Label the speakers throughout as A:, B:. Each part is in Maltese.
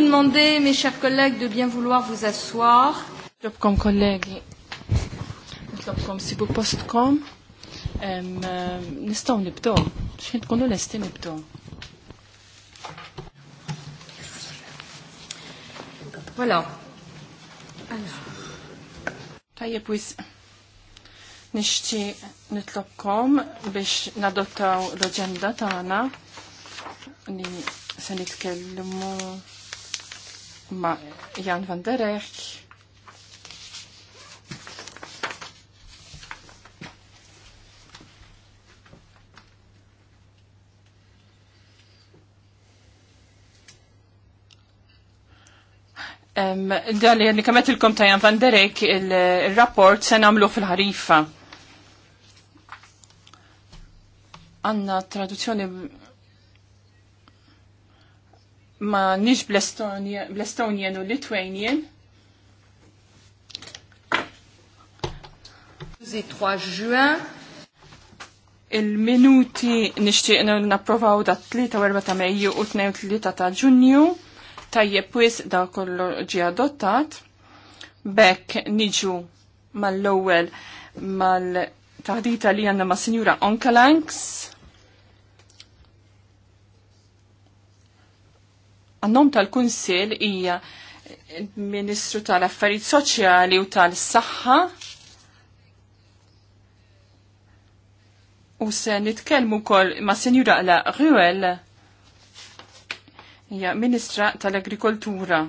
A: vous demander, mes chers collègues, de bien vouloir vous asseoir.
B: Comme comme si vous postez Tlobkom kollegi, tlobkom sibu postkom, Je ne connais pas lesti nibdow. Voilà. Alors. Tajjeb wis nixti nitlobkom biex nadottaw l-oġenda tagħna li se nitkellmu ma' Jan van der Rech. Um, Dali, li kamet il-kom ta' Jan van Derek, il-rapport se namlu fil-ħarifa. Għanna traduzzjoni ma nix bl-Estonian u Lithuanian. Il-minuti nixtieq napprovaw da 3 ta' Mejju u 2 ta' Ġunju tajjeb wis da kollu ġi adottat. Bekk niġu mal-ewwel mal-taħdita li għandna ma' Sinjura Onkalanks. għannom tal-Kunsil hija il-Ministru tal-Affarijiet Soċjali u tal-Saħħa u se nitkellmu wkoll ma' Sinjura La Ruel hija Ministra tal-Agrikoltura.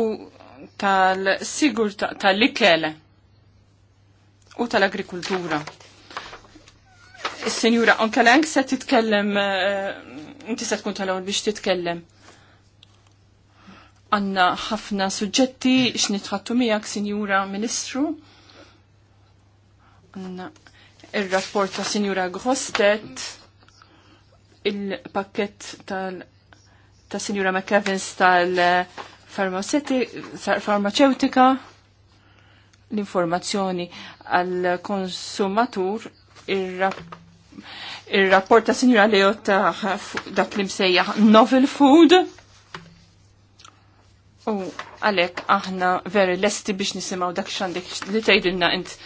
B: U tal-sigur tal-ikele u tal-agrikultura. Is-senjura Ank se titkellem, eh, inti se tkun tal għol biex titkellem. Għanna ħafna suġġetti x'nitħattu miegħek, Sinjura Ministru. Għanna ir-rapport ta' Sinjura Grostet, il-pakket tal- ta' Sinjura McEvans tal-farmaceutika, l-informazzjoni għal-konsumatur il-rapport ta' Sinjura Leotta dak li msejja novel food. U għalek aħna veri lesti biex nisimaw dak xandek li tgħidilna int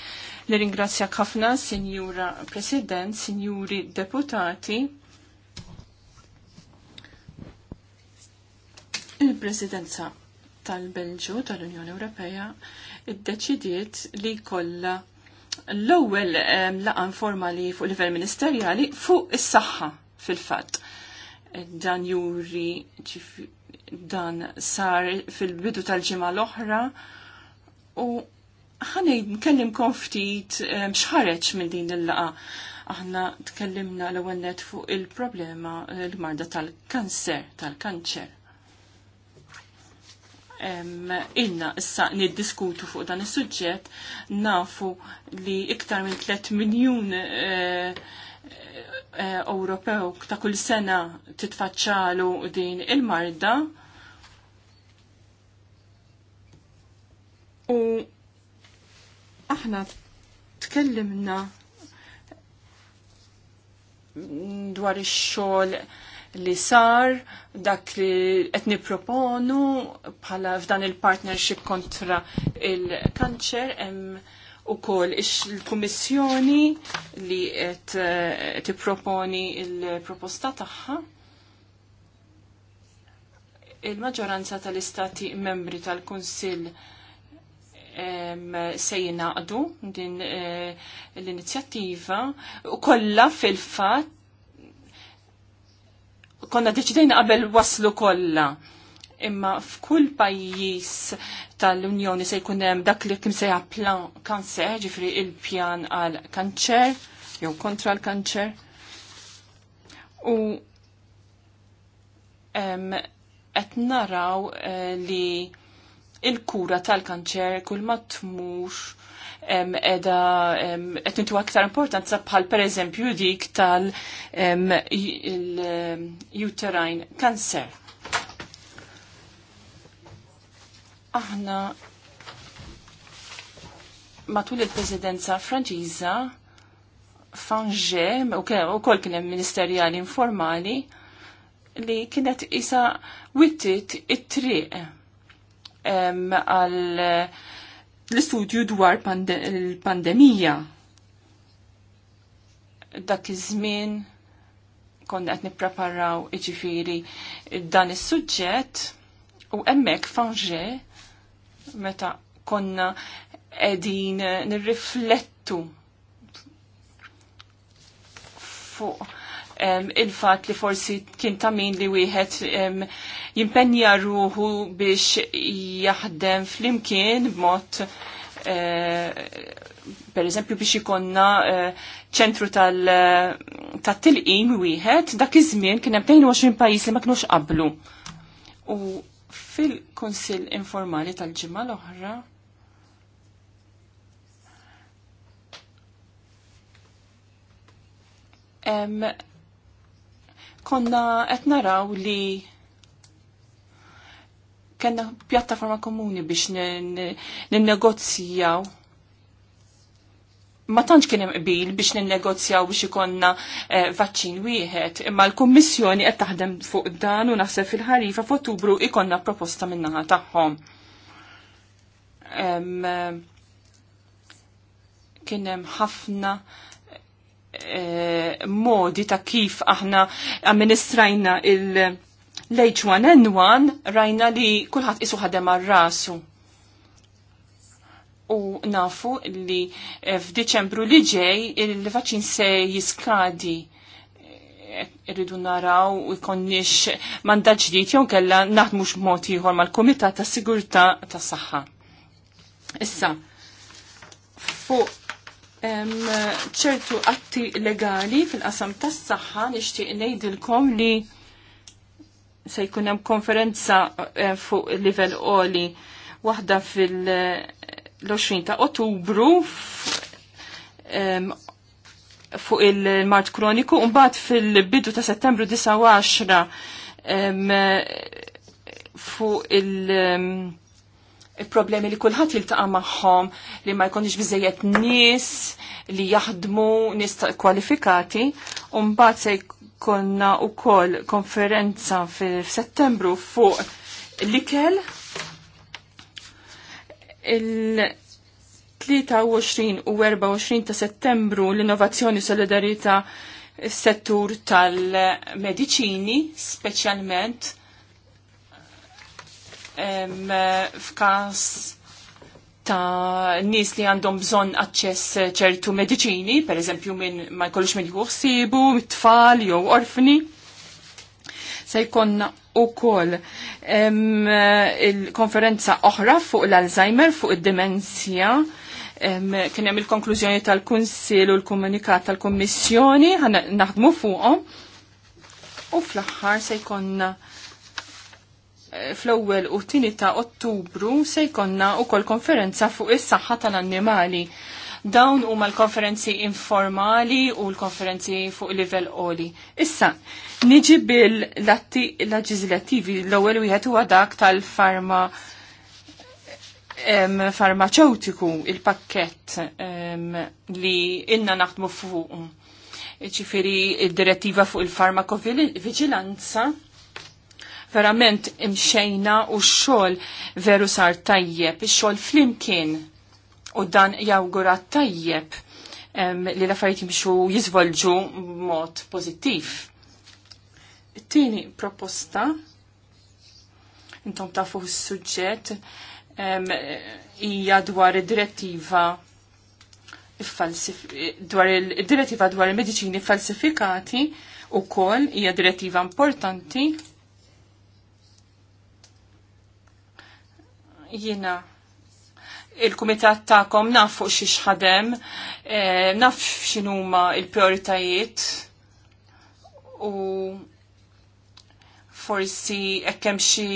B: li ringrazzja ħafna, Sinjura President, Sinjuri Deputati. Il-Presidenza tal-Belġu tal-Unjoni Ewropea iddeċidiet li kollha l-ewwel laqan informali fuq livell ministerjali fuq is-saħħa fil-fatt. Dan juri dan sar fil-bidu tal-ġimgħa l-oħra u ħanej nkellim konftit x'ħareġ minn din il-laqa. Aħna tkellimna l-ewwel fuq il-problema eh, l-marda tal-kanser, tal-kanċer inna issa niddiskutu fuq dan is-suġġett nafu li iktar minn 3 miljun eh, eh, Ewropew ta' kull sena titfaċċalu din il-marda u aħna tkellimna dwar ix-xogħol li sar, dak li qed nipproponu bħala f'dan il-partnership kontra il-kanċer hemm ukoll il-kummissjoni li qed eh, tipproponi il-proposta tagħha. Il-maġġoranza tal-istati membri tal-Kunsill se jinaqdu din eh, l-inizjattiva u kollha fil-fatt konna deċidejna qabel waslu kollha. Imma f'kull pajjiż tal-Unjoni se jkun hemm dak li kim sejja plan kanser, ġifri il-pjan għal kanċer jew kontra l-kanċer. U qed naraw eh, li il-kura tal-kanċer kull ma tmux edha qed aktar aktar importanza bħal pereżempju dik tal-uterine cancer. Aħna matul il-presidenza franċiża fanġe, u kol kienem ministerjali informali, li kienet isa wittit it-triq għal l-istudju dwar l pandemija Dak iż-żmien konna qed nippreparaw iġifieri dan is-suġġett u hemmhekk fanġe meta konna qegħdin nirriflettu fuq il-fat li forsi kien ta' min li wieħed jimpenja ruħu biex jaħdem fl-imkien b'mod eh, per eżempju biex ikonna eh, ċentru tal-tilqim wieħed, dak iż-żmien kien hemm 22 pajjiż li ma kinux qablu. U fil-Kunsill Informali tal-ġimgħa l-oħra konna qed naraw li kena pjattaforma komuni biex ninnegozjaw. Ma tantx kien hemm qbil biex ninnegozjaw biex ikonna eh, vaċċin wieħed, imma l-Kummissjoni qed taħdem fuq dan u naħseb fil-ħarifa f'Ottubru ikonna proposta min-naħa tagħhom. Eh, kien hemm ħafna Eh, modi ta' kif aħna amministrajna il-H1N1 rajna li kulħadd isu ħadem ar-rasu. U nafu li eh, f'Diċembru li ġej il-vaċin se jiskadi irridu eh, naraw u jkonniex mandat ġdid jew kella naħdmu x'mod ieħor mal-Kumitat tas-Sigurtà tas-Saħħa. Issa, fuq ċertu atti legali fil-qasam tas-saħħa nixtieq ngħidilkom li se jkun hemm konferenza eh, fuq livell qoli waħda fil-20 ta' Ottubru fuq il-Mart Kroniku u mbagħad fil-bidu ta' Settembru 19 fuq il- il-problemi li kullħat jiltaqa magħhom li ma jkunx biżejjed nies li jaħdmu nies kwalifikati u mbagħad se jkollna wkoll konferenza f'Settembru fuq l-ikel il-23 u 24 ta' settembru l-innovazzjoni solidarita settur tal-medicini, specialment f'każ ta' nis li għandhom bżon aċċess eh, ċertu mediċini, per eżempju minn ma jkollux minn jħuħsibu, tfal jew orfni. Se jkonna u koll eh, il-konferenza oħra fuq l-Alzheimer, fuq id-demenzja, kien hemm il-konklużjoni tal-Kunsil u l-komunikat tal-Kommissjoni, naħdmu fuqhom. U fl-aħħar se jkonna fl-ewwel u tieni ta' Ottubru se jkollna wkoll konferenza fuq is-saħħa tal-annimali. Dawn huma l-konferenzi informali u l-konferenzi fuq livell qoli. Issa, niġi bil-latti leġislattivi l-ewwel wieħed huwa dak tal-farma farmaceutiku il-pakket li inna naħdmu fuq. Ċifiri, il-direttiva fuq il-farmakovigilanza, verament imxejna u xol veru sar tajjeb, xol flimkien u dan jawgura tajjeb li l-affarijiet jimxu jizvolġu mod pozittiv. Tini proposta, intom tafu s-sujġet, hija dwar id-direttiva dwar il-direttiva dwar il-medicini falsifikati u kol hija direttiva importanti Jina il-kumitat ta'kom naf fuq xi xħadem, eh, naf x'inhuma il-prioritajiet u forsi ekkem hemm xi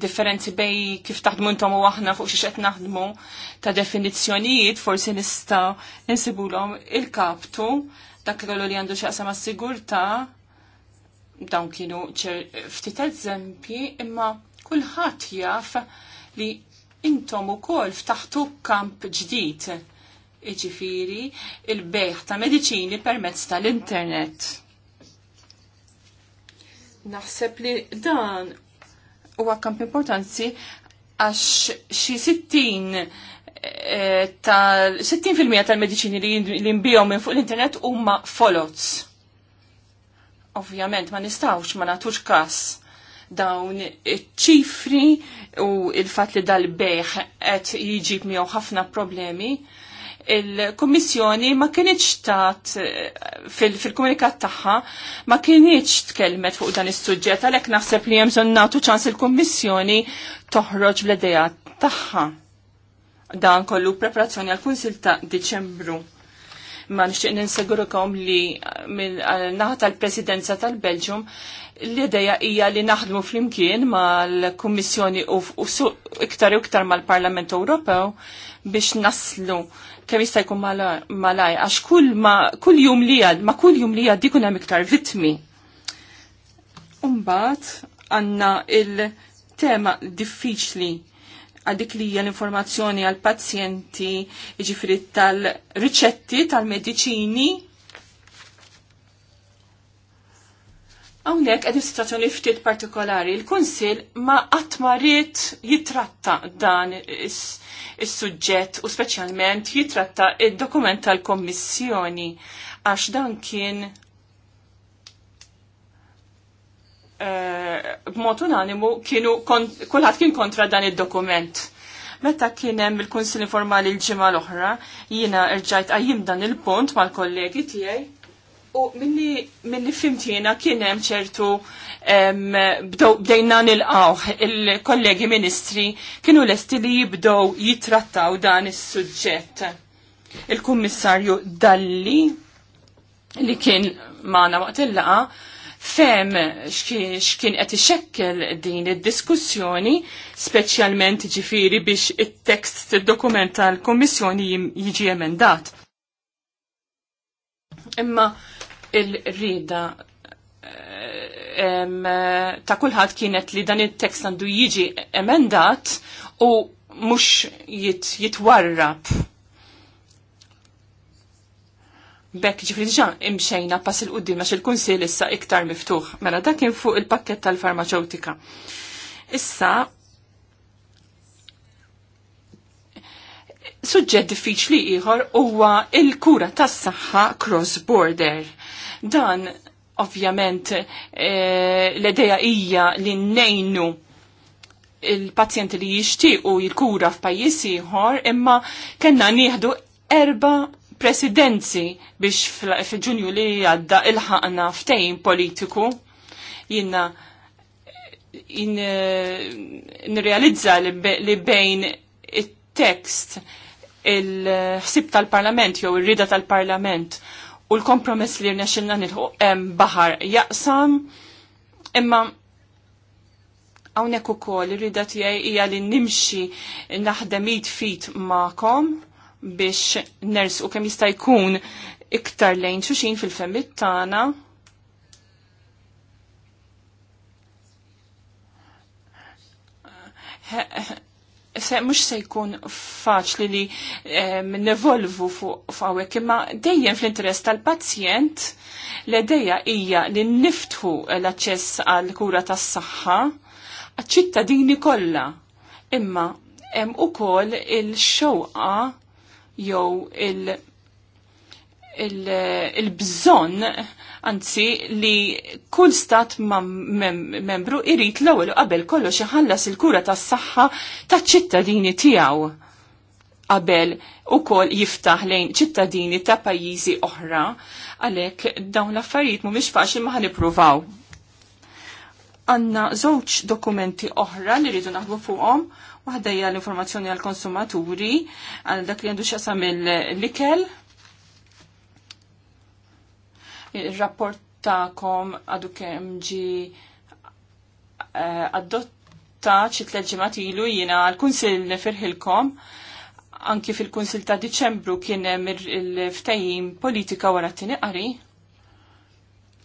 B: differenzi bej kif taħdmu intom u aħna fuq x'iex qed naħdmu ta' definizzjonijiet forsi nista' insibulhom il-kaptu dak kollu li għandu x'aqsam għas-sigurtà dawn kienu ftit eżempji imma kulħadd jaf li intom ukoll ftaħtu kamp ġdid iġifiri il-bejħ ta' mediċini permezz tal-internet. Naħseb li dan huwa kamp importanti għax xi 60 eh, tal 60% tal-mediċini li nbijhom minn fuq l-internet huma folots. Ovvjament ma nistgħux ma nagħtux każ dawn iċ-ċifri u il-fat li dal-beħ qed jiġib miegħu ħafna problemi. Il-Kommissjoni ma kienieċ tat fil-komunikat fil tagħha ma kienieċ tkellmet fuq dan is-suġġett għalhekk naħseb li hemm bżonn nagħtu ċans il-Kummissjoni toħroġ bl-idea tagħha. Dan kollu preparazzjoni għal-Kunsil ta' Diċembru ma nixtieq ninsegurukom li eh, naħa tal-Presidenza tal-Belġium l-ideja hija li naħdmu flimkien mal-Kummissjoni u, iktar u iktar mal-Parlament Ewropew biex naslu kemm jista' jkun malaj għax kull ma kull jum li għad ma kull jum li għad dikun hemm iktar vittmi. Umbagħad għandna il-tema diffiċli għal dik li hija l-informazzjoni għal pazjenti, jiġifieri tal-riċetti tal-mediċini, Hawnhekk qegħdin situazzjoni ftit partikolari. Il-Kunsill ma qatt jitratta dan is-suġġett u speċjalment jitratta il dokument tal-Kommissjoni għax dan kien eh, b'mod unanimu kienu kulħadd kien kontra dan id-dokument. Meta kien hemm il-Kunsill informali l-ġimgħa l-oħra, jiena rġajt qajjim dan il-punt mal-kollegi tiegħi U minni, minni fimtina kienem ċertu bdejna nil-qawħ il-kollegi ministri kienu lesti li jibdow jitrattaw dan is suġġett Il-kummissarju Dalli li kien maħna waqt il-laqa fem xkien qed ixekkel din id-diskussjoni, speċjalment ġifiri biex it-tekst tid-dokument tal-Kommissjoni jiġi emendat. Imma il-rida eh, ta' kulħadd kienet li dan il-tekst għandu jiġi emendat u mhux jit, jitwarrab. Bekk ġifri diġa imxejna pass il-qoddim għax il-kunsil issa iktar miftuħ. Mela dak kien fuq il-pakket tal-farmaceutika. Issa suġġett diffiċli ieħor huwa il-kura tas-saħħa cross border Dan ovvjament eh, l-edeja hija li nejnu il-pazjenti li jixtiequ jilkura f'pajjiż ieħor, imma kellna nieħdu erba' presidenzi biex fil-ġunju li għadda ilħaqna ftejn politiku jina eh, nirrealizza li bejn it-tekst il-ħsib tal-parlament jew ir-rida tal-parlament u l-kompromess li xinna nidħu baħar jaqsam imma għawnek u kol rrida tijaj ija li nimxi naħdem fit ma'kom biex ners u kem jista' jkun iktar lejn xuxin fil-femmit tagħna se mux se jkun faċli li eh, nevolvu fawek, imma dejjem fl-interess tal-pazjent l-edeja hija li niftħu l-aċċess għal kura tas saħħa għal-ċittadini kollha. Imma u ukoll il-xewqa jew il-, -xewqa, il il-bżon, anzi, li kull stat membru irrit l-ewwel qabel kollox iħallas il-kura tas-saħħa taċ-ċittadini tiegħu qabel ukoll jiftaħ lejn ċittadini ta' pajjiżi oħra, għalhekk dawn l-affarijiet mhumiex faċli ma ħanippruvaw. Għanna żewġ dokumenti oħra li rridu naħdmu fuqhom, waħda hija l-informazzjoni għall-konsumaturi għal dak li għandu x'jasam il-likel, Il-rapport kom għadu kem ġi għaddotta eh, ċit tleġimat ilu jina għal-kunsil nefirħilkom anki fil-kunsil ta' Diċembru kien hemm il-ftejim politika wara t-tini qari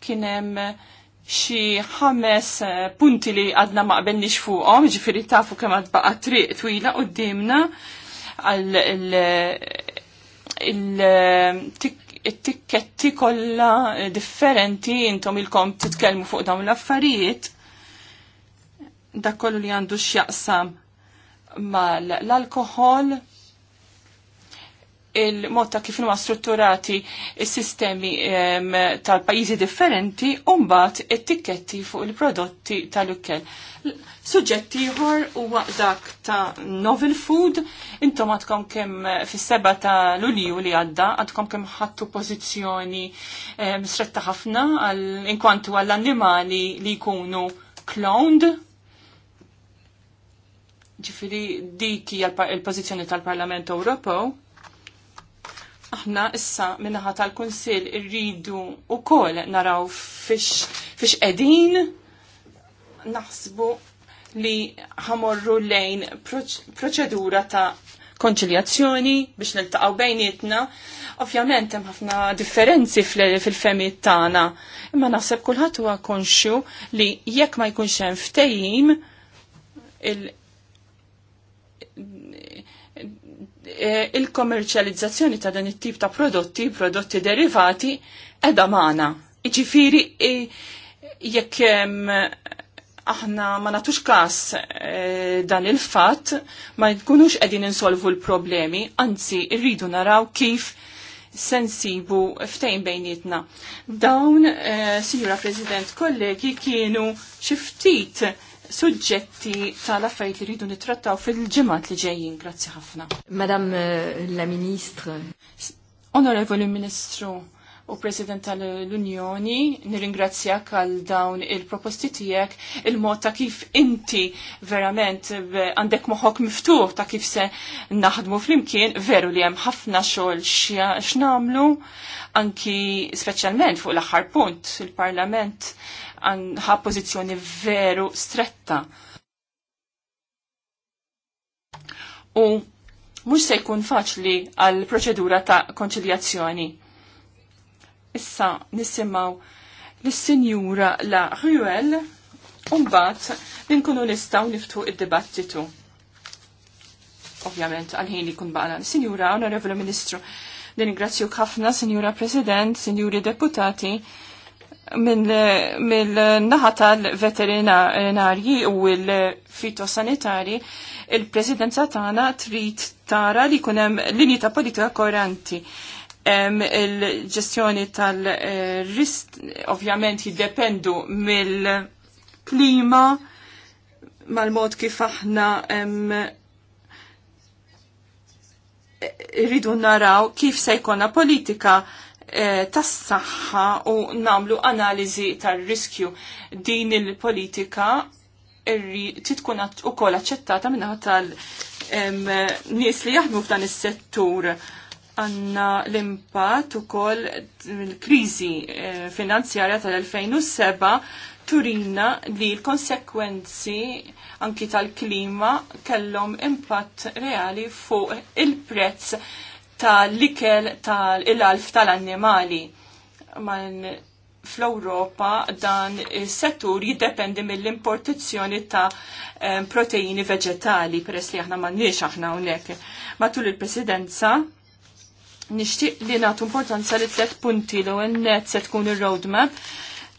B: kien hemm xi ħames eh, punti li għadna ma qbelniex fuqhom, ġifieri tafu kemm għad baqa' triq twila qudiemna għal il-tik it-tikketti kollha eh, differenti intom ilkom titkellmu fuq dawn l-affarijiet Dakollu kollu li għandu x'jaqsam mal l-alkohol il-mod ta' kif huma strutturati s-sistemi tal-pajjiżi differenti u mbagħad it-tikketti fuq il-prodotti tal-ukkel. Suġġett ieħor huwa dak ta' novel food, intom għadkom kemm fis-seba ta' Lulju li għadda, għadkom kemm ħadtu pożizzjoni stretta ħafna għal inkwantu għall-annimali li jkunu cloned, ġifiri dik hija l pożizzjoni tal-Parlament Ewropew aħna issa minnaħa tal-Kunsill irridu u kol naraw fiex edin naħsbu li ħamorru lejn proċedura ta' konċiljazzjoni biex niltaqgħu bejnietna. Ovvjament hemm ħafna differenzi fil-femijiet tagħna, imma naħseb kulħadd huwa konxju li jekk ma jkunx hemm ftehim E, il-kommerċializzazzjoni ta' dan it-tip ta' prodotti, prodotti derivati, edha maħna. Iġifiri, e, jekk aħna ma natux kas e, dan il-fat, ma nkunux edin insolvu l-problemi, anzi, irridu naraw kif sensibu ftejn bejnietna. Dawn, Signora President, kollegi kienu xiftit ftit suġġetti tal-affarijiet li rridu nittrattaw fil-ġimgħat li ġejjin. Grazzi ħafna. Madam euh, la Ministru. Onorevoli Ministru u President tal-Unjoni, nirringrazzjak għal dawn il-proposti tiegħek, il-mod ta' kif inti verament għandek moħok miftuħ ta' kif se naħdmu flimkien, veru li hemm ħafna xogħol x'namlu, anki speċjalment fuq l-aħħar punt il-Parlament Ħa pożizzjoni veru stretta. U mhux se jkun faċli għal proċedura ta' konċiljazzjoni. Issa nisimgħu l sinjura la Ruel u mbagħad inkunu nistgħu niftu id-dibattitu. Ovvjament għal-ħin li kun baqala. Sinjura, Onorevlu Ministru, Ningrazzjuk ħafna, Sinjura President, Sinjuri Deputati, mill-naħa tal-veterinarji u l-fitosanitari, il-presidenza tagħna trid tara li kunem linji ta' politika koranti. Il-ġestjoni tal-rist ovvjament jiddependu mill-klima, mal-mod kif aħna rridu naraw kif se jkollna politika Eh, tas-saħħa u namlu analiżi tar-riskju din il-politika titkun kol aċċettata minnaħa tal-nies li jaħdmu f'dan is-settur għanna l-impat ukoll mill-kriżi eh, finanzjarja tal-2007 turina li l-konsekwenzi anki tal-klima kellhom impatt reali fuq il-prezz tal-likel tal-ilalf tal-annimali. Man fl-Europa dan is-settur jiddependi mill-importazzjoni ta' proteini veġetali, peress li aħna m'għandniex aħna hawnhekk. Matul il-presidenza nixtieq li nagħtu importanza li tliet punti l net se tkun ir-roadmap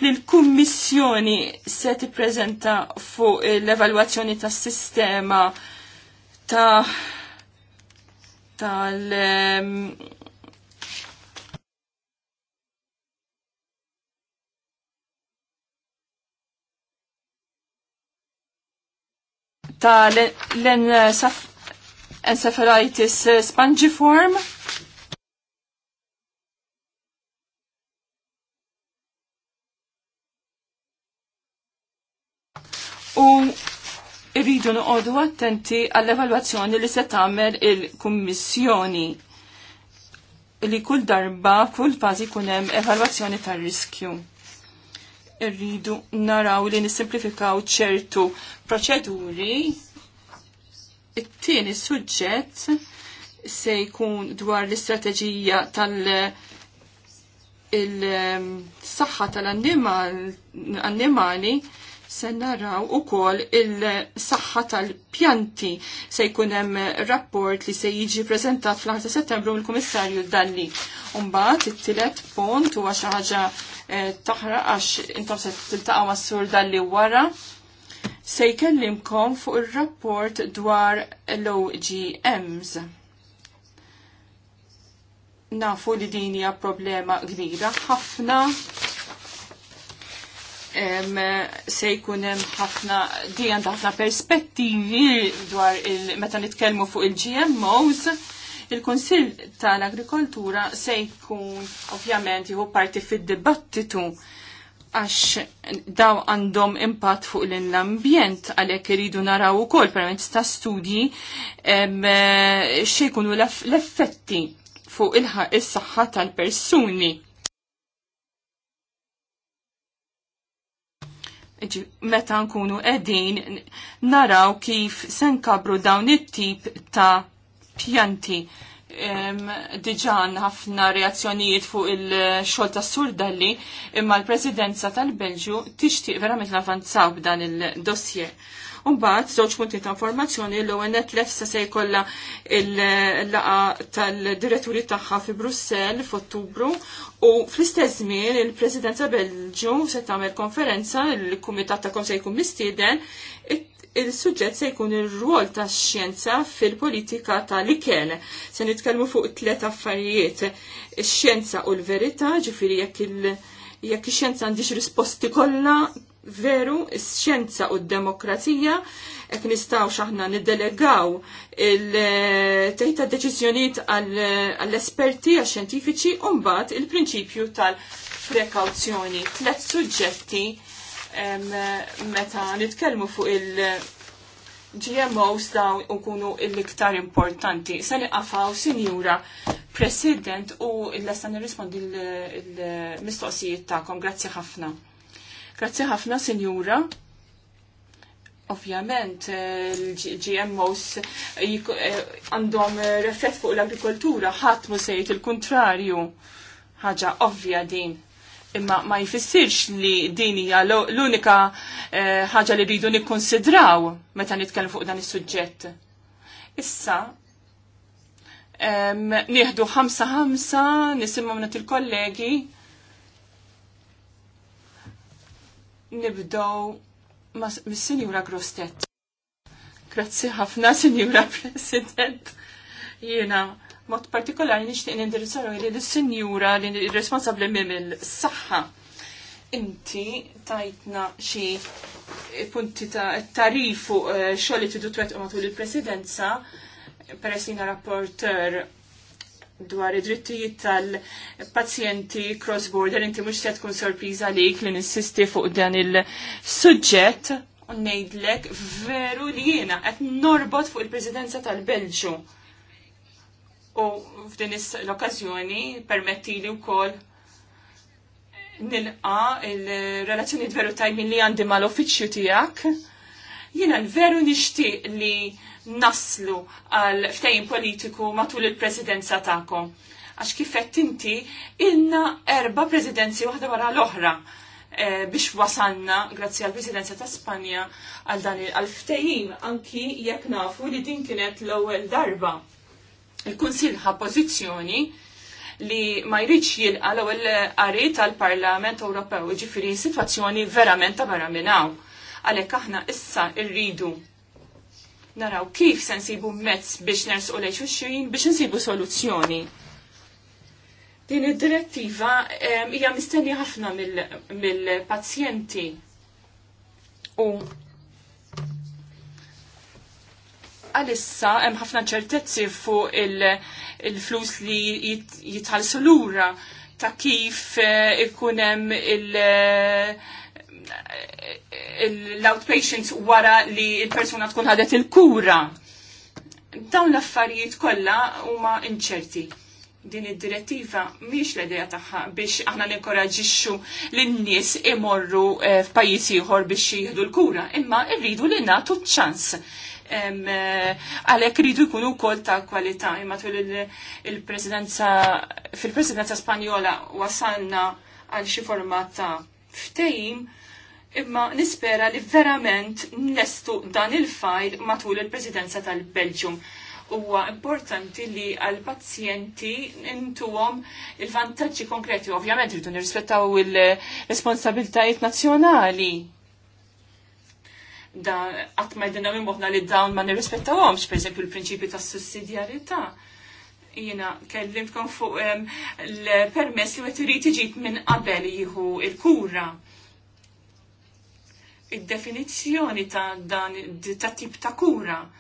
B: li l-Kummissjoni se tippreżenta fuq l-evalwazzjoni tas-sistema ta' tal ta' l-encephalitis spongiform. U irridu noqogħdu attenti għall-evalwazzjoni li se tagħmel il-Kummissjoni li kull darba, kull fażi jkun hemm evalwazzjoni tar-riskju. Irridu naraw li nisimplifikaw ċertu proċeduri. It-tieni suġġett se jkun dwar l-istrateġija tal- il ehm, saħħa tal-annimali se naraw ukoll il-saħħa tal-pjanti se jkun hemm rapport li se jiġi prezentat fl-10 settembru mill-Kummissarju Dalli. Mbagħad it-tielet punt huwa xi ħaġa eh, għax intom se tiltaqgħu mas-sur Dalli wara se jkellimkom fuq ir-rapport dwar l-OGMs. Nafu li din hija problema kbira ħafna se jkun hemm ħafna di għandha ħafna perspettivi dwar il meta nitkellmu fuq il-GMOs il-Konsil tal-Agrikoltura se jkun ovvjament jieħu parti fid-dibattitu għax daw għandhom impatt fuq l-ambjent għalhekk iridu naraw ukoll permezz ta' studji xejkunu l-effetti fuq is-saħħa tal-persuni. meta nkunu edin naraw kif kabru dawn it-tip ta' pjanti. Um, diġan ħafna reazzjonijiet fuq il-xol ta' surdalli imma l-presidenza tal-Belġu tixtieq verament l-avanzaw b'dan il-dossier. Umbat, zoċ punti ta' informazzjoni l net lefsa se jkolla il-laqa tal-diretturi tagħha fi Brussel f'Ottubru u fl-istess żmien il-Presidenza Belġu se tagħmel konferenza il-Kumitat ta' kom se jkun mistieden il-suġġett se jkun ir-rwol tax-xjenza fil-politika tal-ikel. Se nitkellmu fuq tliet affarijiet: ix-xjenza u l-verità, ġifieri jekk il- jekk ix-xjenza għandix risposti kollha veru, s xjenza u d-demokrazija, ek nistaw xaħna niddelegaw il-teħta deċizjoniet għall-esperti, għall-xjentifiċi, umbat il-prinċipju tal-prekawzjoni. Tlet suġġetti meta nitkelmu fuq il-GMOs daw ukunu l-iktar importanti. Sani għafaw, sinjura, President u l-lesta nirrispondi l-mistoqsijiet ta' kongrazzja ħafna. Grazzi ħafna, Sinjura. Ovvjament, l-GMOs eh, eh, għandhom eh, reflet fuq l-agrikoltura, ħadd mu sejt il-kontrarju. Ħaġa ovvja din. Imma ma jfissirx li din hija l-unika ħaġa li rridu nikkonsidraw meta nitkellem fuq dan is-suġġett. Issa, nieħdu ħamsa ħamsa nisimgħu minn il-kollegi nibdow mis-Sinjura Grostet. Grazzi ħafna, Sinjura President. Jiena, mod partikolari nixtieq nindirizzaru li l-Sinjura li responsabli minn il-saħħa. Inti tajtna xi punti ta' tarifu eh, xogħol li tidu twettqu matul il-Presidenza peress li rapporter dwar id-drittijiet tal-pazjenti cross-border, inti mux se tkun sorpriża lik li nissisti fuq dan il-sujġett u ngħidlek veru li jiena qed norbot fuq il-Presidenza tal-Belġu. U f'din l-okkażjoni li wkoll nilqa il-relazzjoni veru tajmin li għandi mal-offiċju tiegħek. Jiena veru nixtieq li naslu għal ftejn politiku matul il-presidenza ta'kom. Għax kifett inti inna erba presidenzi waħda wara l-oħra e, biex wasanna, grazzi għal presidenza ta' Spanja, għal dan għal ftejn anki jekk nafu li din kienet l-ewwel darba. il ħa pożizzjoni li ma jridx jilqa l-ewwel qari tal-Parlament Ewropew, ġifieri sitwazzjoni verament ta' barra minnaw. Għalhekk aħna issa rridu naraw kif se nsibu mezz biex nersqu lejn xulxin biex nsibu soluzzjoni. Din id-direttiva hija mistenni ħafna mill-pazjenti u għalissa hemm ħafna ċertezzi fuq il-flus il li jitħallsu lura ta' kif eh, ikun hemm il- eh, l-outpatients wara li il-persuna tkun ħadet il-kura. Dawn l-affarijiet kollha huma inċerti. Din id-direttiva miex l-idea tagħha biex aħna ninkoraġixxu lin-nies imorru eh, f'pajjiż ieħor biex jieħdu l-kura, imma rridu li nagħtu ċans eh, għalhekk rridu jkunu wkoll ta' kwalità. Imma tul il-presidenza, fil-presidenza spanjola wasalna għal xi format ta' ftejim imma nispera li verament nestu dan il-fajl matul il-presidenza tal-Belġium. Huwa importanti li għal pazjenti intuhom il-vantaġġi konkreti, ovvjament rridu nirrispettaw il-responsabiltajiet nazzjonali. Da qatt ma jdinna minn moħna li dawn ma nirrispettawhomx, pereżempju il-prinċipju tas-sussidjarjetà jina kellimtkom fuq ehm, l-permess li għet irrit iġit minn qabel jihu il-kura id-definizzjoni ta' dan ta' tip ta' kura.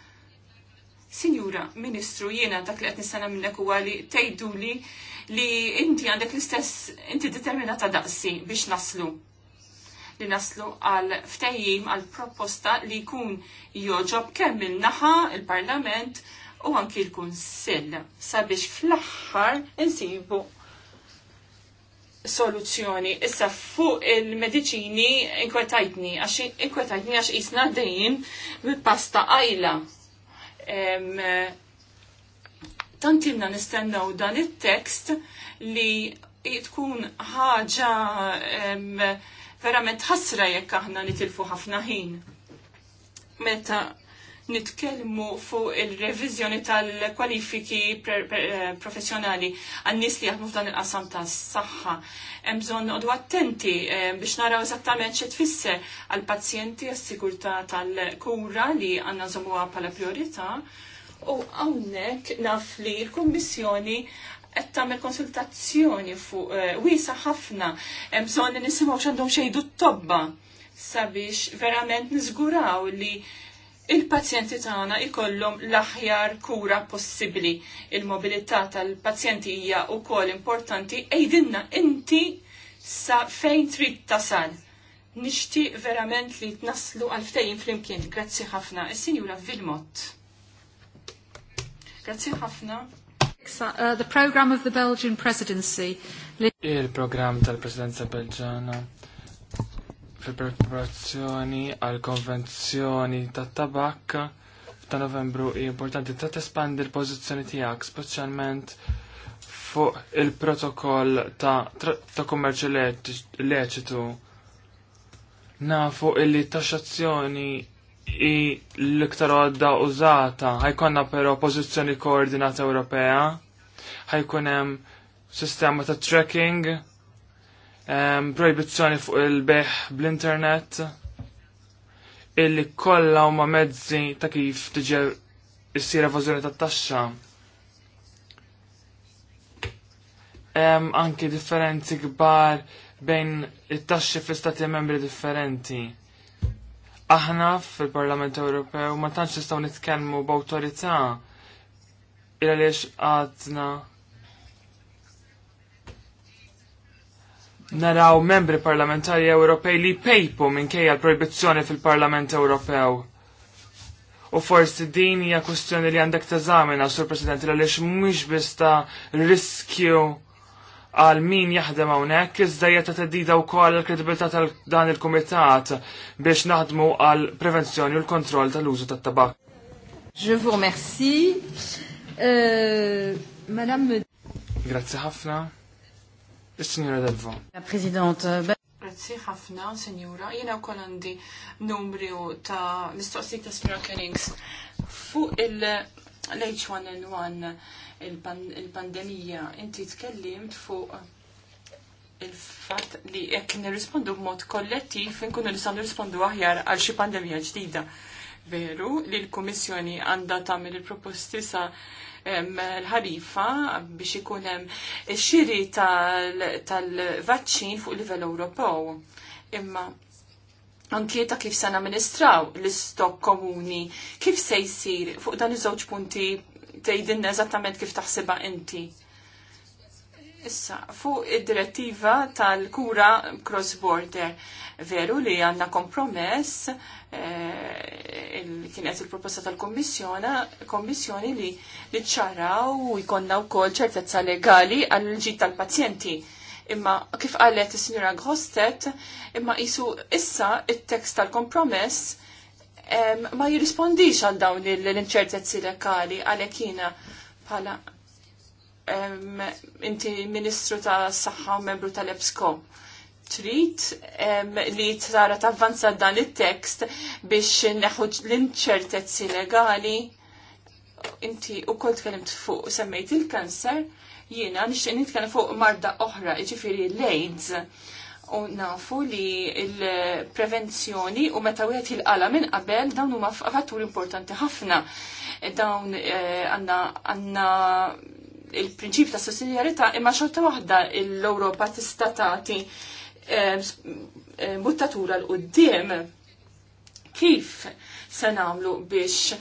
B: Sinjura, Ministru, jiena dak li qed nistana minnek huwa li tgħiduli li inti għandek l-istess inti determinata daqsi biex naslu li naslu għal ftejim għal proposta li jkun joġob kemm il-naħa il-Parlament u anki l-Kunsill sabiex fl-aħħar insibu soluzzjoni. Issa fuq il-medicini inkwetajtni, għax inkwetajtni għax jisna dejjem pasta għajla. Tantilna nistennaw dan il-tekst li tkun ħaġa verament ħasra jekk aħna nitilfu ħafna ħin. Meta nitkellmu fuq il-reviżjoni tal-kwalifiki eh, professjonali għan-nies li jaħdmu f'dan il-qasam tas-saħħa. Hemm bżonn noqogħdu attenti eh, biex naraw eżattament xi tfisser għall-pazjenti għas-sigurtà tal-kura li għandna żomuha bħala priorità. U hawnhekk naf li l-Kummissjoni qed tagħmel konsultazzjoni fuq eh, wiesa ħafna hemm bżonn nisimgħu x'għandhom xejdu t-tobba sabiex verament niżguraw li il-pazjenti tagħna ikollhom l-aħjar kura possibbli. Il-mobilità tal-pazjenti hija wkoll importanti għidinna inti sa fejn trid tasal. Nixti verament li tnaslu għal ftejin flimkien. Grazzi ħafna. Is-Sinjura Vilmot. Grazzi ħafna. Uh, the program of the Belgian presidency. Il-program
C: tal-presidenza Belġana fil-preparazzjoni għal konvenzjoni ta' tabak ta' novembru importanti ta' tespandi l-pozizjoni tijak, specialment fuq il-protokoll ta', ta kummerċu leċitu. Nafu illi taxazzjoni i l-iktar għadda użata, ħajkonna pero pozizjoni koordinata Ewropea, ħajkunem sistema ta' tracking, proibizzjoni fuq il-beħ bl-internet illi kollha huma mezzi ta' kif tiġi issir evażjoni tat-taxxa. Hemm anke differenzi kbar bejn it-taxxi fi stati membri differenti. Aħna fil-Parlament Ewropew ma tantx nistgħu nitkellmu b'awtorità għaliex għadna naraw membri parlamentari Ewropej li pejpu minkejja l-proibizzjoni fil-Parlament Ewropew. U forsi din hija kwestjoni li għandek teżamina sur President għaliex mhux biss ta' riskju għal min jaħdem hawnhekk iżda hija ta' teddida wkoll l-kredibilità tal dan il-kumitat biex naħdmu għal prevenzjoni u l-kontroll tal-użu tat-tabak.
B: Je vous remercie. Euh, Madame
C: Grazie ħafna. Is-Sinjora Delvo.
A: President,
B: Grazzi ħafna, Sinjura. Jiena wkoll għandi numru ta' mistoqsijiet ta' Sinjora Fuq il-H1N1 il-pandemija, inti tkellimt fuq il-fat li jekk nirrispondu b'mod kollettiv nkunu nistgħu nirrispondu aħjar għal xi pandemija ġdida. Veru li l-Kummissjoni għandha tagħmel il-proposti sa l-ħarifa biex ikun hemm xiri tal-vaċċin fuq livell Ewropew. Imma anki ta' kif se namministraw l-istok komuni, kif se jsir fuq dan iż-żewġ punti tgħidilna eżattament kif taħsibha inti. Issa, fuq id-direttiva tal-kura cross-border, veru li għanna kompromess eh, kienet il-proposta tal-Kommissjoni li li ċaraw u jkonna u kol ċertezza legali għall-ġit tal-pazjenti. Imma kif għalet il-Sinjura Għostet imma jisu issa il-tekst tal-kompromess eh, ma jirrispondix għal dawn l-inċertezzi legali għal-ekina pala inti ministru ta' saħħa u membru tal-EBSCO. Trid li tara tavvanza dan it-tekst biex neħuġ l-inċertezzi legali. Inti u kol tkellimt fuq semmejt il-kanser, jiena nixtieq nitkellem fuq marda oħra, jiġifieri l-AIDS. U nafu li il-prevenzjoni u meta wieħed il-qala minn qabel dawn huma fatturi importanti ħafna. Dawn eh, għandna il-prinċip ta' sussidjarità imma xorta waħda l-Ewropa tista' tagħti eh, eh, buttatura l-qudiem kif se nagħmlu biex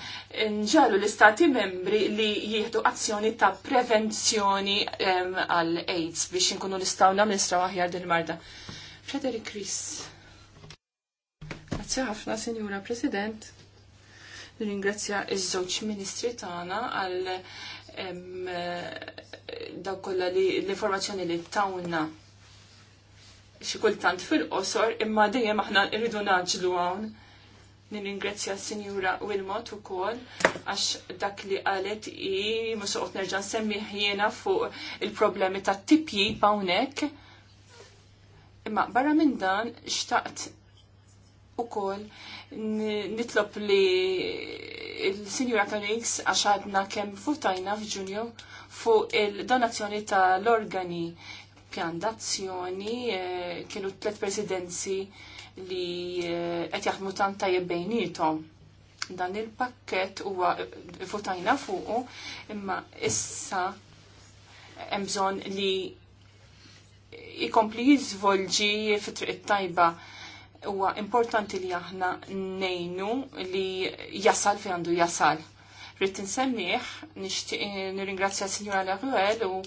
B: nġalu l-istati membri li jieħdu azzjoni ta' prevenzjoni eh, għal AIDS biex inkunu nistgħu namministraw aħjar din marda. Frederik Chris. Grazzi ħafna, Signora President. Ringrazzja iż-żewġ ministri tagħna għal Eh, daw kollha li l-informazzjoni li tawna xi kultant fil-qosor imma dejjem aħna rridu naġlu hawn. Nirringrazzja s-Sinjura Wilmot ukoll għax dak li qalet i musuqot nerġa' nsemmi ħjiena fuq il-problemi tat-tipji hawnhekk. Imma barra minn dan xtaqt u kol nitlob li il-Sinjura Academics għaxadna kem futajna f'ġunju fuq il-donazzjoni tal-organi pjandazzjoni eh, kienu tlet presidenzi li eh, qed jaħdmu tant tajjeb bejnietom dan il-pakket huwa futajna eh, fuqu imma issa hemm bżonn li jkompli jiżvolġi fit-triq it-tajba huwa importanti li aħna nejnu li jasal fi għandu jasal. Rrit nsemmiħ, nirringrazzja Signora Laruel u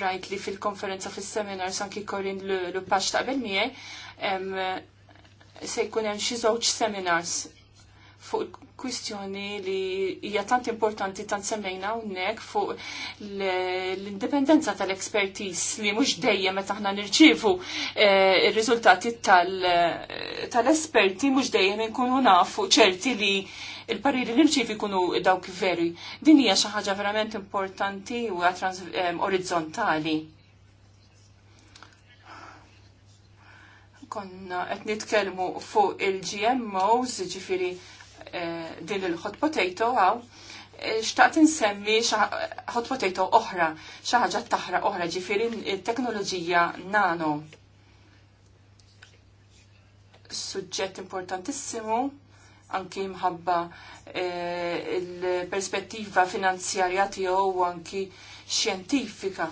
B: rajt li fil-konferenza fil-seminar sanki korin l-paċ taqbel miħe, se jkun hemm xi żewġ seminars fuq kwistjoni li hija tant importanti tant semmejna hawnhekk fuq l-indipendenza tal-ekspertiż li mhux dejjem meta aħna nirċievu eh, ir-riżultati tal-esperti mhux dejjem inkunu nafu ċerti li il-pariri li mċif ikunu dawk veri. Din hija xi ħaġa verament importanti u eh, orizzontali. Konna qed nitkellmu fuq il-GMOs, ġifieri din il-hot potato għaw, e, xtaqt insemmi hot potato oħra, xaħġa taħra oħra ġifiri teknoloġija nano. Suġġett importantissimu, anki mħabba e, il-perspettiva finanzjarja tiegħu u anki xjentifika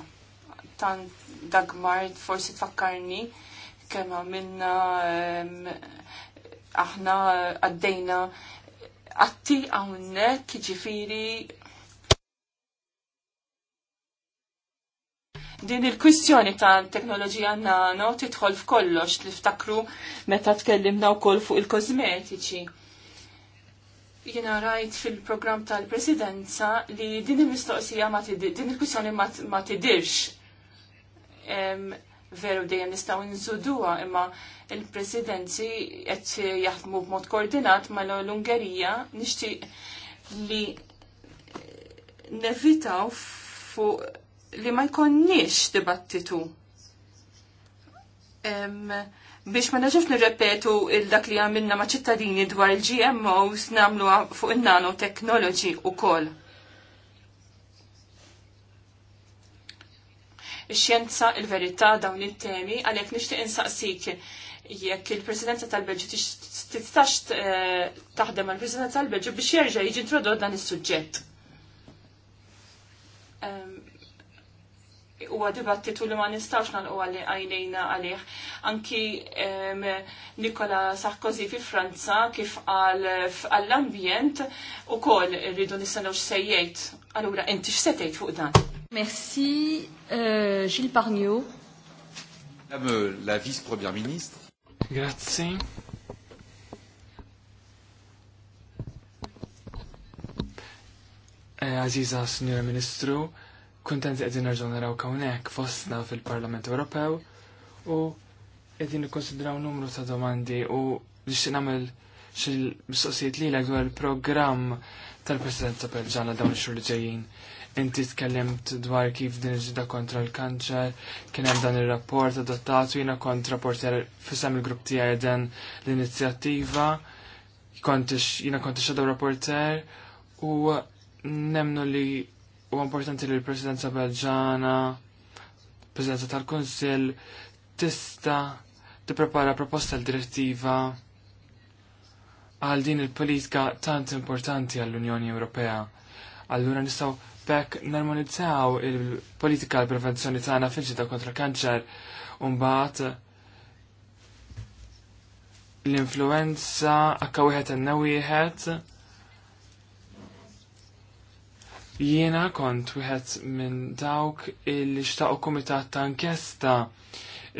B: tan dagmar forsi tfakkarni kemm minna aħna għaddejna għatti għawnek ġifiri din il-kwistjoni ta' teknoloġija nano titħol f'kollox tiftakru meta tkellimna wkoll fuq il-kosmetiċi. Jiena rajt fil-programm tal-presidenza li din il-mistoqsija ma din il-kwistjoni ma tidirx veru dejjem nistgħu nżuduha imma il-presidenzi qed jaħdmu b'mod koordinat mal l-Ungerija nixtieq li nevitaw fuq li ma jkonniex dibattitu. biex ma naġifx nirrepetu il-dak li għamilna ma ċittadini dwar il-GMOs namlu fuq il-nanoteknoloġi u koll ix-xjenza, il-verità dawn it-temi, għalhekk nixtieq insaqsik jekk il-Presidenza tal-Belġu tistax eh, taħdem għall presidenza tal-Belġu biex jerġa' jiġi introdott dan is-suġġett. Ehm, huwa dibattitu li ma nistax għalli għajnejna għalih. Anki ehm, Nikola Sarkozy fi Franza kif qal għall-ambjent ukoll rridu nistennew x'sejjejt. Allura inti x'setejt fuq dan? Merci, euh, Gilles Parnio. Madame
C: euh,
A: la vice-première ministre.
C: Grazie. Eh, Aziza, signora Ministru, kontent edin nerġaw naraw kawnek fostna fil-Parlament Ewropew u edin nikkonsidraw numru ta' domandi u biex nagħmel xil-mistoqsijiet li dwar il-programm program tal-Presidenza Belġana dawn ix-xhur li ġejjin. Inti tkellimt dwar kif din il-ġida kontra l-kanċer, kien hemm dan ir-rapport adottat u jiena kontra porter fisem il-grupp tiegħi dan l-inizjattiva. Jiena kont ix rapporter u nemnu li huwa importanti li l-Presidenza Belġana, Presidenza tal-Kunsill tista' tipprepara proposta l-direttiva għal din il-politika tant importanti għall-Unjoni Ewropea. Allura nistgħu bekk normalizzaw il-politika l-prevenzjoni tagħna fil-ġita kontra kanċer u mbagħad l-influenza akka wieħed inna wieħed jiena kont wieħed minn dawk il xtaqgħu kumitat ta' inkjesta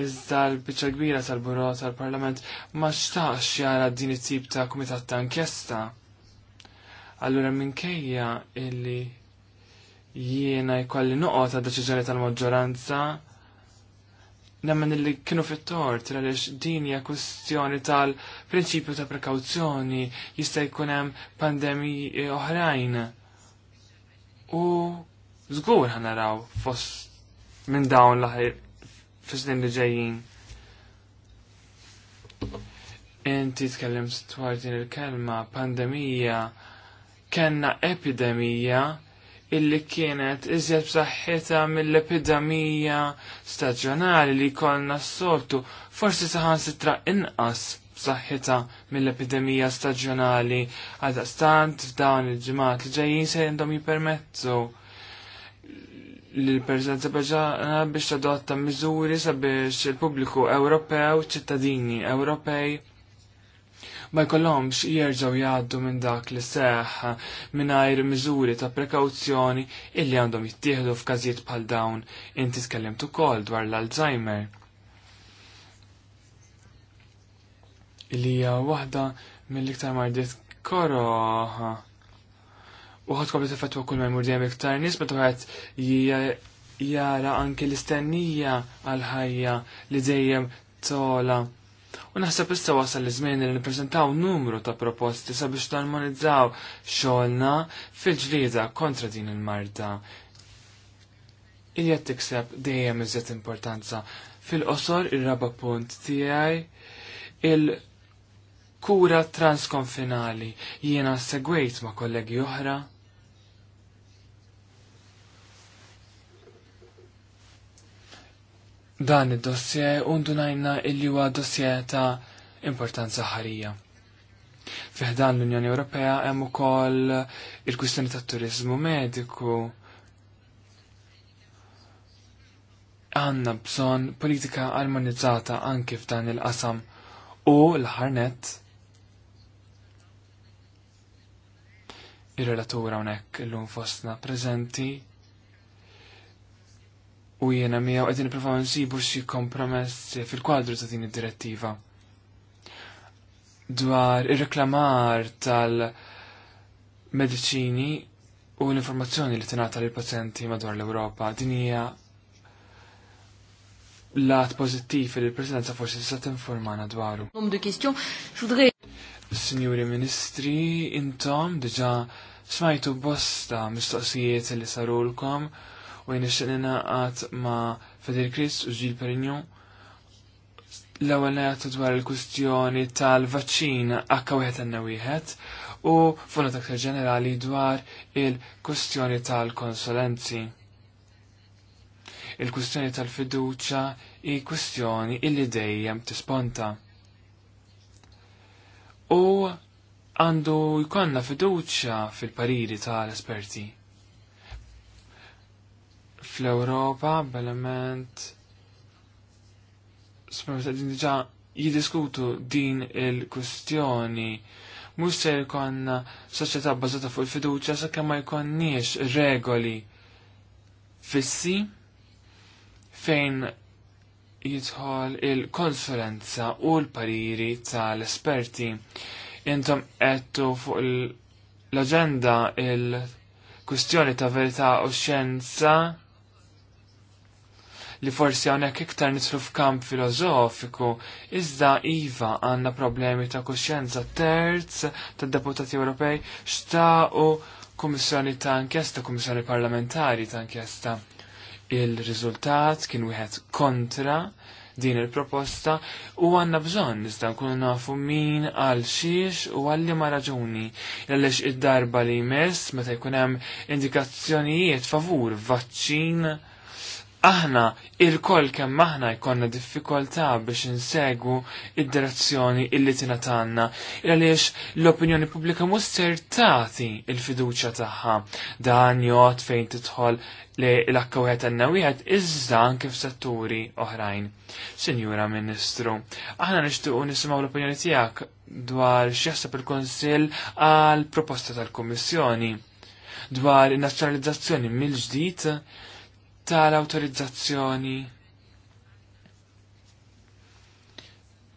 C: iżda l-biċċa kbira tal-Buro tal-Parlament ma xtaqx jara din it-tip ta' kumitat ta' inkjesta. Allura minkejja illi jiena jkolli noqgħod għad deċiżjoni tal-maġġoranza nemmen li kienu fit-tort għaliex din hija kwestjoni tal-prinċipju ta' prekawzjoni jista' jkun hemm pandemiji eh, oħrajn. U żgur naraw fost minn dawn l-aħħar fis-snin li ġejjin. Inti tkellimt dwar din il-kelma pandemija, kenna epidemija illi kienet iżjed b'saħħitha mill-epidemija staġjonali li kollna s-soltu, forsi saħan sitra inqas b'saħħitha mill-epidemija staġjonali għadha stant f'dawn il-ġimgħat li ġejjin se jendhom jippermezzu l-Presidenza Beġana biex tadotta miżuri sabiex il-pubbliku Ewropew, ċittadini Ewropej, ma jkollhomx jerġgħu jgħaddu minn dak li seħħ mingħajr miżuri ta' prekawzjoni illi għandhom jittieħdu f'każijiet bħal dawn. Inti tkellimt ukoll dwar l-Alzheimer. Illi hija waħda mill-iktar mardiet koro u ħadd li t kull ma jmur dejjem iktar nies meta wieħed jara anke l-istennija għal ħajja li dejjem tola U naħseb issa wasal iż-żmien li nippreżentaw numru ta' proposti sabiex tarmonizzaw xogħolna fil-ġlieda kontra din il-marda. Hija tikseb dejjem iżjed importanza. Fil-qosor ir-raba punt tiegħi il- kura transkonfinali jiena segwejt ma kollegi oħra dan id-dossier u ndunajna illi huwa dossier ta' importanza ħarija. Fiħdan l-Unjoni Ewropea hemm ukoll il-kwistjoni tat-turiżmu mediku għandna bżonn politika armonizzata anki f'dan il-qasam u l-ħarnet ir-relatura hawnhekk illum fostna preżenti u jiena miegħu qegħdin nippruvaw nsibu xi kompromess fil-kwadru ta' din id-direttiva. Dwar ir-reklamar tal-mediċini u l-informazzjoni li tingħata lill pazjenti madwar l-Ewropa din hija lat pożittiv li l-Presidenza forsi tista' tinformana dwaru. Signori Ministri, intom diġa' smajtu bosta mistoqsijiet li sarulkom u jien ixtiqnina għat ma' Fedel Chris u Gilles Perignon l-ewwel nagħtu dwar il kustjoni tal-vaċċin akka wieħed għanna wieħed u fuq aktar ġenerali dwar il kustjoni tal-konsulenzi. Il-kwistjoni tal-fiduċa i kwistjoni illi dejjem tisponta. U għandu jkollna fiduċja fil-pariri tal-esperti fl-Europa b'element diġa jiddiskutu din il-kustjoni mhux se jkollna soċjetà bbażata fuq il-fiduċja sakemm ma jkonniex regoli fissi fejn jidħol il-konsulenza u l-pariri tal-esperti. Intom għettu fuq l-agenda il-kustjoni ta' verità u xjenza li forsi għanek iktar nitlu f'kamp filozofiku, iżda iva għanna problemi ta' kosċenza terz ta' deputati Ewropej xtaqu kummissjoni ta' inkjesta, kummissjoni parlamentari ta' inkjesta. il rizultat kien wieħed kontra din il-proposta u għanna bżon nista' nkunu nafu min għal xiex u għalli ma raġuni għaliex id-darba li jmiss meta jkun hemm indikazzjonijiet favur vaċċin aħna il-koll kemm aħna jkollna diffikultà biex insegu id-direzzjoni illi tanna, għaliex l-opinjoni pubblika mhux ser tagħti l-fiduċja tagħha dan jgħod fejn tidħol l-akka wieħed għandna wieħed iżda anke f'setturi oħrajn. Sinjura Ministru, aħna nixtiequ nisimgħu l-opinjoni tiegħek dwar x'jaħseb il-Kunsill għal proposta tal-Kummissjoni dwar in-nazzjonalizzazzjoni mill-ġdid tal-autorizzazzjoni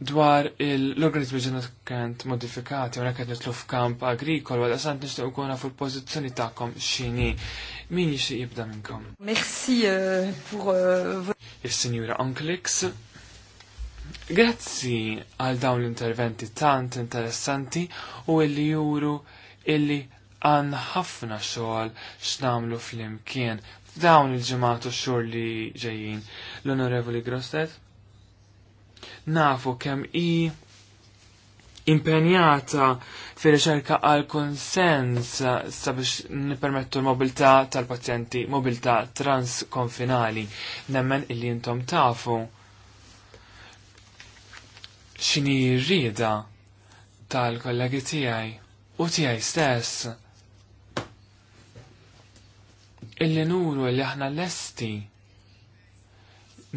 C: dwar l-organizmi ġenetikament modifikati, unek għed nitlu f'kamp agrikol, għada sant u ukuna fuq pozizjoni ta'kom xini. Min jixi jibda minnkom?
A: Merci euh, pour... Euh,
C: Il-Signora Onklix. Grazzi għal dawn l-interventi tant interessanti u illi juru illi għan ħafna xogħol x'namlu fl-imkien f'dawn il-ġemat u xhur li ġejjin. L-Onorevoli Grostet? Nafu kemm i impenjata fi riċerka għal konsens sabiex nipermettu l-mobilità tal-pazjenti, mobilità transkonfinali, nemmen illi jintom tafu xini rrida tal-kollegi tijaj u tijaj stess illi nuru li aħna lesti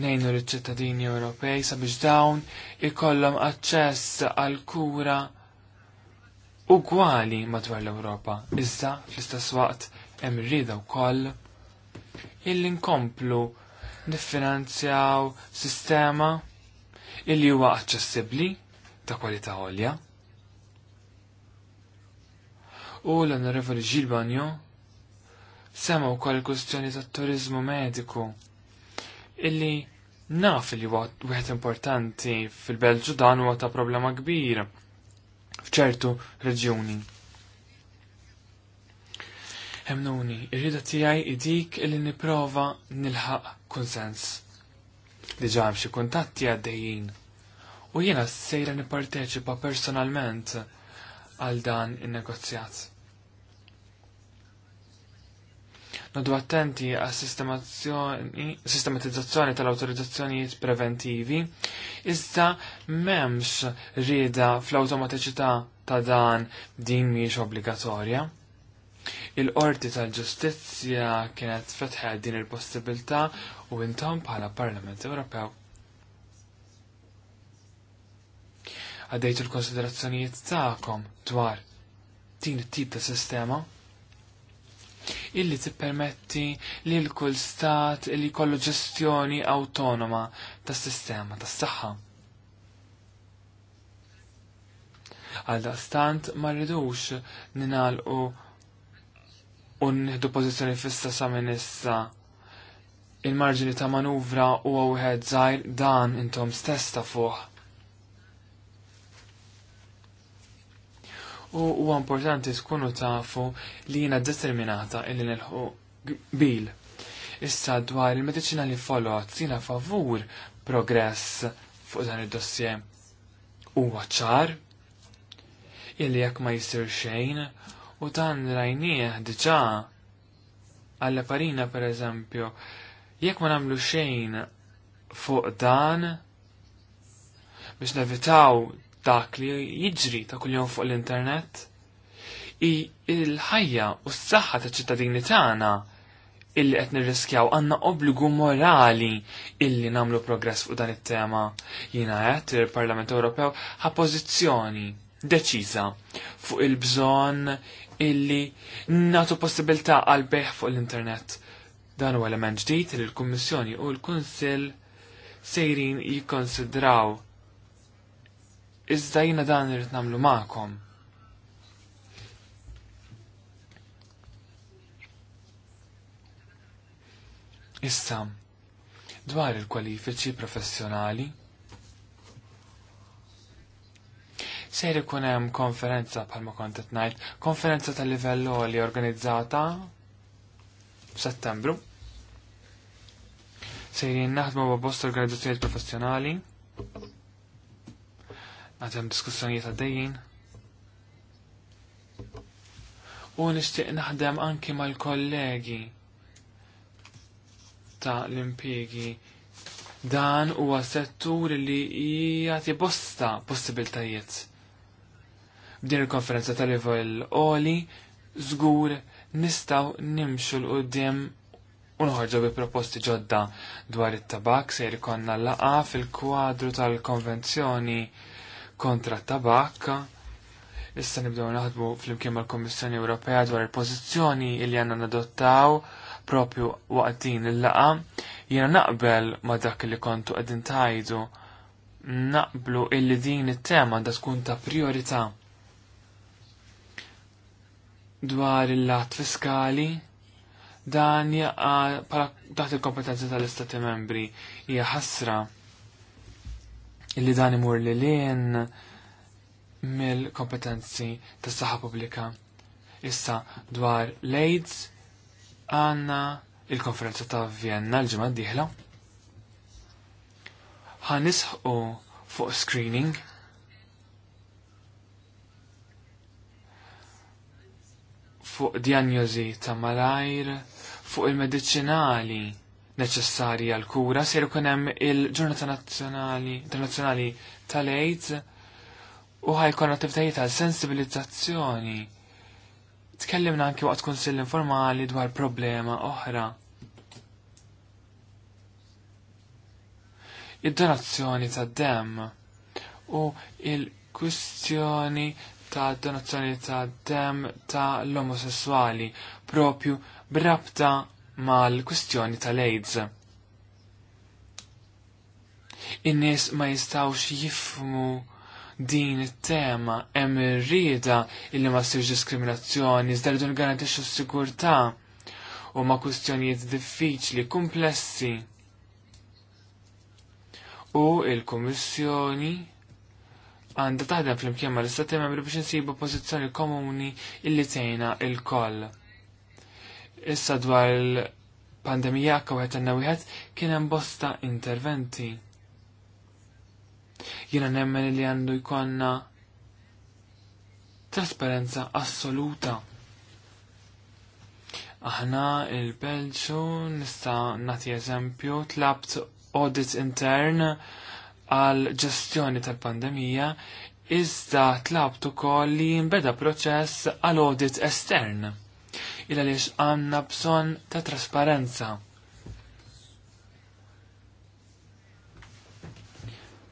C: nejnu l-ċittadini Ewropej sabiex dawn ikollhom aċċess għal kura ugwali madwar l-Ewropa. Iżda fl-istess waqt hemm rrieda wkoll illi nkomplu niffinanzjaw sistema illi huwa aċċessibbli ta' kwalità għolja. U l-Onorevoli Gilbanjo Sema wkoll kol kwistjoni tat-turizmu mediku illi naf li huwa wieħed importanti fil-Belġu dan huwa ta' problema kbir f'ċertu reġjuni. Hemnuni, irrida tijaj tiegħi idik illi nipprova nilħaq konsens. Diġà hemm xi kuntatti għaddejjin. U jiena sejra nipparteċipa personalment għal dan in-negozjat. nodu attenti għas sistematizzazzjoni tal-autorizzazzjonijiet preventivi, iżda memx rieda fl-automatiċità ta' dan din miex obbligatorja. Il-qorti tal-ġustizzja kienet fetħed din il-possibilità u intom bħala Parlament Ewropew. Għaddejt l konsiderazzjonijiet ta'kom dwar din it-tip ta' sistema illi tippermetti li l-kull stat li kollu ġestjoni autonoma tas sistema tas saħħa Għalda stant ma rridux u nħdu pożizzjoni fissa sa minissa issa. Il-marġini ta' manuvra u għawħed zaħir dan intom stesta fuħ. u huwa importanti tkunu tafu li jiena determinata illi nilħu bil. Issa dwar il-medicina li folot jina favur progress fuq dan id-dossier huwa ċar illi jekk ma jisir xejn u dan rajnieh diġà għalla parina per eżempju jekk ma nagħmlu xejn fuq dan biex nevitaw dak li jiġri ta' kuljum fuq l-internet. Il-ħajja u s-saħħa ta' ċittadini tagħna illi qed nirriskjaw għandna obbligu morali illi nagħmlu progress fuq dan it-tema. Jiena qed il-Parlament Ewropew ha' pożizzjoni deċiża fuq il-bżonn illi nagħtu possibilità għal beħ fuq l-internet. Dan huwa element ġdid li l-Kummissjoni u l-Kunsill sejrin jikkonsidraw Iżda jina dan irrit nagħmlu maħkom. Issa, dwar il-kwalifiċi professjonali, Sejr ikun hemm konferenza bħalma kont qed ngħid, konferenza tal livell li organizzata f'Settembru. Sejrin naħdmu ma' bost organizzazzjonijiet professjonali għatem diskussjonijiet għaddejjien. U nishtiq naħdem anki mal-kollegi ta' l-impiegi dan huwa għasettur li jgħati bosta possibiltajiet. B'din il-konferenza tal-livell oli żgur nistgħu nimxu l qudiem u bi proposti ġodda dwar it-tabak se jrikonna laqa fil-kwadru tal-konvenzjoni kontra tabak. Issa nibdew naħdmu fl-imkien mal-Kommissjoni Ewropea dwar il-pożizzjoni li għandna nadottaw propju waqt din il-laqa. Jiena naqbel ma dak li kontu qegħdin tajdu naqblu illi din it-tema għandha tkun ta' priorità dwar il-lat fiskali dan jaqa' taħt il-kompetenzi tal-Istati membri hija ħasra illi dan imur li lien mill-kompetenzi tas saħħa pubblika. Issa dwar l-AIDS għanna il-konferenza ta' Vienna l-ġimgħa d-dieħla. Ħanisħu fuq screening fuq diagnosi ta' malajr, fuq il-medicinali neċessarji għal kura ser ikun hemm il-Ġurnata Nazzjonali Internazzjonali tal-AIDS u ħajkun attivitajiet għal sensibilizzazzjoni. Tkellimna anki waqt kunsill informali dwar problema oħra. Id-donazzjoni tad dem u il-kwistjoni ta' donazzjoni ta' dem ta' l-omosessuali propju brabta mal-kustjoni tal-AIDS. In-nies ma jistawx jifmu din it-tema hemm ir-rieda illi ma ssirx diskriminazzjoni iżda rridu ngarantixxu s-sigurtà u ma kwistjonijiet diffiċli, komplessi. U il-Kummissjoni għandha taħdem fl-imkien mal-Istati Membri biex insibu pożizzjoni komuni illi tgħinha il-koll. Issa dwar il-pandemija kawet għanna wieħed kien hemm bosta interventi. Jiena nemmen li għandu jkollna trasparenza assoluta. Aħna il-Belġu nista' nagħti eżempju tlabt audit intern għal ġestjoni tal-pandemija iżda tlabt ukoll li jinbeda proċess għal audit estern il għaliex għanna bżon ta' trasparenza.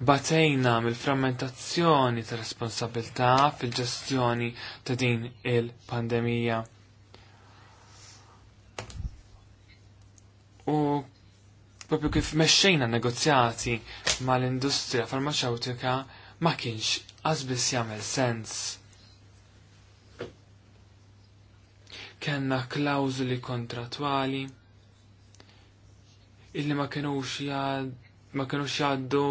C: Batejna mill-frammentazzjoni ta' responsabilità fil-ġestjoni ta' din il-pandemija. U propju kif mexxejna negozjati mal-industrija farmaceutika ma kienx għazbis jagħmel sens. kellna klawzuli kontratwali illi ma kienux ma kienu jgħaddu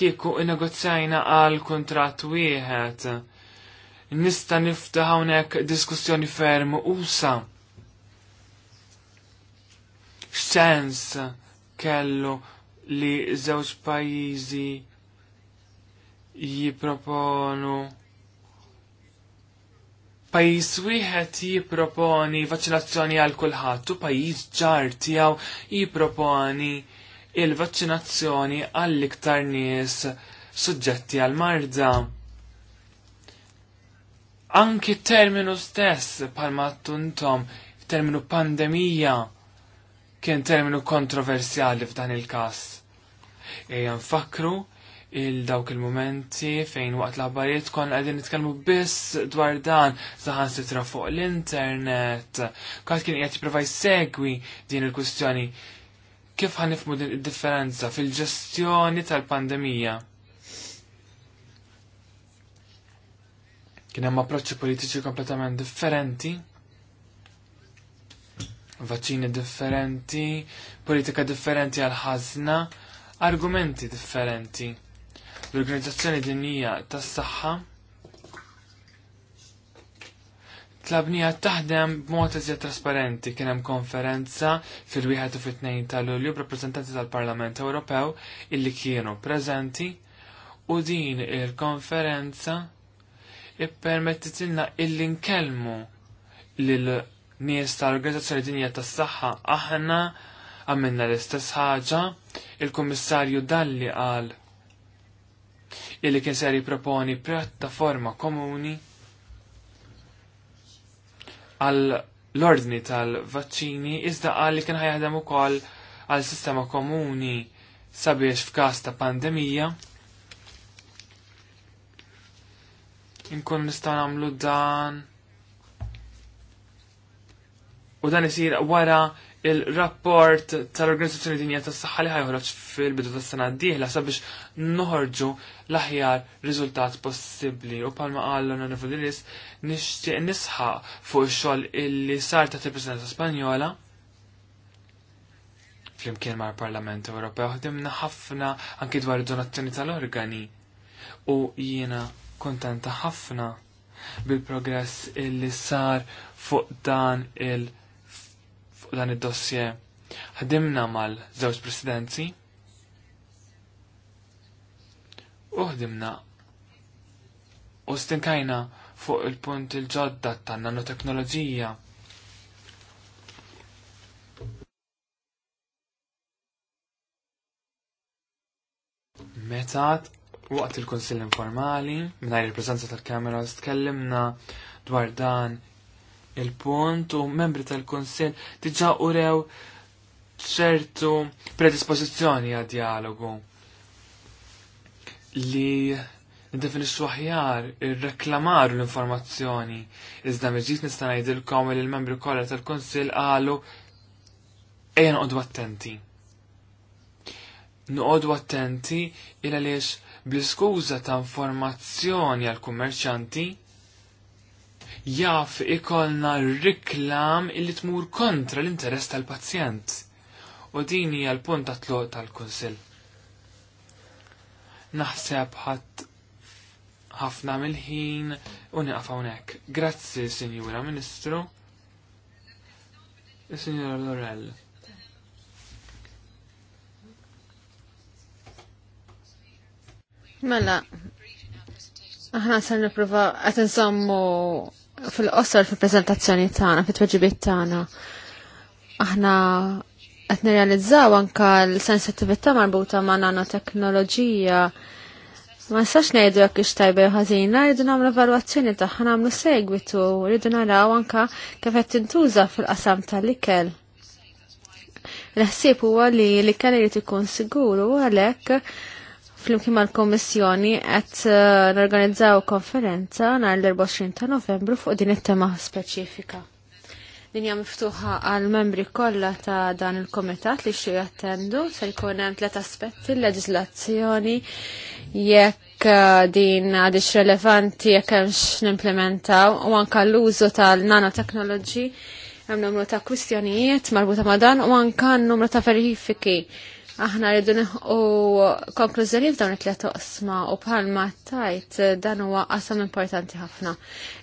C: kieku negozzajna għal kontrat wieħed. Nista nifta hawnhekk diskussjoni ferm usa. X'sens kellu li żewġ pajjiżi jipproponu pajis wieħed jipproponi vaċinazzjoni għal kulħadd u pajis ġar tiegħu jipproponi il-vaċinazzjoni għall iktar nies suġġetti għal marda. Anki terminu stess palma tuntom terminu pandemija kien terminu kontroversjali f'dan il-każ. Ejja nfakru il-dawk il-momenti fejn waqt l kon għedin nitkellmu biss dwar dan saħan sitra fuq l-internet. Kat kien qed provaj jsegwi din il-kwistjoni kif ħanifmu din il differenza fil-ġestjoni tal-pandemija. Kien hemm approċċi politiċi kompletament differenti vaċċini differenti, politika differenti għal ħazna, argumenti differenti. L-Organizzazzjoni Dinija tas-Saħħa tlabnija taħdem b'mod iżjed trasparenti kien hemm konferenza fil-1 u fit-2 ta' Lulju b'rappreżentanti tal-Parlament Ewropew illi kienu preżenti u din il-konferenza ippermettitilna illi nkellmu lil nies tal-Organizzazzjoni Dinja tas-Saħħa aħna għamilna l-istess ħaġa, il-Kummissarju Dalli qal illi kien ser jipproponi pjattaforma komuni għal l-ordni tal-vaċċini iżda qal li kien ħajaħdem ukoll għal sistema komuni sabiex f'każ ta' pandemija. Inkun nistgħu nagħmlu dan. U dan isir wara il-rapport tal-Organizzazzjoni Dinja tas-Saħħa li ħajħroġ fil-bidu tas-sena d-dieħla sabiex noħorġu l-aħjar riżultat possibbli u palma qal l-Onorevoli Lilis nixtieq nisħaq fuq ix-xogħol illi sar ta' il-Presidenza Spanjola flimkien mal parlament Ewropew ħdimna ħafna anki dwar id-donazzjoni tal-organi u jiena kontenta ħafna bil-progress illi sar fuq dan il- dan id-dossier. Ħdimna mal-żewġ presidenzi u ħdimna u stinkajna fuq il-punt il-ġodda tan-nanoteknoloġija. Meta waqt il-Konsil informali, mingħajr il-preżenza tal kamera tkellimna dwar dan il-pont u membri tal-Konsil diġa urew ċertu predispożizzjoni għad dialogu li nidefinixxu ħjar ir-reklamar l-informazzjoni. Iżda meġġis nista' ngħidilkom li l-membri kollha tal-Kunsill qalu ejja noqogħdu attenti. Noqogħdu attenti il għaliex bl-iskuża ta' informazzjoni għal kummerċanti jaf ikolna riklam illi tmur kontra l-interess tal-pazjent. U din hija l-punt ta' tluq tal-Kunsill. Naħseb ħadd ħafna mill-ħin u nieqaf hawnhekk. Grazzi, Sinjura Ministru. Sinjura Lorell.
D: Mela, aħna sa' niprofa għat nsammu fil-qosor fil-prezentazzjoni tagħna, fit-tweġibiet tagħna. Aħna qed nirrealizzaw anka l sensitività marbuta ma' nanoteknoloġija. Ma nistax ngħidu jekk ix tajba ħażina, rridu nagħmlu evalwazzjoni tagħha nagħmlu segwitu, rridu naraw anka kif qed tintuża fil-qasam tal-ikel. Naħsib huwa li l-ikel irid ikun siguru għalhekk flimkien mal komissjoni qed eh, norganizzaw konferenza nhar l-24 ta' Novembru fuq din it-tema speċifika. Din hija miftuħa għal membri kollha ta' dan il-komitat li xi jattendu se jkun hemm tliet aspetti l-leġiżlazzjoni jekk eh, din għadix relevanti jekk hemmx nimplementaw u anke l-użu tal-nanoteknoloġi hemm numru ta' kwistjonijiet marbuta ma' dan u anke numru ta' verifiki Aħna rridu u konklużjoni f'dawn it-tliet oqsma u bħalma tajt dan huwa qasam importanti ħafna.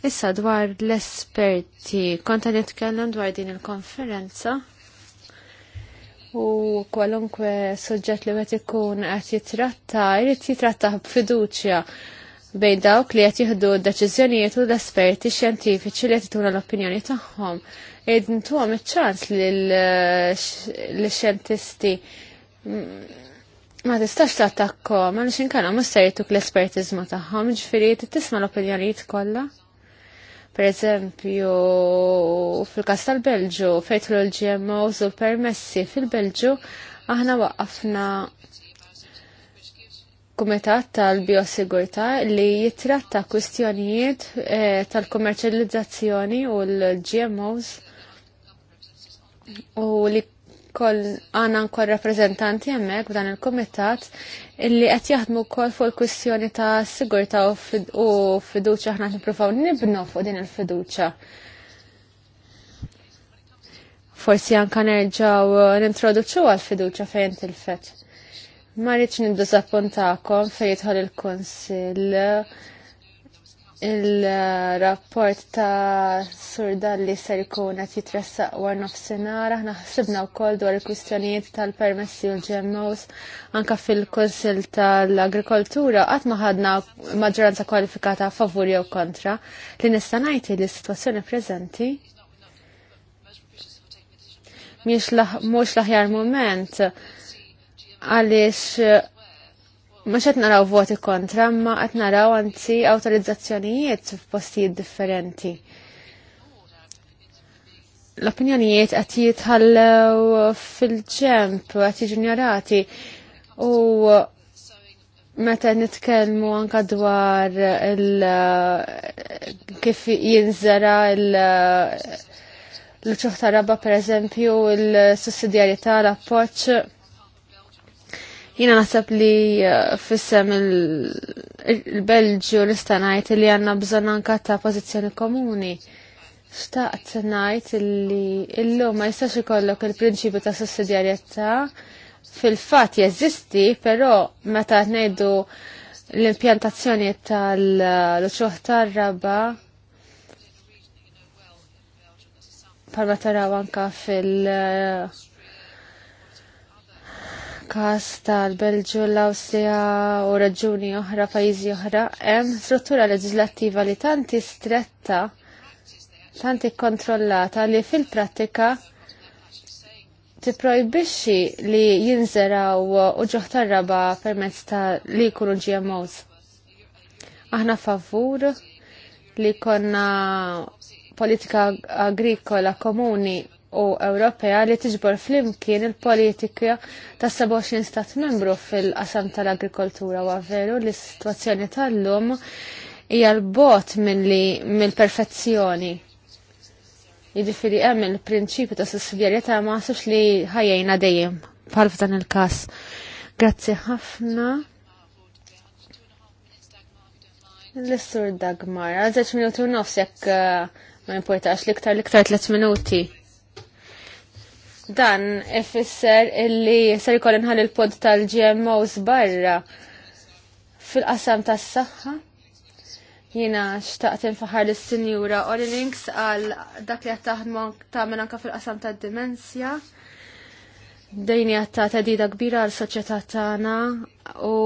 D: Issa dwar l-esperti konta nitkellem dwar din il-konferenza u kwalunkwe suġġett li qed ikun qed jitratta jrid jitratta b'fiduċja bejn dawk li qed jieħdu d-deċiżjonijiet u l-esperti xjentifiċi li qed ituna l-opinjoni tagħhom. Id ntuhom iċ-ċans lill-xjentisti ma tistax tattakkom, ma nxin inkana mustajtuk l-espertizma taħħom, ġifiri tisma l-opinjonijiet kolla. Per eżempju, fil-kas tal-Belġu, fejtlu l-GMO u permessi fil-Belġu, aħna waqqafna kumitat tal-biosigurta li jitratta kwistjonijiet eh, tal-kommerċializzazzjoni u l-GMOs u li koll għana nkoll rappresentanti jemmek b'dan il-komitat illi qed jaħdmu kol fuq il-kwistjoni ta' sigurta u fiduċa ħna niprufaw nibnu fuq din il-fiduċa. Forsi anka nerġaw nintroduċu għal-fiduċa fejn il-fet. Ma rridx zappuntakom fejn jidħol il-Kunsill il-rapport ta' surdalli ser ikun qed jitressaq war nofsinhar, aħna ħsibna wkoll dwar il-kwistjonijiet tal-permessi u l-GMOs anke fil-Kunsill tal-Agrikoltura qatt ma ħadna maġġoranza kwalifikata favur jew kontra li nista' ngħid li s-sitwazzjoni preżenti mhux l-aħjar mument għaliex maċħat naraw voti kontra, ma għat naraw għanzi autorizzazzjonijiet f'postijiet differenti. L-opinjonijiet għat jitħallew fil-ġemp, għat jġunjarati u meta nitkellmu anka dwar kif il l-ċuħta raba per eżempju, l-sussidjarjetà, l-appoċ, Jina naħseb li uh, fissem il-Belġu l-istanajt li għanna bżon anka ta' pozizjoni komuni. Xtaqt najt li illum ma jistax ikollok il-prinċipju ta' sussidjarjetà fil-fat jeżisti, però meta ngħidu l-impjantazzjoni tal ċuħ tar-raba parma taraw anka fil- uh, il-kas tal-Belġu, l-Awstrija u raġuni oħra, pajjiżi oħra, hemm struttura leġislattiva li tanti stretta, tanti kontrollata li fil-prattika tipprojbixxi li jinżeraw u tar-raba permezz ta' li jkunu GMOs. Aħna favur li konna politika agrikola komuni u Ewropea li tiġbor flimkien il-politika ta' 27 stat membru fil-qasam tal-agrikoltura u veru li s-situazzjoni tal-lum hija l-bot mill-perfezzjoni. Jiġifieri hemm il-prinċipju ta' sussidjarjetà ma sux li ħajjejna dejjem bħal f'dan il-każ. Grazzi ħafna. L-istur Dagmar, għazet minuti u nofs jekk uh, ma importax liktar liktar 3 minuti. Dan ifisser illi ser ikoll inħall il-pod tal-GMOs barra fil-qasam tas-saħħa. Jina xtaqt infaħar l-Sinjura Orlinks għal dak li għattaħdmu ta' anka fil-qasam tad-dimensja dejni għatta dida kbira għal soċjetà tagħna u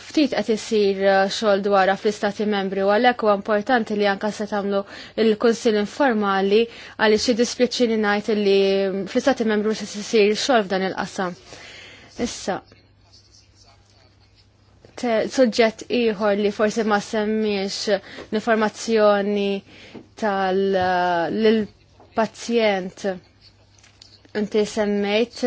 D: ftit qed isir uh, xogħol dwar fl-Istati Membri u għalhekk huwa importanti li anke se tagħmlu il-Kunsill informali għaliex xi dispjaċini ngħid li fl-Istati Membri se isir xogħol f'dan il-qasam. Issa. Suġġett ieħor li forsi ma semmiex l-informazzjoni tal-pazjent uh, Inti semmejt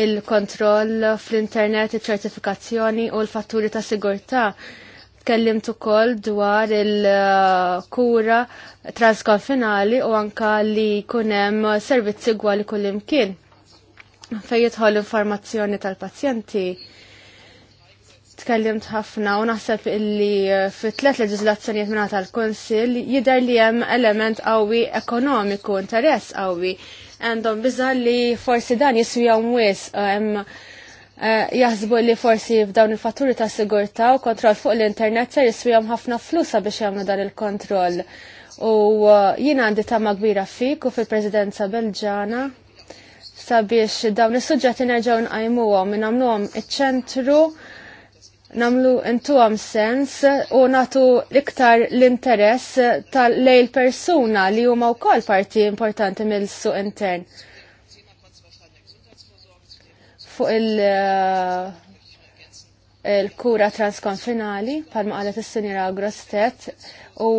D: il-kontroll fl-internet, il-ċertifikazzjoni u l-fatturi ta' sigurtà. Tkellimt ukoll dwar il-kura transkonfinali u anka li kunem servizzi gwali kullimkien fej jidħol informazzjoni tal-pazjenti. Tkellimt ħafna u naħseb illi fit tlet leġiżlazzjonijiet minna tal-Konsil jidher li hemm element qawwi ekonomiku, interess qawwi għandhom biza' li forsi dan jiswija mwis uh, hemm uh, jaħsbu li forsi f'dawn il-fatturi ta' sigurta u kontroll fuq l-internet ser jiswijom ħafna flusa biex jagħmlu dan il-kontroll. U uh, jina għandi tama kbira fik u fil-Presidenza Belġana sabiex dawn is-suġġetti nerġgħu nqajmuhom minn għamluhom iċ-ċentru namlu intuam sens u natu iktar l-interess tal-lejl persuna li huma wkoll parti importanti mill-suq intern. Fuq il- eh, il-kura transkonfinali, pal maqalet il-sinjera Grostet, u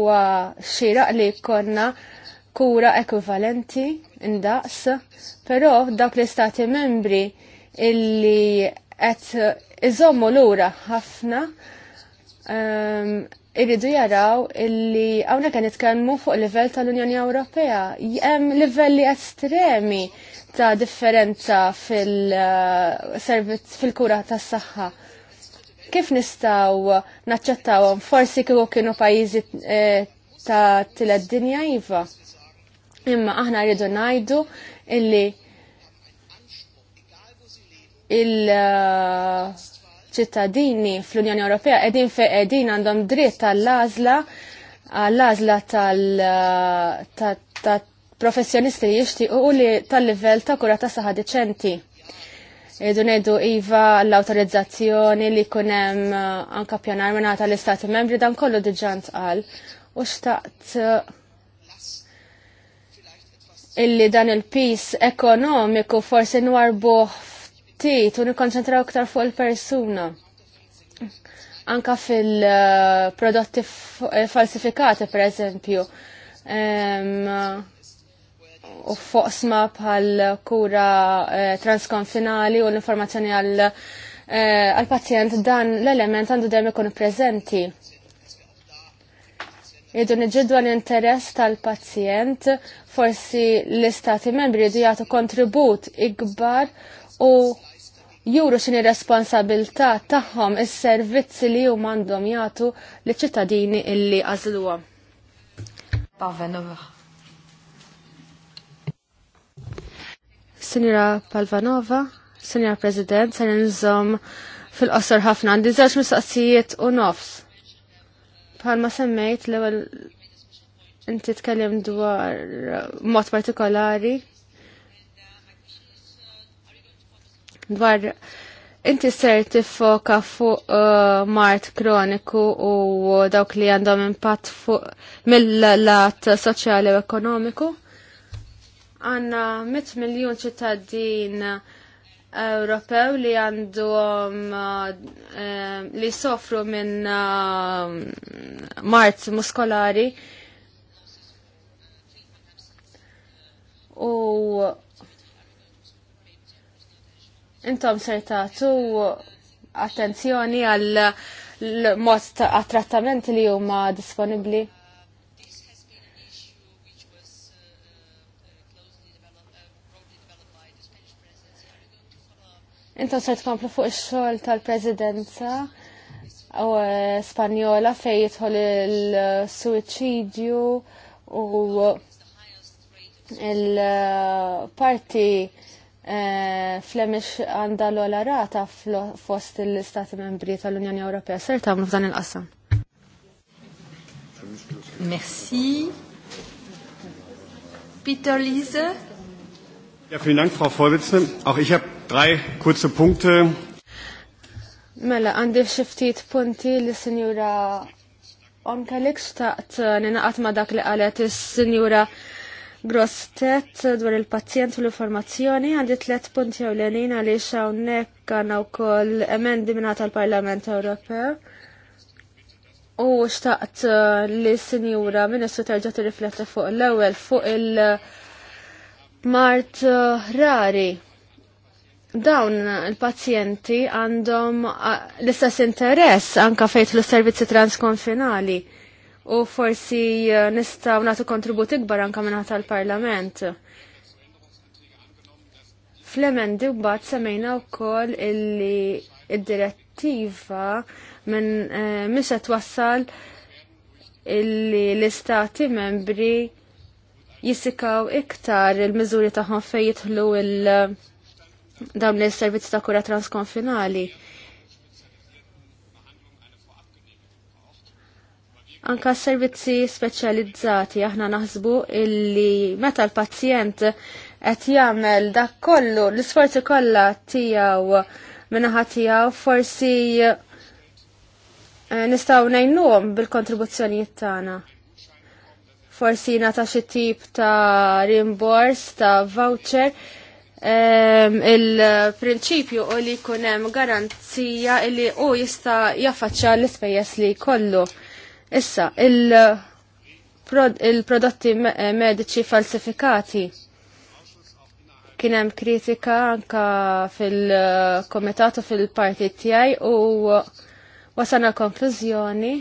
D: xiraq li konna kura ekvivalenti indaqs, pero dak l-istati membri illi għet iżommu lura ħafna ehm, irridu jaraw illi għawna kan nitkellmu fuq livell tal-Unjoni Ewropea. Hemm livelli estremi ta' differenza fil kura ta' kura tas-saħħa. Kif nistgħu naċċettawhom forsi kieku kienu pajjiżi e, ta' tiled dinja iva. Imma aħna rridu ngħidu illi il- uh, ċittadini fl-Unjoni Ewropea qegħdin fe qegħdin għandhom dritt tal-għażla għall-għażla tal-professjonisti uh, li jixtiequ li tal-livell ta' kura ta' saħa deċenti. Idu ngħidu iva l-awtorizzazzjoni li jkun hemm uh, anke pjanar minn tal-Istati Membri dan kollu diġà ntqal u xtaqt uh, illi dan il-pis ekonomiku forsi nwarbuh ftit u nikkonċentraw iktar fuq il-persuna. Anka fil-prodotti eh, falsifikati, per eżempju, u sma bħal kura eh, transkonfinali u l-informazzjoni eh, għal pazjent dan l-element għandu dejjem ikun preżenti. Idu niġġidu l-interess tal-pazjent, forsi l-istati membri idu jagħtu kontribut ikbar u juru xini responsabilità tagħhom is-servizzi li huma għandhom jagħtu liċ ċittadini illi għazluwa. Pavanova. Senjora Palvanova, Senjora President, se nżomm fil-qosor ħafna għandi żewġ mistoqsijiet u nofs. Bħalma semmejt l-ewwel inti tkellim dwar mod partikolari dwar inti ser tifoka fuq uh, mart kroniku u dawk li għandhom impatt fuq mill-lat soċjali u ekonomiku. Għanna 100 miljon ċittadin Ewropew li għandhom uh, li sofru minn uh, mart muskolari u intom ser tagħtu attenzjoni għal mod ta' trattament li huma disponibbli? Intom ser tkomplu fuq ix-xogħol tal-Presidenza u Spanjola fejn jidħol il-suicidju u il-parti il parti parti Eh, flemix għanda l-ola rata fost l-Stati membri tal-Unjoni Ewropea. Ser tagħmlu f'dan il qassam Merci. Peter Liese. Ja, vielen Dank, Frau Vorsitzende. Auch ich habe
A: drei kurze Punkte.
D: Mela, għandi xiftit punti li signora Onkelix, taqt ninaqat ma dak li qalet signora Onkelix. Grostet dwar il pazzjent u l-informazzjoni għandi tlet punti għalix għaliex hawnhekk għandna wkoll emendi minn tal-Parlament Ewropew. U xtaqt uh, li sinjura Ministru terġa' tirrifletta fuq l-ewwel fuq il-Mart uh, Rari. Dawn il-pazjenti għandhom uh, l-istess interess anka fejt l-servizzi transkonfinali u forsi eh, nistaw natu kontribut ikbar anka minna tal-parlament. Fl-emendi u bat semejna u koll illi id-direttiva minn eh, misa twassal illi l-istati membri jissikaw iktar il-mizuri taħħon fejn jitħlu il- dawn l-servizzi ta' kura transkonfinali. Anka servizzi speċjalizzati aħna naħsbu illi meta l-pazjent qed jagħmel dak kollu l-isforzi kollha tiegħu minnaħa tiegħu forsi eh, nistgħu ngħinuhom bil-kontribuzzjonijiet tagħna. Forsi nata xi tip ta' rimbors ta' voucher ehm, il-prinċipju u li kunem garanzija li u jista jaffaċċa l-ispejjeż li kollu. Issa, il-prodotti eh, medici falsifikati kien hemm kritika anka fil-komitatu fil eh, parti tiegħi u wasana konklużjoni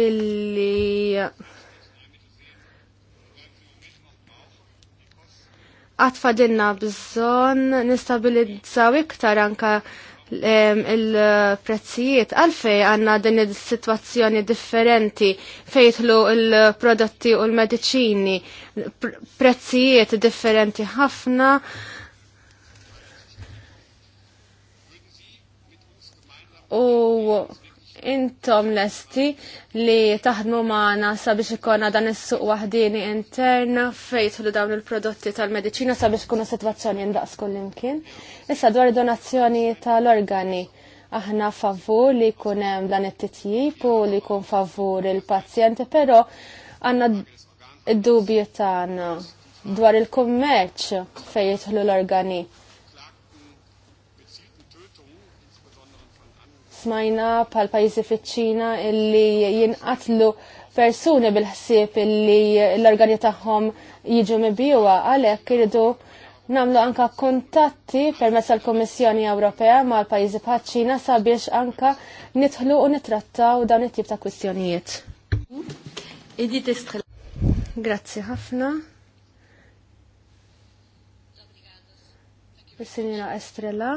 D: illi għatfadinna bżon nistabilizzaw iktar anka il-prezzijiet għalfej għanna din il-situazzjoni differenti fejtlu il-prodotti u l-medicini prezzijiet differenti ħafna u intom lesti li taħdmu maħna sabiex ikonna dan is-suq waħdini interna fejtħlu dawn il-prodotti tal-medicina sabiex kuna situazzjoni jindaqs kullimkien. Issa dwar donazzjoni tal-organi aħna favur li kunem dan it-titjib u li kun favur il-pazjenti, pero għanna id-dubju tagħna dwar il-kummerċ fejtħlu l-organi smajna pal pajjiżi fiċċina illi jinqatlu persuni bil-ħsieb illi l-organi taħħom jiġu mibjuwa għalek kirdu namlu anka kontatti per permezz l kommissjoni Ewropea ma l bħal Ċina sabiex anka nitħlu u nitrattaw dawn it-tip ta' kwistjonijiet. Edith Estrella. Grazzi ħafna. Is-Sinjora Estrella.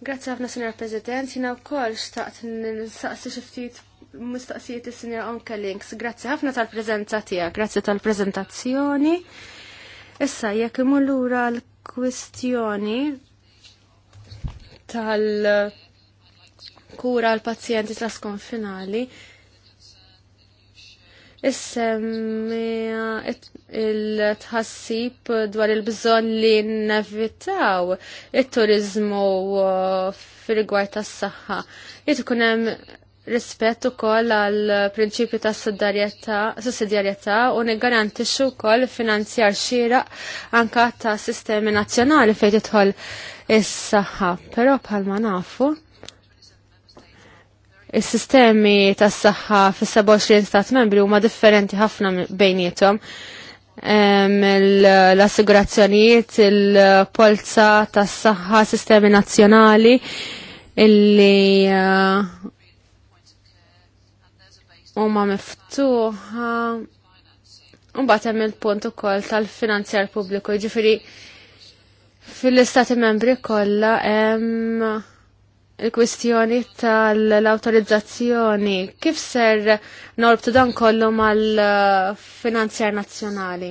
D: Grazzi ħafna Sinjor President, jina wkoll xtaqt nistaqsi xi ftit mistaqsijiet is-Sinjor Onka Links. Grazzi ħafna tal prezenza tiegħek, grazzi tal prezentazzjoni Issa jekk imur lura l-kwistjoni tal- kura l-pazjenti trasconfinali, Is-semmi il-tħassib dwar il-bżon li nevitaw il-turizmu uh, fil-rigward tas saħħa Jiet ikun hemm rispett ukoll għal prinċipju ta' sussidjarjetà u niggarantixxu wkoll finanzjar xieraq anka ta' sistemi nazzjonali fejn tidħol is-saħħa. Però bħalma nafu Is-sistemi tas-saħħa fis-27 stat membri huma differenti ħafna bejnietom. L-assigurazzjonijiet, il-polza tas-saħħa, sistemi nazzjonali illi eh, huma miftuħa. Mbagħad hemm il-punt ukoll tal-finanzjar pubbliku, ġifieri fil-istati membri kollha hemm il-kwistjoni tal-autorizzazzjoni, kif ser norbtu dan kollu mal-finanzjar nazzjonali?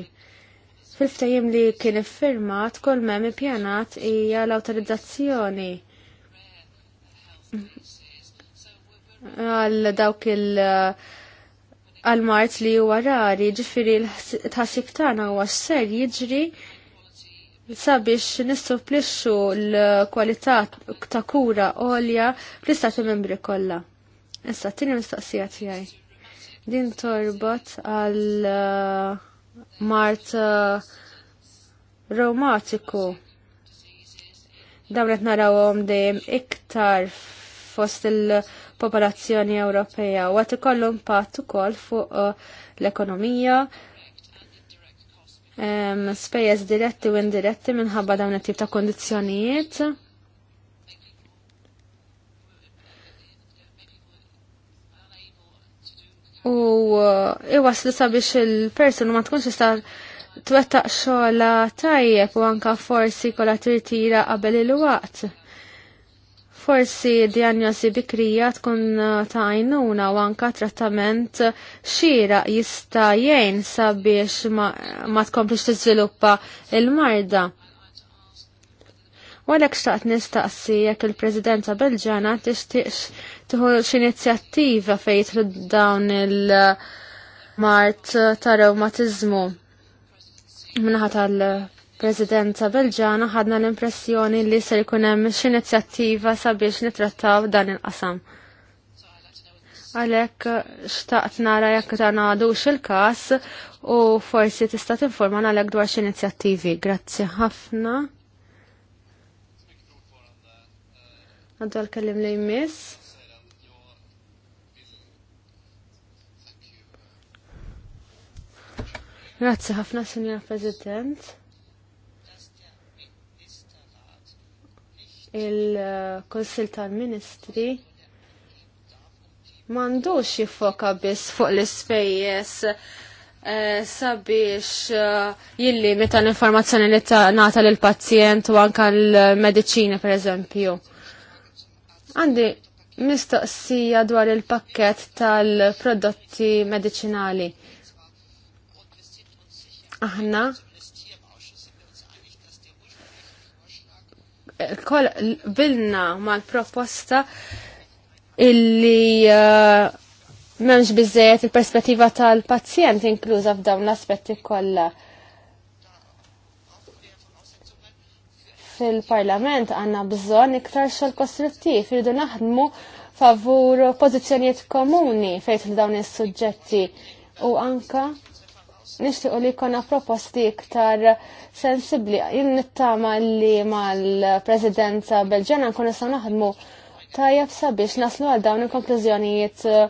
D: Fil-ftajim li kien firmat kol mem pjanat hija l-autorizzazzjoni għal dawk il- għal mart li huwa rari, ġifiri l-tħassib tagħna huwa ser jiġri sabiex nistupplixxu l-kwalità ta' kura għolja fl-istati membri kollha. Issa tieni mistaqsija tiegħi. Din torbot għal uh, mart uh, romatiku. Dawn qed narawhom dejjem iktar fost il-popolazzjoni Ewropea u għat ikollu impatt ukoll fuq uh, l-ekonomija, spejjeż diretti u indiretti minħabba dawn it-tip ta' kondizzjonijiet. U eh, iwaslu sabiex il-persuna ma tkunx istar twettaq xogħla tajjeb u anka forsi kolla tirtira qabel il-waqt Forsi diagnosi bikrija tkun uh, ta' għajnuna u anka trattament xira jista' jgħin sabiex ma, ma tkomplix tiżviluppa il-marda. U għalek xtaqt nistaqsi jekk il-Presidenza Belġana tixtieqx inizjattiva x'inizjattiva fejn dawn il- mart ta' reumatizmu minnaħa tal Presidenza Belġana ħadna l-impressjoni li ser ikun hemm x'inizjattiva sabiex nitrattaw dan il-qasam. Għalhekk xtaqt nara jekk ta' nadu il-każ u forsi tista' tinformana għalek dwar x'inizjattivi. Grazzi ħafna. Għaddu għal-kellim li jmiss. Grazzi ħafna, Sinjor President. il-Konsil tal-Ministri mandux jiffoka biss fuq l-ispejjeż eh, sabiex eh, jilli meta l-informazzjoni li nata l-pazjent u anka l-medicina per eżempju. Għandi mistoqsija dwar il-pakket tal-prodotti medicinali. Aħna kol bilna mal-proposta illi uh, memx bizzejet il-perspettiva tal-pazzjent inkluża f'dawn l-aspetti kollha. Fil-parlament għanna bżon iktar xogħol kostruttiv, irridu naħdmu favur pożizzjonijiet komuni fejn dawn is-suġġetti u anka nishtiq li jkollna proposti iktar sensibbli. Jien nittama li mal-Presidenza Belġana nkunu sa naħdmu tajjeb sabiex naslu għal dawn il-konklużjonijiet eh,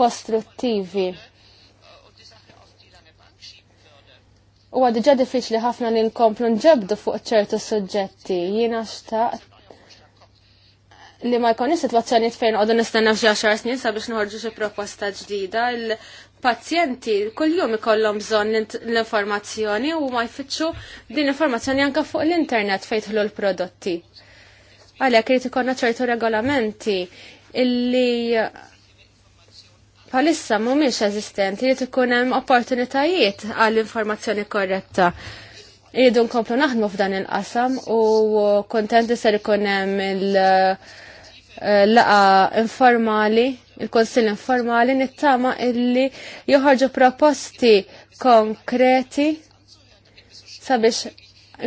D: kostruttivi. U għadġa diffiċli ħafna li nkomplu nġebdu fuq ċertu suġġetti. Jiena xtaqt li ma jkunni situazzjoni fejn għodu nistenna f'xi snin sabiex nħorġu xi proposta ġdida, pazjenti kull-jum ikollhom bżonn l-informazzjoni u ma jfittxu din l-informazzjoni anka fuq l-internet fejtħlu l-prodotti. Għalhekk irid konna ċertu regolamenti illi palissa mhumiex eżistenti li tkun hemm opportunitajiet għall informazzjoni korretta. Iridu nkomplu naħdmu f'dan il-qasam u kontenti ser ikun hemm il- Eh, laqa informali, il-konsil informali nittama illi joħarġu proposti konkreti sabiex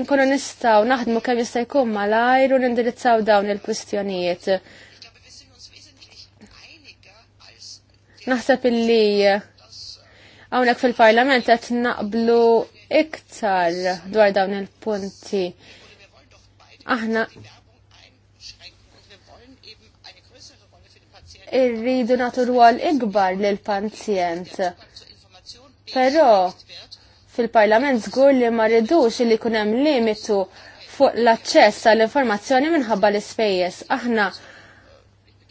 D: nkunu nistaw naħdmu kemm jista' jkun malajr u nindirizzaw dawn il-kwistjonijiet. Naħseb illi hawnhekk fil-Parlament qed naqblu iktar dwar dawn il-punti. Aħna irridu natu rwol ikbar lil pazjent Però fil-parlament żgur li ma rridux li jkun hemm limitu fuq l-aċċess għall-informazzjoni minħabba l-ispejjeż. Aħna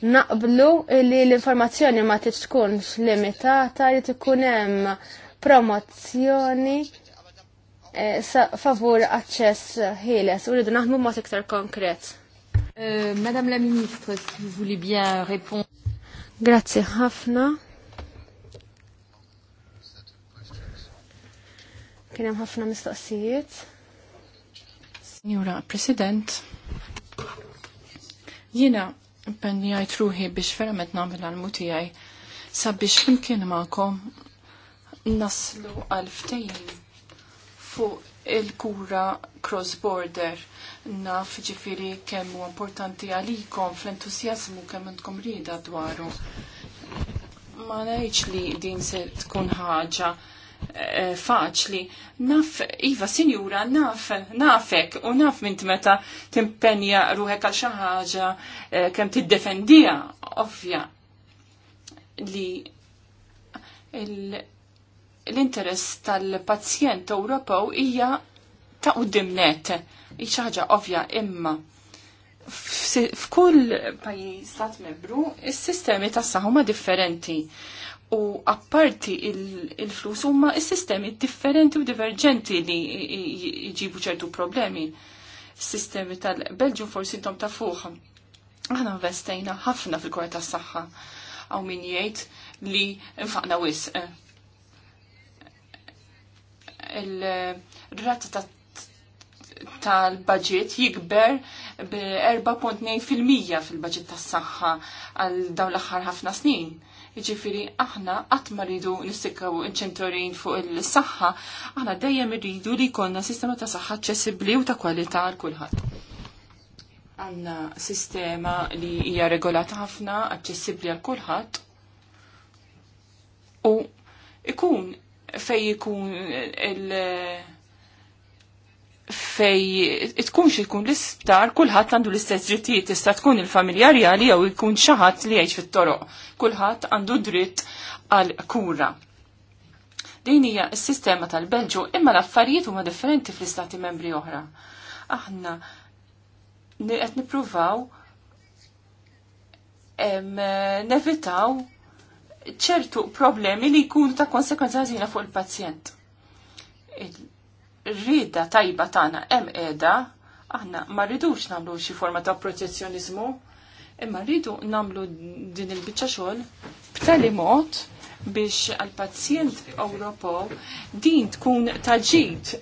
D: naqblu li l-informazzjoni ma tkunx limitata li tkun hemm promozzjoni eh, favur aċċess ħieles u rridu mod iktar konkret. Madam euh, Madame la Ministre, si vous voulez bien répondre. Grazzi ħafna. Kien hemm ħafna mistoqsijiet. Signora President, jiena
B: impenjajt ruħi biex verament nagħmel għall mutijaj sabiex flimkien magħkom naslu għal ftejn fuq il-kura cross-border. Naf ġifiri kemm importanti għalikom fl-entusiasmu kemm intkom rida dwaru. Ma ngħidx li din se tkun ħaġa eh, faċli. Naf, Iva, sinjura, naf, nafek, u naf minn meta timpenja ruħek għal xaħġa ħaġa eh, kemm tiddefendija, ovvja, li l-interess tal-pazjent Ewropew hija ta' qudiem net, xi ħaġa ovvja imma f'kull pajjiż stat membru is-sistemi tas-saħħa huma differenti. U apparti il-flus il huma is-sistemi differenti u diverġenti li jġibu ċertu problemi. Sistemi tal-Belġu forsi intom ta' fuq. Aħna investejna ħafna fil-kura tas-saħħa. Aw min jgħid li nfaqna wisq eh il-rata tal-budget jikber b 49 fil-budget tas-saħħa għal dawn l-aħħar ħafna snin. Jiġifieri aħna qatt ma rridu nistikkaw inċentorin fuq il-saħħa, aħna dejjem irridu li jkollna sistema ta' saħħa aċċessibbli u ta' kwalità għal kulħadd. Għandna sistema li hija regolata ħafna, aċċessibbli għal kulħadd u ikun fej jikun il- fej tkunx ikun l-isptar kulħadd għandu l-istess drittijiet tista' tkun il-familjar jali jew ikun xi ħadd li jgħix fit-toroq. Kulħadd għandu dritt għal kura. Din hija s-sistema tal-Belġu imma l-affarijiet huma differenti fl-istati membri oħra. Aħna qed nippruvaw nevitaw ċertu problemi li jkunu ta' konsekwenza ħażina fuq il-pazjent. rida tajba tagħna hemm qiegħda, aħna ma rridux nagħmlu xi forma ta' protezzjonizmu, imma rridu nagħmlu din il-biċċa xogħol b'tali mod biex għal-pazjent Ewropew din tkun taġid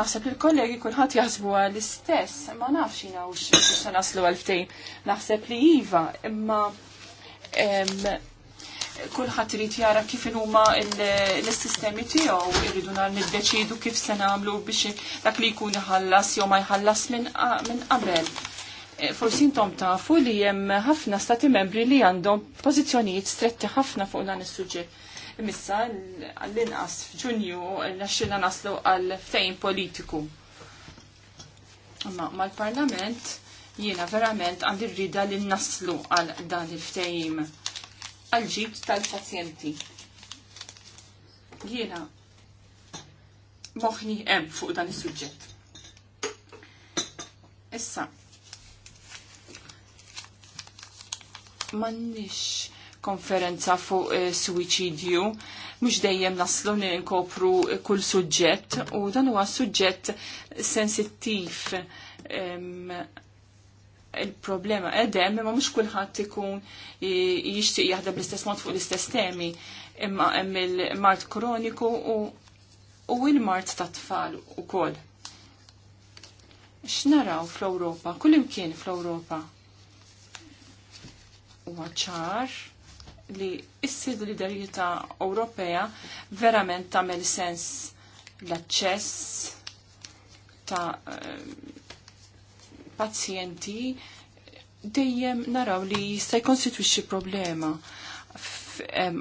B: naħseb li l-kollegi kulħadd jaħsbu l-istess, ma nafx jina u se naslu għalftejn. Naħseb li iva, imma kulħadd irid jara kif huma l-sistemi tiegħu irridu nar niddeċidu kif se nagħmlu biex dak li jkun iħallas jew ma jħallas minn qabel. E, forsi intom tafu li hemm ħafna stati membri li għandhom pożizzjonijiet stretti ħafna fuq dan is-suġġett imissa għall-inqas f'Ġunju naxxilna naslu għal fejn politiku. Ma mal-Parlament jiena verament għandi rrida li naslu għal dan il-ftejim għal ġid tal-pazjenti. Jiena moħni hemm fuq dan is-suġġett. Issa, mannix konferenza fuq e, suicidju. Mux dejjem naslu li nkopru eh, kull suġġett u dan huwa suġġett sensittiv il-problema edem, ma mux kullħat ikun jishtiq jaħdem l-istess mod fuq l-istess temi, imma hemm il-mart kroniku u, u il-mart ta' tfal u koll. X'naraw fl-Ewropa, kull imkien fl-Ewropa. Huwa ċar li issir l-liderjita Ewropea verament tagħmel sens l-aċċess ta' eh, pazjenti dejjem naraw li jista' jkonstitwixxi problema.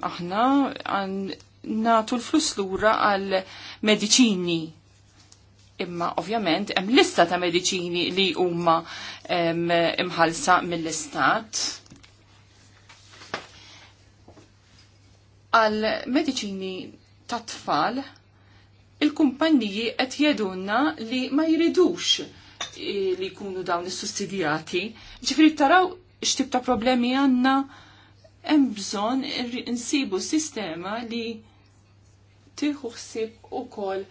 B: Aħna natu l-flus lura għal mediċini imma ovvjament hemm lista ta' mediċini li huma imħalsa mill-istat għal mediċini ta' tfal il-kumpanniji qed jedunna li ma jridux eh, li jkunu dawn is-sussidjati. Ġifieri taraw x'tib ta' problemi għandna hemm bżonn insibu sistema li tieħu ħsieb ukoll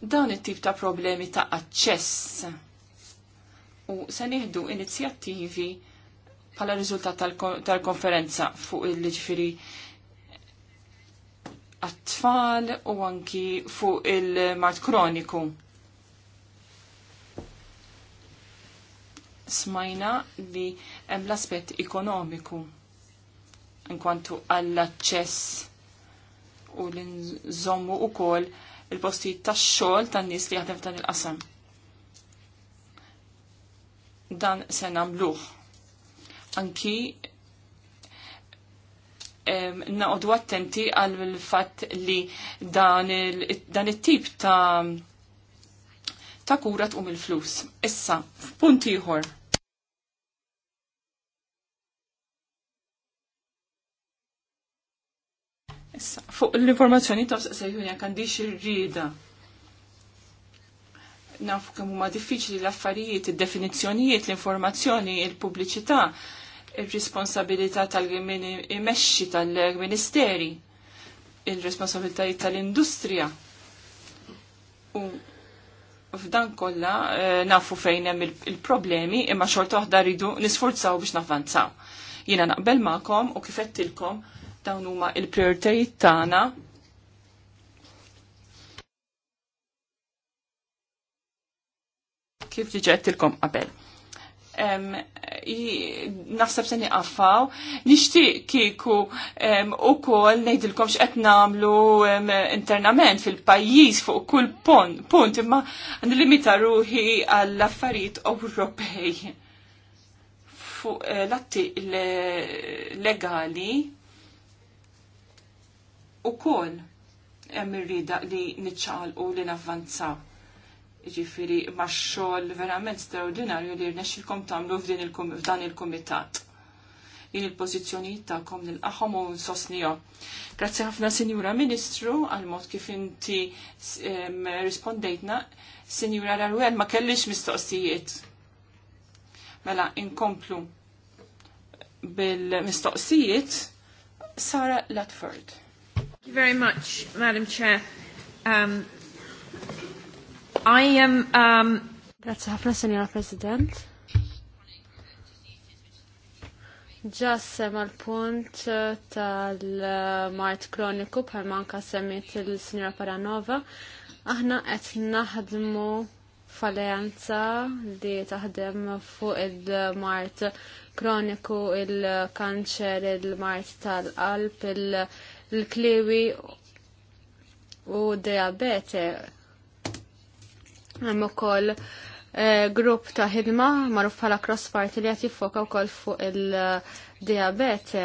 B: dawn it-tip ta' problemi ta' aċċess. U se nieħdu inizjattivi bħala riżultat tal-konferenza fuq il ġifiri għat-tfal u anki fuq il-mart kroniku. Smajna li hemm l-aspett ekonomiku inkwantu għall-aċċess u l-nżommu u kol il-postijiet tax xogħol tan-nies li jaħdem f'dan il-qasam. Dan se nagħmluh. Anki naqodu attenti għal fatt li dan it-tip ta' ta' kura tqum il-flus. Issa, f'punt ieħor. Issa, fuq l-informazzjoni ta' sejħu jek għandix ir-rida. Nafu kemm huma diffiċli l-affarijiet, id-definizzjonijiet, l-informazzjoni, il-pubbliċità. il pubbliċità il-responsabilità tal-min imexxi tal-ministeri, il responsabilità tal-industrija. U f'dan kollha eh, nafu fejn hemm il-problemi imma xorta waħda ridu nisforzaw biex navvanzaw. Jiena naqbel ma'kom u kif dawn huma il-prijoritajiet tagħna kif diġa qedtilkom qabel naħseb se niqaffaw, nixtieq kieku ukoll ngħidilkom x'qed nagħmlu internament fil-pajjiż fuq kull punt imma limita ruħi għall-affarijiet Ewropej fuq eh, l-atti legali ukoll hemm irrida li niċċaqalqu li navvanzaw ġifiri maċxol verament straordinarju li rnexilkom tamlu f'dan il-komitat. Jien il-pozizjoni ta'kom nil-qaħom u nsosnijom. Grazzi ħafna Sinjura Ministru għal-mod kif inti rispondejtna. Sinjura Raruel ma kellix mistoqsijiet. Mela, inkomplu bil-mistoqsijiet Sara Latford. Thank you very much, Madam Chair. Um,
D: I am... Um... Grazie ħafna, signora President. Ġas sema l-punt uh, tal-Mart Kroniku bħal manka semmit il signora Paranova. Aħna qed naħdmu falenza li taħdem fuq il-Mart Kroniku, il-kanċer, il-Mart tal-qalb, il-kliwi u diabete Hemm ukoll eh, grupp ta' ħidma magħruf bħala party li qed jiffoka wkoll fuq il-diabete.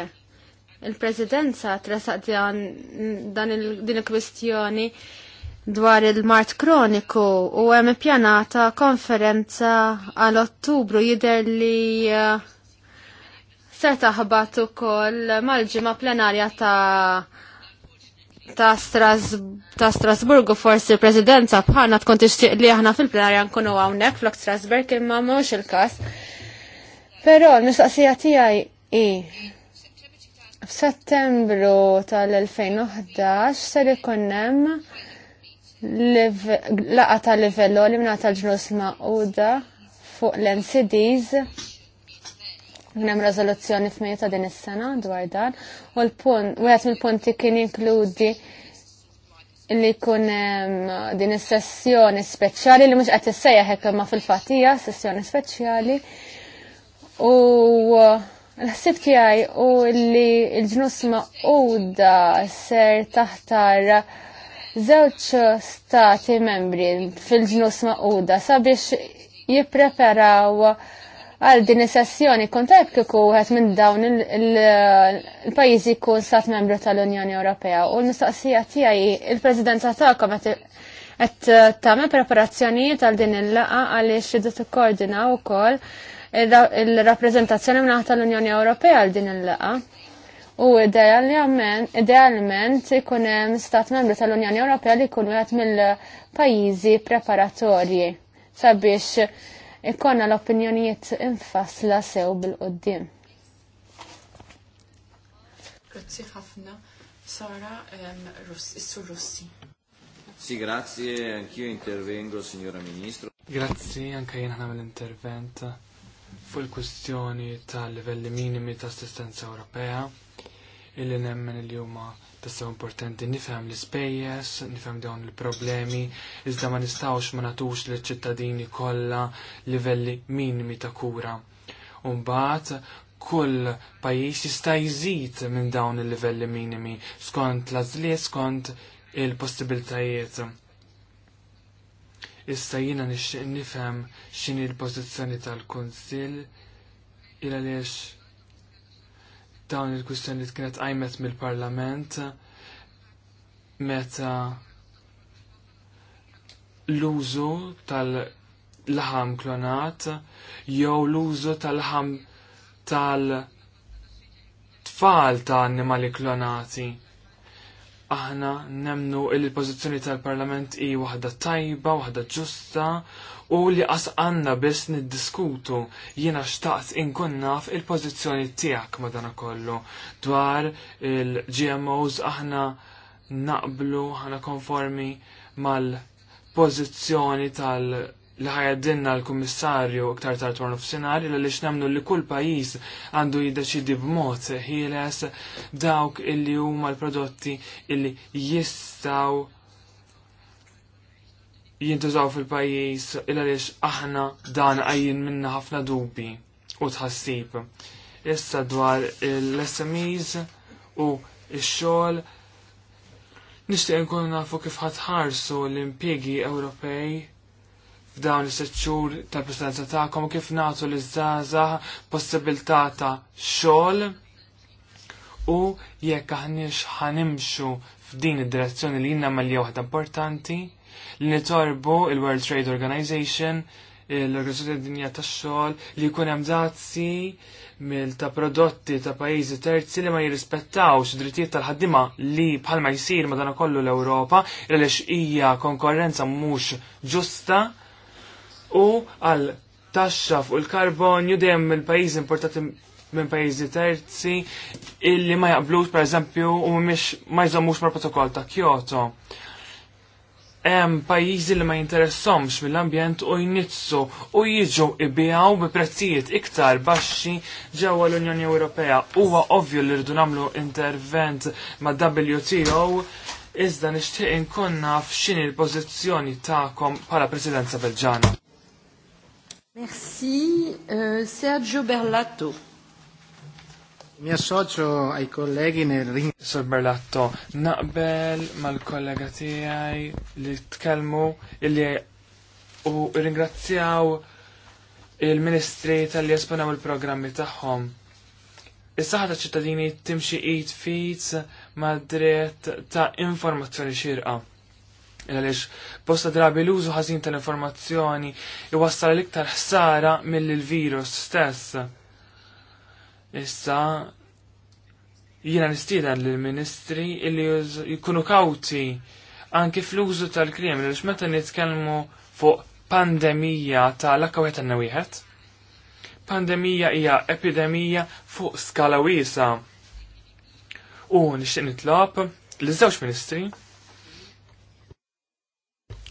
D: Il-Presidenza tresaq dan din il-kwistjoni dwar il-Mart Kroniku u hemm ippjanata konferenza għal Ottubru jidher li eh, se taħbat ukoll mal-ġimgħa plenarja ta' ta' Strasburgu forsi l-Presidenza bħalna tkun tixtieq li aħna fil-plenarja nkunu hawnhekk flok Strasburg imma mhux il-każ. Però l-mistaqsija tiegħi hi f'Settembru tal-2011 ser ikun hemm laqa ta' livello li mingħata l-ġnus maquda fuq l-NCDs Hemm rezoluzzjoni f'Mejju ta' din is-sena dwar dan u l-punt wieħed mill-punti kien inkludi li kun din is-sessjoni speċjali li mhux qed issejjaħ hekk ma fil fatija s sessjoni speċjali u L-ħsib tiegħi u li l-ġnus maquda ser taħtar żewġ stati membri fil-ġnus maquda sabiex jippreparaw għal din is-sessjoni kontajb kiku għet minn dawn il-pajjiżi jkun stat membru tal-Unjoni Ewropea u l-mistaqsija tiegħi il-Presidenza tagħkom qed tagħmel preparazzjonijiet għal din il-laqa għaliex irid u kol il-rappreżentazzjoni mingħata tal-Unjoni Ewropea għal din il-laqa. U idealment ikun hemm stat membru tal-Unjoni Ewropea li kun wieħed mill-pajjiżi preparatorji sabiex ikkonna l-opinjonijiet infasla sew bil-qoddim.
B: Grazie ħafna. Sara Issu Rossi.
A: Sì, grazie, anch'io intervengo, signora Ministro.
C: Grazie, anche io non intervent fuq il-kwestjoni tal-livelli minimi ta' assistenza e illi nemmen li umano tassaw importanti nifhem l-ispejjeż, nifhem dawn il-problemi, iżda ma nistawx ma nagħtux l ċittadini kollha livelli minimi ta' kura. U mbagħad kull pajjiż jista' jżid minn dawn il-livelli minimi skont l-għażliet skont il-possibilitajiet. Issa jiena nixtieq nifhem x'inhi l-pożizzjoni tal-Kunsill il għalix dawn il-kustjoni li kienet għajmet mill-parlament meta l-użu tal-laħam klonat jew l-użu tal-laħam tal-tfal ta' annimali klonati. Aħna nemnu il-pożizzjoni tal-Parlament hi waħda tajba, waħda ġusta u li qas għanna biss niddiskutu jiena xtaqt inkun naf il-pożizzjoni tiegħek kollu. dwar il-GMOs aħna naqblu ħana konformi mal-pożizzjoni tal- li ħajaddinna l-Kummissarju iktar tard warnu f'sinari li lix nemnu li kull pajjiż għandu jiddeċidi b'mod ħieles dawk illi huma l-prodotti illi jistgħu jintużaw fil-pajjiż il għaliex aħna dan għajjin minna ħafna dubi u tħassib. Issa dwar l-SMEs u x-xogħol nixtieq nkunu nafu kif ħatħarsu l impiegi Ewropej f'dawn is-settur tal presenza tagħkom kif nagħtu l żgħażagħ possibilità ta' xogħol u jekk aħniex ħanimxu f'din id-direzzjoni li jinna malli waħda importanti li nitorbu il-World Trade Organization, l-Organizzazzjoni Dinja tax-xogħol li jkun hemm dazzi mill ta' prodotti ta' pajjiżi terzi li ma jirrispettawx drittijiet tal-ħaddima li bħalma jsir madankollu l-Ewropa għaliex hija konkurrenza mhux ġusta u għal taxxa fuq il-karbonju dejjem il-pajjiżi importati minn pajjiżi terzi illi ma jaqblux pereżempju u mhumiex ma jżommux mal protokoll ta' Kyoto hemm pajjiżi li ma jinteressomx mill-ambjent u jnitsu u jiġu ibijaw bi prezzijiet iktar baxxi ġewwa l-Unjoni Ewropea. Huwa ovvju li rridu nagħmlu intervent ma' WTO iżda nixtieq inkun naf x'inhi l-pożizzjoni tagħkom bħala Presidenza Belġana.
A: Merci, euh, Sergio Berlato.
C: Mi associo ai colleghi nel ring. Sor Berlatto, naqbel mal-kollega tijaj li tkellmu illi u ringrazzjaw il-ministri tal-li jesponaw il-programmi tagħhom. Is-saħħa ta' ċittadini timxi id fit ma' dritt ta' informazzjoni xirqa. Għalix, posta drabi l-użu ħażin tal-informazzjoni iwassal l-iktar ħsara mill-virus stess Issa jiena nistida lill-ministri illi jkunu kawti anki fl-użu tal-kriem li meta nitkellmu fuq pandemija tal-akka wieħed għandna wieħed. Pandemija hija epidemija fuq skala wiesa. U nixtieq nitlob l żewġ ministri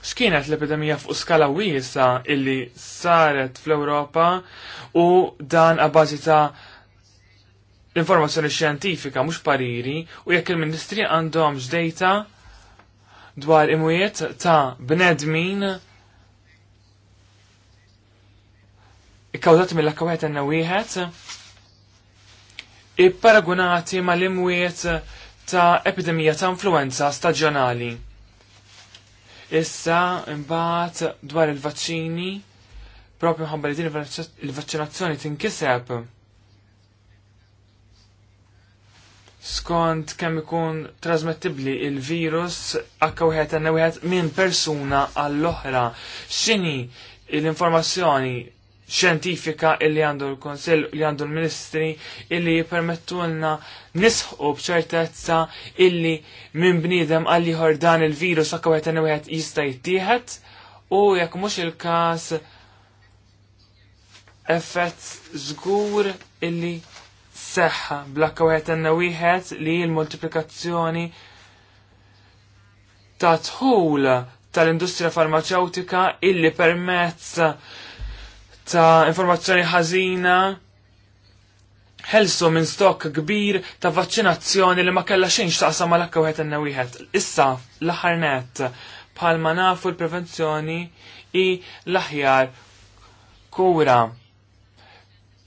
C: X'kienet l-epidemija fuq skala wiesa illi saret fl-Ewropa u dan għabażi ta' l informazzjoni xjentifika mhux pariri u jekk il-Ministri għandhom data dwar imwiet ta' bnedmin ikkawżati mill-akkawet għanna wieħed i-paragunati ma l-imwiet ta' epidemija ta' influenza staġjonali. Issa imbagħad dwar il-vaċċini propju ħabba li din il-vaċċinazzjoni tinkiseb. skont kemm ikun trasmettibbli il-virus akka wieħed għandna wieħed minn persuna għall-oħra. X'inhi l-informazzjoni xjentifika illi għandu l-Konsill li għandu l-Ministri illi jipermettulna nisħu bċertezza illi minn bniedem għalli dan il-virus akka wieħed għandna wieħed jista' jittieħed u jekk mhux il-każ effett żgur illi seħħa blakka wieħed għandna wieħed li l-multiplikazzjoni ta' tħul tal-industrija farmaceutika illi permezz ta' informazzjoni ħażina ħelsu minn stok kbir ta' vaccinazzjoni li ma kellha xejnx x'taqsam mal akka wieħed għandna wieħed. Issa l-aħħar net bħalma nafu l-prevenzjoni i l-aħjar kura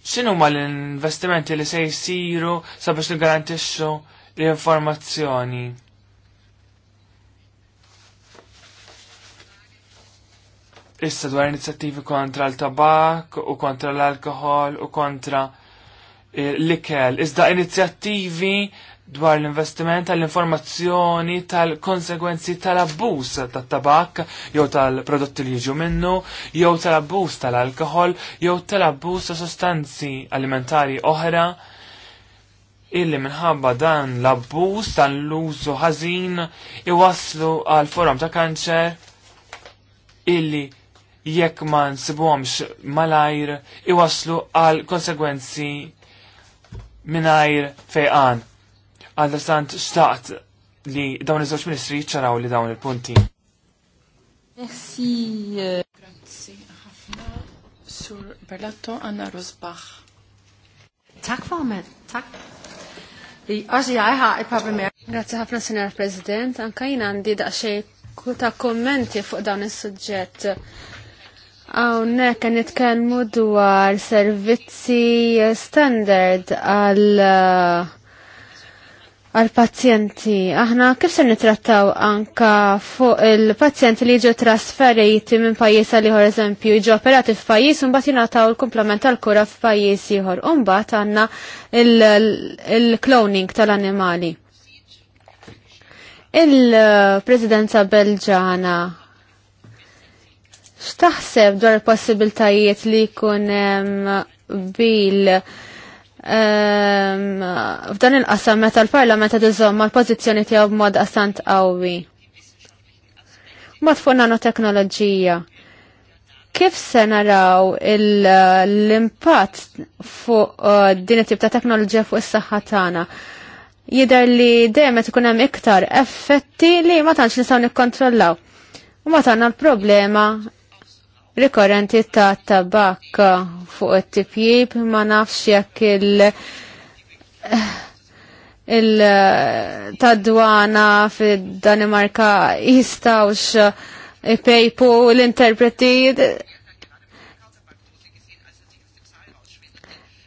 C: x'inhu ma l-investimenti li se jsiru sabiex nigarantixxu l-informazzjoni. Issa dwar inizjattivi kontra l-tabak u kontra l-alkohol u kontra eh, l-ikel. Iżda inizjattivi dwar l-investiment tal-informazzjoni tal-konsegwenzi tal-abbuż tat-tabak jew tal-prodotti li jiġu minnu, jew tal abbus tal-alkohol, jew tal-abbuż ta' sostanzi alimentari oħra illi minħabba dan l-abbuż tal-użu ħażin iwaslu għal forum ta' kanċer illi jekk ma nsibuhomx malajr iwaslu għal konsegwenzi minajr fejqan Għadda stant xtaqt li dawn iż-żewġ ministri ċaraw li dawn il-punti.
B: Merci. Euh,
A: Grazzi ħafna.
B: Sur Berlato Anna Rosbach.
D: Tak formen, tak.
A: Għaxi għaj ħaj problemi.
D: Grazzi ħafna, Senjor President. Anka jina għandi daqxej ta' kommenti fuq dawn is-suġġett. Għawnek kan nitkelmu dwar servizzi standard għal uh, għal-pazjenti. Aħna kif se nitrattaw anka fuq il-pazjenti li ġew trasferiti minn pajjiż għal ieħor eżempju, jiġu operati f'pajjiż u mbagħad jingħataw il-komplement tal-kura f'pajjiż ieħor. U mbagħad għandna il-cloning tal-annimali. Il-Presidenza Belġana x'taħseb dwar il possibiltajiet li jkun bil Ehm, f'dan il-qasam meta l-Parlament qed iżomm mal-pożizzjoni tiegħu b'mod qasant qawwi. Mod fuq nanoteknoloġija. Kif se naraw l-impatt fuq uh, din it-tip ta' teknoloġija fuq is-saħħa tagħna? Jidher li dejjem qed ikun hemm iktar effetti li ma tantx nistgħu nikkontrollaw. U ma tagħna l-problema rikorrenti ta' tabak fuq it-tipjib ma nafx jekk il- il-tadwana fil-Danimarka jistawx pejpu l-interpreti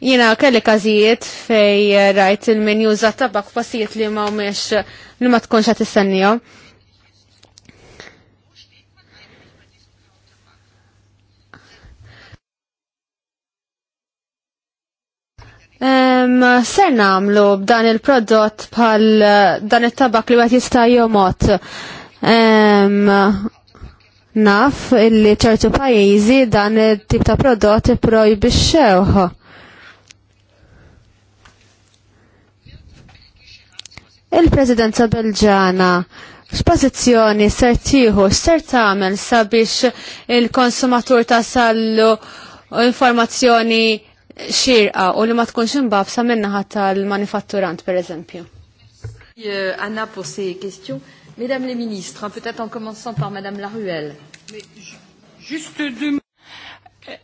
D: Jina kelli kazijiet fej rajt il-menju za tabak fasijiet li ma' li ma tkunx għat Um, ser namlu b'dan il-prodott bħal eh, dan it-tabak li għat jista' jomot. Um, naf illi ċertu pajjiżi dan it-tip ta' prodott iprojbixxewh. Il-Presidenza Belġana x'pożizzjoni ser tieħu ser tagħmel sabiex il-konsumatur tasallu informazzjoni xirqa u li ma tkunx imbabsa ħatta l manifatturant per eżempju. Euh, Anna posi ces Mesdames les ministres, peut-être en commençant par Madame Laruelle. Juste deux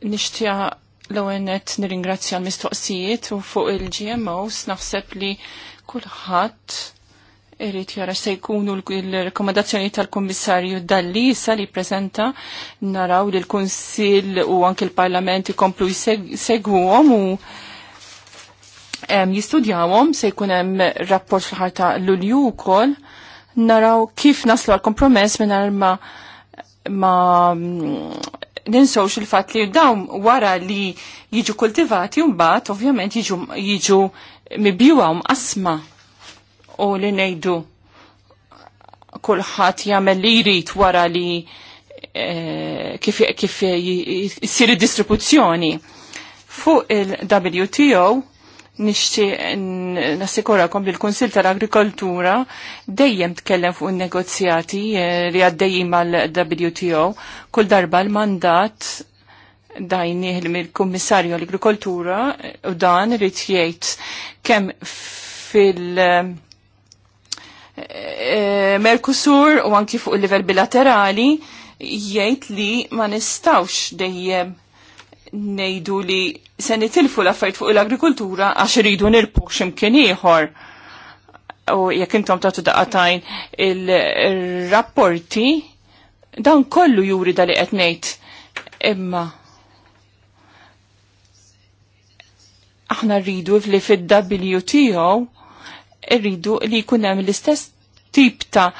B: Nishtja l-għenet nir-ingrazzja l-mistoqsijiet u fuq il-GMOs naħseb li kullħat Irrit jara se jkunu l-rekomendazzjoni tal-Kommissarju Dallisa li prezenta naraw li l konsil u anke l-Parlament jkomplu jsegwhom u jistudjawhom se jkun hemm rapport fl-ħar ta' Lulju wkoll naraw kif naslu għal kompromess minn ma ma mm, ninsawx il-fat li dawn wara li jiġu kultivati un bat ovvjament jiġu mibjuwa asma u li nejdu kulħadd jagħmel li jrid wara li e, kif kif id-distribuzzjoni. Fuq il-WTO nixti nassikurakom li l-Konsil tal-Agrikoltura dejjem tkellem fuq il-negozjati eh, li għaddejjim mal-WTO kull darba l-mandat dajni mill-Kummissarju l-Agrikoltura u dan rrit jgħid kemm fil- Eh, eh, Merkusur u anki fuq il level bilaterali jgħid li ma nistawx dejjem nejdu li se nitilfu l-affarijiet fuq l-agrikoltura għax iridu nirpu x'imkien ieħor. U jekk intom tagħtu daqatajn il-rapporti dan kollu juri dali qed ngħid imma aħna rridu li fid-WTO irridu li jkun hemm l-istess tip ta'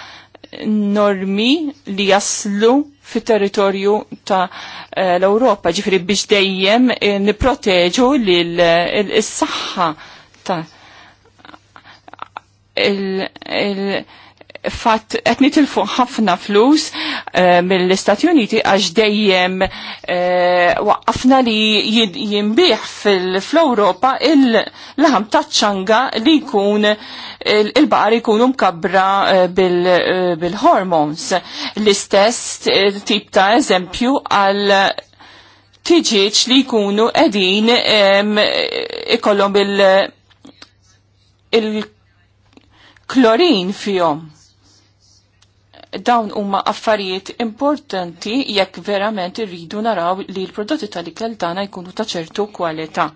B: normi li jaslu fit territorju ta' eh, l-Europa, ġifri biex dejjem eh, niproteġu l-saxħa ta' il- fatt qed nitilfu ħafna flus eh, mill-Istati Uniti għax dejjem uh, waqqafna li jinbih fl-Ewropa il-laħam taċċanga li jkun il-baqar jkunu mkabbra eh, Bil hormones l istess tip ta' eżempju għal tiġiċ li jkunu edin ikollom ikollhom il-klorin fjom. fihom dawn huma affarijiet importanti jekk verament irridu naraw li l-prodotti tal-ikel tagħna jkunu ta' ċertu kwalità.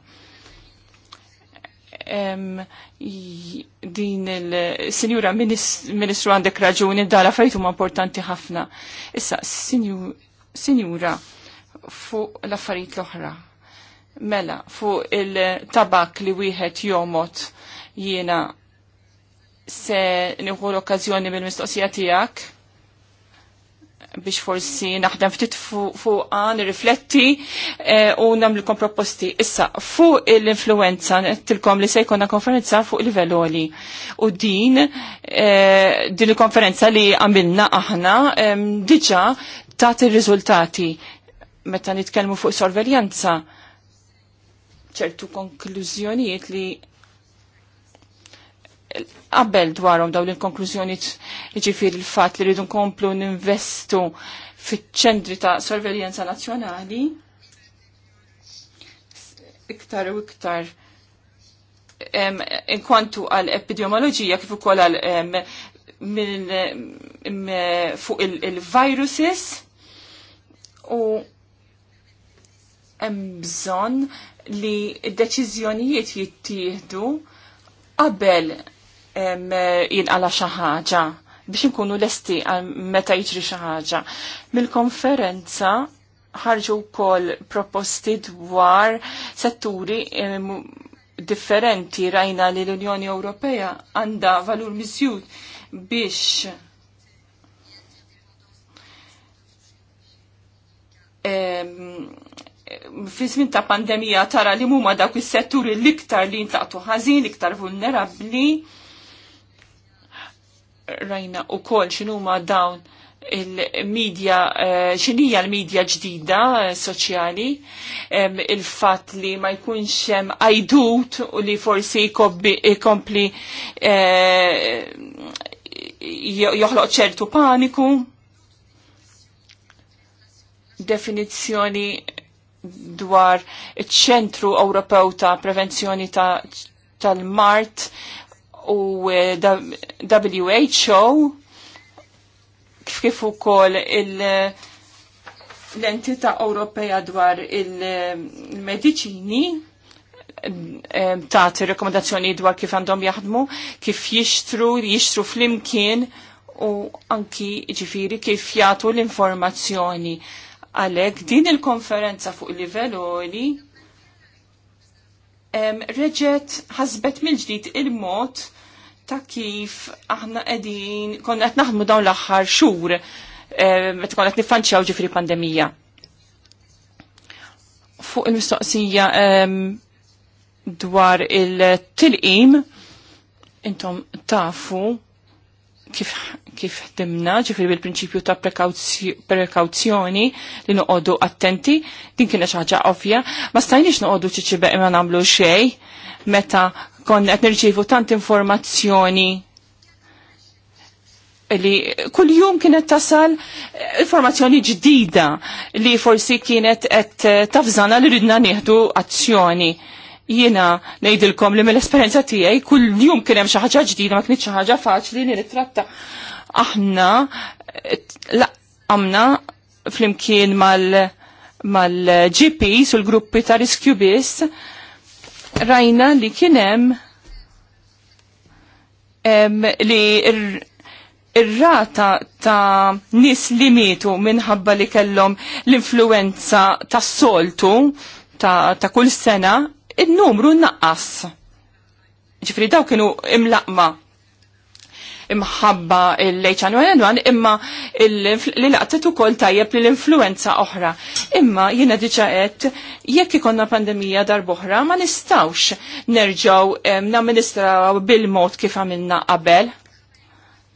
B: Din il-Sinjura Ministru għandek raġuni dala affarijiet huma importanti ħafna. Issa, Sinjura, fuq l-affarijiet l-oħra. Mela, fuq il-tabak li wieħed jomot jiena se nieħu l-okkażjoni mill-mistoqsija tiegħek biex forsi naħdem ftit fuqa, nirrifletti eh, u namlikom proposti. Issa, fuq l-influenza, tilkom li se konferenza fuq livell oli. U din, eh, din il-konferenza li għamilna aħna, diġa tat il-rizultati meta nitkellmu fuq sorveljanza ċertu konklużjonijiet li qabel dwarhom dawn il-konklużjoni ġifir il-fatt li rridu nkomplu ninvestu fiċ-ċentri ta' sorveljenza nazzjonali iktar u iktar inkwantu għal epidemioloġija kif ukoll għal fuq il-viruses u hemm bżonn li d-deċiżjonijiet jittieħdu qabel Eh, jinqala xi ħaġa biex inkunu lesti meta jiġri xi ħaġa. Mill-konferenza ħarġu wkoll proposti dwar setturi differenti rajna li l-Unjoni Ewropea għandha valur miżjud biex fi żmien ta' pandemija tara li huma dawk is-setturi l-iktar li ntaqtu ħażin, l-iktar vulnerabbli rajna u kol ma dawn il-medja, eh, xinija l-medja ġdida eh, soċjali, il-fat li ma jkunx hemm ajdut u li forsi jkompli eh, joħloq ċertu paniku. Definizzjoni dwar ċentru Ewropew ta' prevenzjoni ta' tal-mart u eh, WHO kif kif ukoll il- l-entità Ewropea dwar il-mediċini eh, eh, ta' rekomendazzjoni dwar kif għandhom jaħdmu, kif jixtru, jixtru flimkien u anki ġifiri kif jagħtu l-informazzjoni. Għalhekk din il-konferenza fuq livell oli reġet ħasbet mill-ġdid il-mod ta' kif aħna qegħdin konna qed naħdmu dawn l-aħħar xhur eh, meta konna qed niffanċjaw ġifri pandemija. Fuq il-mistoqsija ehm, dwar il-tilqim intom tafu kif, kif ħdimna, ġifri bil-prinċipju ta' prekawzjoni li noqogħdu attenti, din kienet ħaġa ovvja, ma stajniex noqogħdu ċiċibe imma namlu xejn meta konna qed nirċievu tant informazzjoni li kuljum kienet tasal informazzjoni ġdida li forsi kienet qed tafżana li ridna nieħdu azzjoni. Jiena ngħidilkom li mill-esperjenza tiegħi kuljum kien hemm xi ħaġa ġdida ma kienx xi ħaġa faċli li nittratta. Aħna laqamna flimkien mal mal u l gruppi ta' Risk rajna li kienem em, li ir-rata ta' nis li mitu minħabba li kellhom l-influenza tas soltu ta', ta kull sena, il-numru naqqas. Ġifri daw kienu imlaqma imħabba l-H1N1 imma li laqtet ukoll tajjeb l-influenza oħra. Imma jiena diċa qed jekk ikonna pandemija darb'oħra ma nistawx nerġgħu namministraw bil-mod kif għamilna qabel.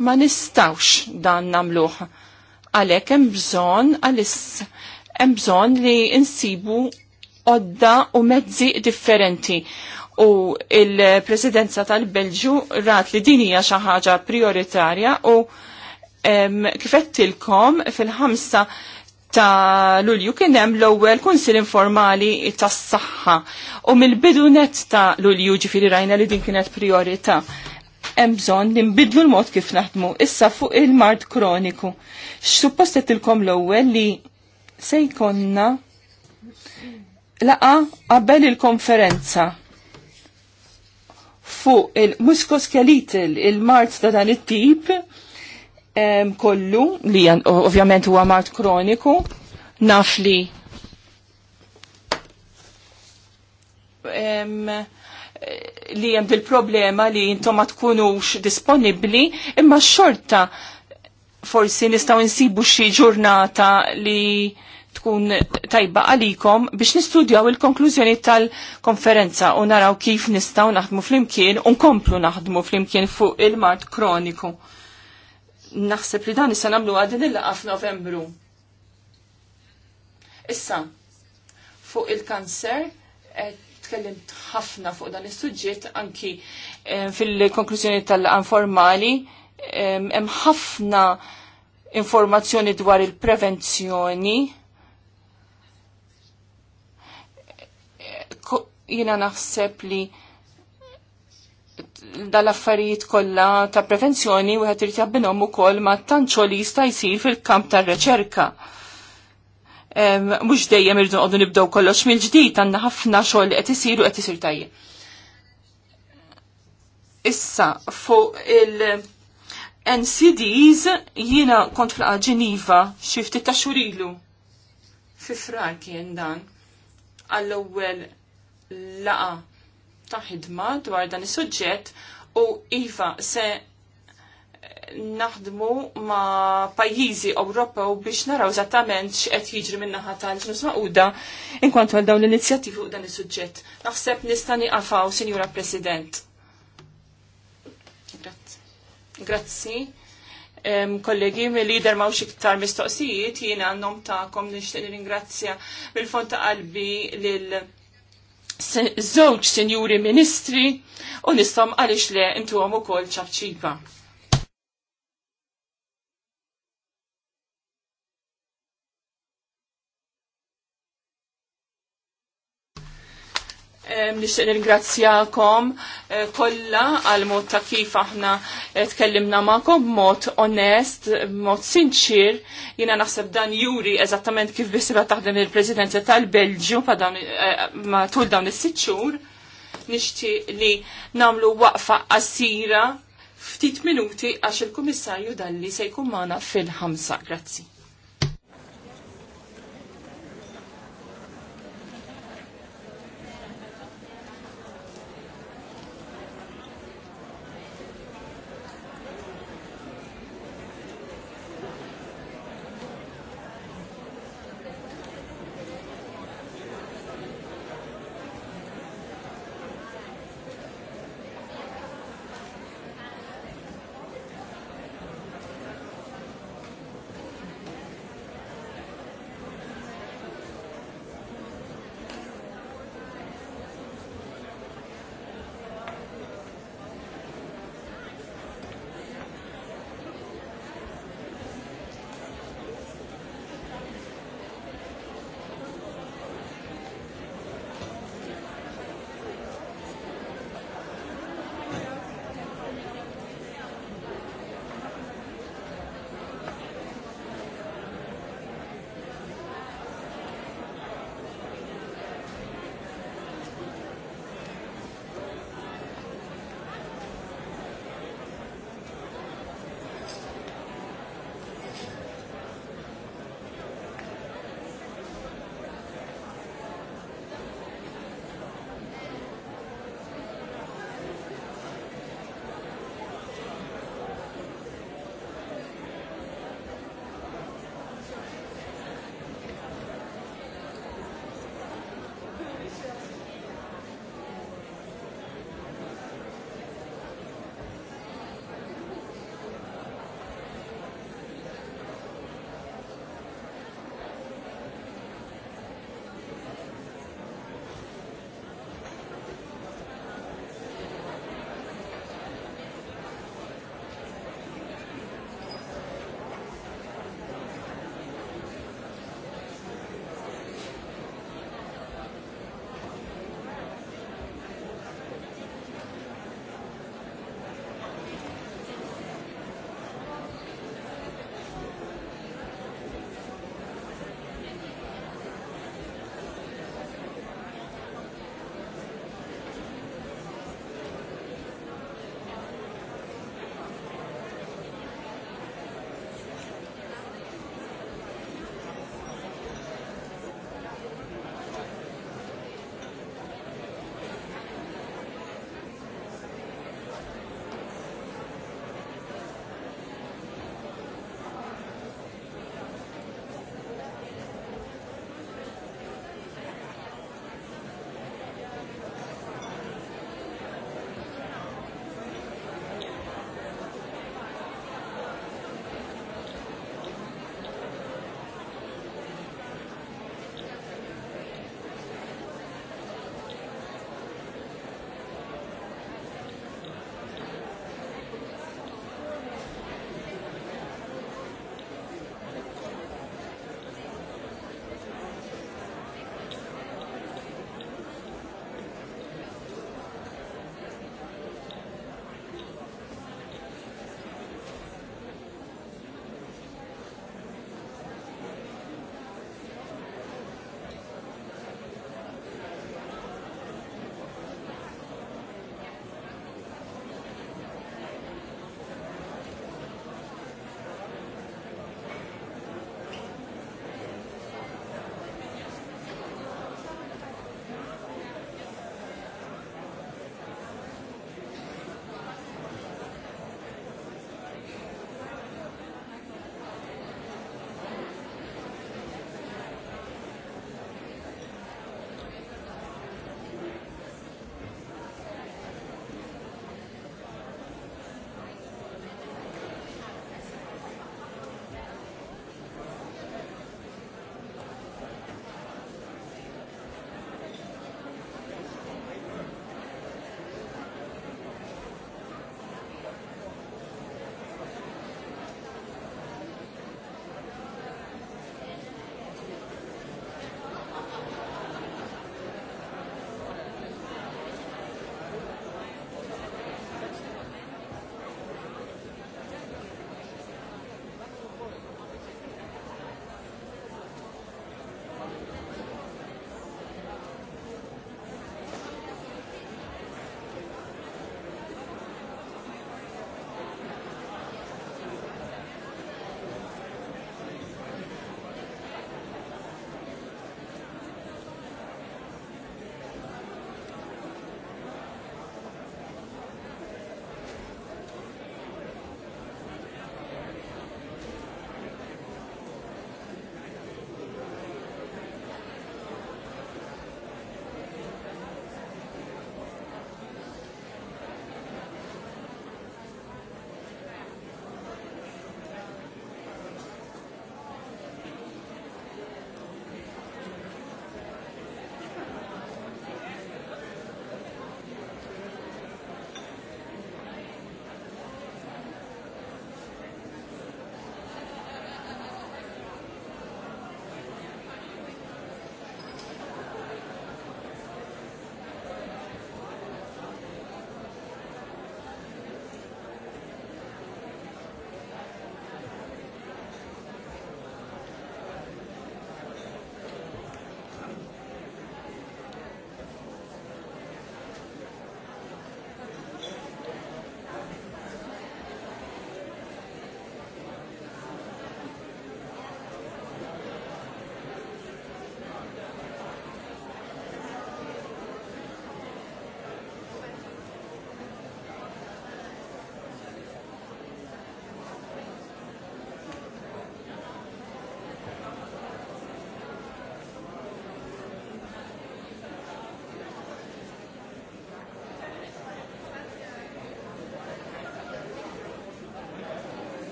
B: Ma nistawx dan namluħ. Għalhekk hemm bżonn għalis hemm bżonn li insibu odda u mezzi differenti u il-presidenza tal-Belġu rat li din hija xi ħaġa prioritarja u kifettilkom fil-ħamsa ta' Lulju kien hemm l-ewwel kunsil informali tas-saħħa u mill-bidu net ta' Lulju ġifieri rajna li din kienet priorità. Hemm bżonn li nbidlu l-mod kif naħdmu issa fuq il-mard kroniku. X'suppost qedtilkom l-ewwel li se jkollna laqa qabel il-konferenza fuq il Kelitil il-mart ta' dan it-tip kollu, li ovvjament huwa mart kroniku, naf li li jem dil-problema li jintom ma tkunux disponibli, imma xorta forsi nistaw insibu xi ġurnata li tkun tajba għalikom biex nistudjaw il-konklużjoni tal-konferenza u naraw kif nistaw naħdmu fl-imkien u nkomplu naħdmu fl-imkien fuq il-mart kroniku. Naħseb li dan issa nagħmlu għadin il-laqa f'Novembru. Issa, fuq il-kanser, eh, tkellimt ħafna fuq dan is-suġġett anki eh, fil-konklużjoni tal-informali, eh, hemm ħafna informazzjoni dwar il-prevenzjoni Jiena naħseb li dal-affarijiet kollha ta' prevenzjoni u għed irtja binom ukoll ma' li jista' jsir fil-kamp tar-reċerka. Mhux dejjem irdu nqogħdu nibdew kollox mill-ġdid għandna ħafna xogħol qed għetisir u qed isir Issa fuq il- NCDs jiena kont fl Ġeniva xifti ta' xurilu. Fifra kien dan. Għall-ewwel laqa ta' ħidma dwar dan is-suġġett u iva se naħdmu ma' pajjiżi Ewropew biex naraw eżattament x'qed jiġri min-naħa tal-ġnus maquda inkwantu għal dawn l-inizjattivi fuq dan is-suġġett. Naħseb nista' niqafaw, Sinjura President. Grazzi. Grazzi kollegi mill-lider ma' iktar mistoqsijiet jiena għannom ta'kom nixtieq ringrazzja bil fonta ta' qalbi lil żewġ senjuri ministri u nistgħu għaliex le intu ukoll ċabċiba. nixtieq ringrazzjakom eh, kollha għal mod ta' kif aħna eh, tkellimna magħkom b'mod onest, b'mod sinċir. Jiena naħseb dan juri eżattament kif bisibha taħdem il-Presidenza tal-Belġju eh, tul dawn is-sitt xhur. Nixtieq li nagħmlu waqfa qasira ftit minuti għax il-Kummissarju dalli se jkun magħna fil-ħamsa. Grazzi.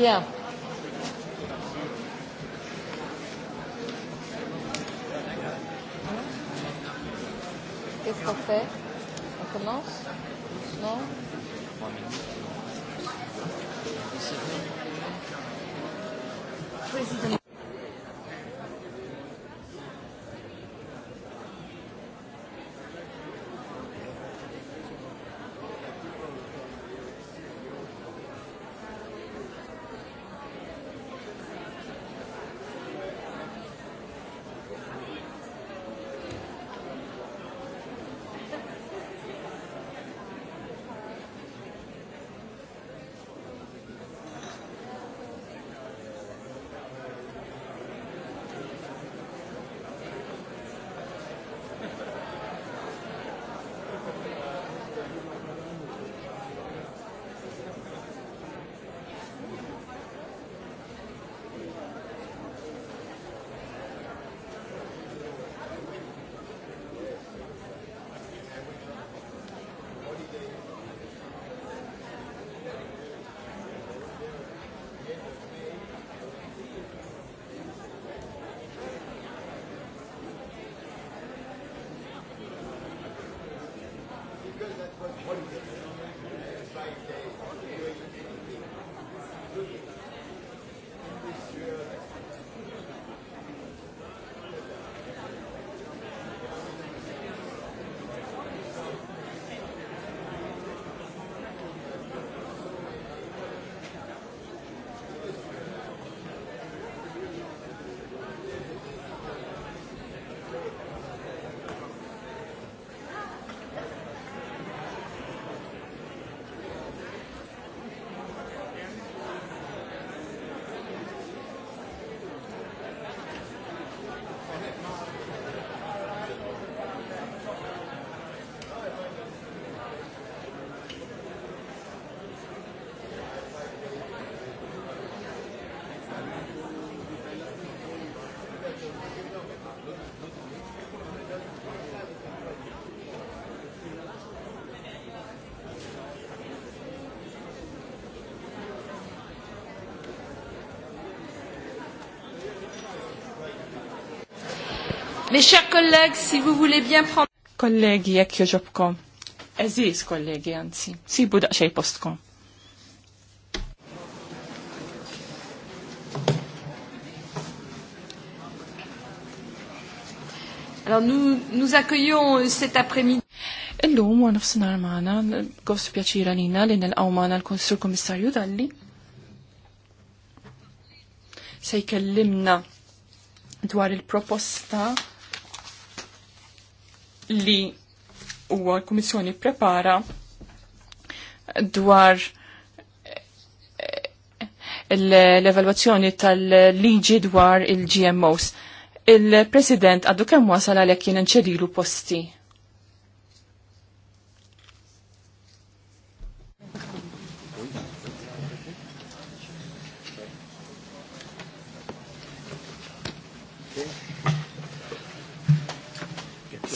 A: Yeah. Qu'est-ce qu'on fait On commence Non Président.
B: Mes chers collègues, si vous voulez bien prendre... Kollegi, jekk joġobkom. Eżis, kollegi, anzi. Sibu daqxej postkom. Alors nous, nous accueillons euh, cet après-midi. Illum u nofsinhar magħna gost pjaċira lina li nilqgħu magħna l-Konsul Kummissarju Dalli. Se jkellimna dwar il-proposta li huwa l-Kummissjoni prepara dwar eh, l-evalwazzjoni tal-liġi dwar il-GMOs. Il-President għaddu kemm wasal għalhekk jien inċedilu posti.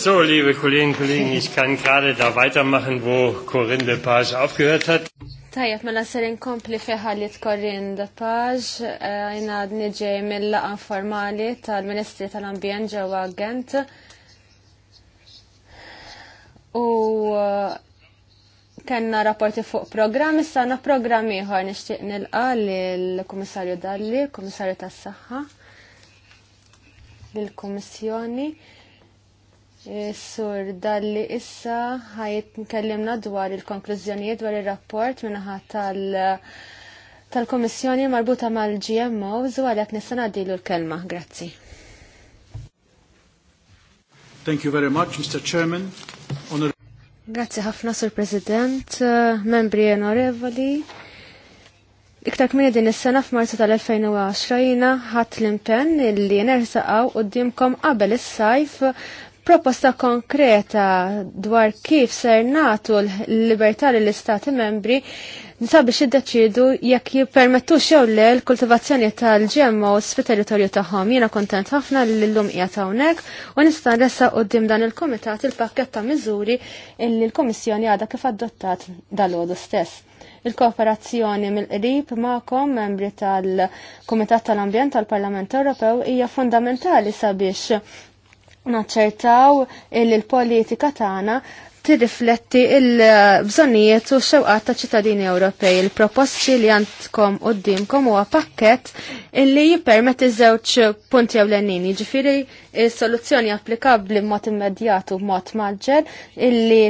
A: So, liebe Kolleginnen und Kollegen, ich kann gerade da weitermachen, wo Corinne Lepage aufgehört hat.
D: Tajab, mela ser inkompli feħalit Corinne Lepage, eh, jina nġej mill-laqa formali tal-Ministri tal-Ambjent ġewwa Gent. U eh, kena rapporti fuq programm, issa programmi Ħar ieħor nixtieq nilqa' lill-Kummissarju Dalli, Kummissarju tas saha l-Komissjoni. Eh, Sur dalli issa ħajt nkellimna dwar il-konklużjonijiet dwar il-rapport minnaħa tal- tal-Komissjoni marbuta mal-GMO u għalek nista' ngħaddilu l-kelma. Grazzi.
A: Thank you very much, Mr. Chairman. Honor
D: Grazzi ħafna, Sur President, eh, membri onorevoli. Iktar kmini din is-sena f'Marzu tal-2010 jina ħadd l-impenn illi nersaqgħu qudiemkom qabel is-sajf proposta konkreta dwar kif ser natu l-libertà l istati membri sabiex iddeċidu jekk jipermettu xew le l-kultivazzjoni tal-GMOs fi territorju tagħhom. Jiena kontent ħafna l-lum qiegħed hawnhekk u nista' nressa quddiem dan il-kumitat il-pakkett ta' miżuri li l-Kummissjoni għadha kif adottat dal-għodu stess. Il-kooperazzjoni mill-qrib ma'kom membri tal-Kumitat tal-Ambjent tal-Parlament Ewropew hija fundamentali sabiex naċċertaw li l-politika tagħna tirrifletti il-bżonijiet u x-xewqat ta' ċittadini Ewropej. Il-proposti li għandkom u d-dimkom huwa pakket illi jippermet iż-żewġ punti ewlenini, ġifiri il-soluzzjoni applikabli b'mod immedjat u b'mod maġġel illi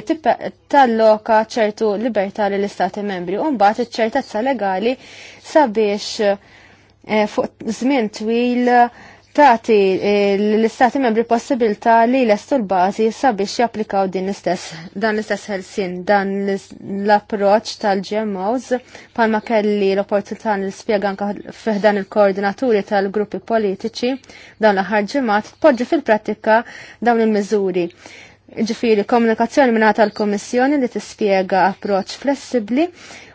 D: talloka ċertu libertà lill istati membri u mbagħad iċ-ċertezza legali sabiex eh, fuq żmien twil Tati eh, l-istati membri possibilità li lestu l-bażi sabiex japplikaw din l-istess dan l-istess ħelsin dan l-approċċ tal-GMOs palma kelli l-opportunità nispjega anke fiħdan il-koordinaturi tal-gruppi politiċi dan l ħarġimat ġimgħat fil-prattika dawn il-miżuri. Ġifiri, komunikazzjoni minna tal-Komissjoni li tispjega approċċ flessibli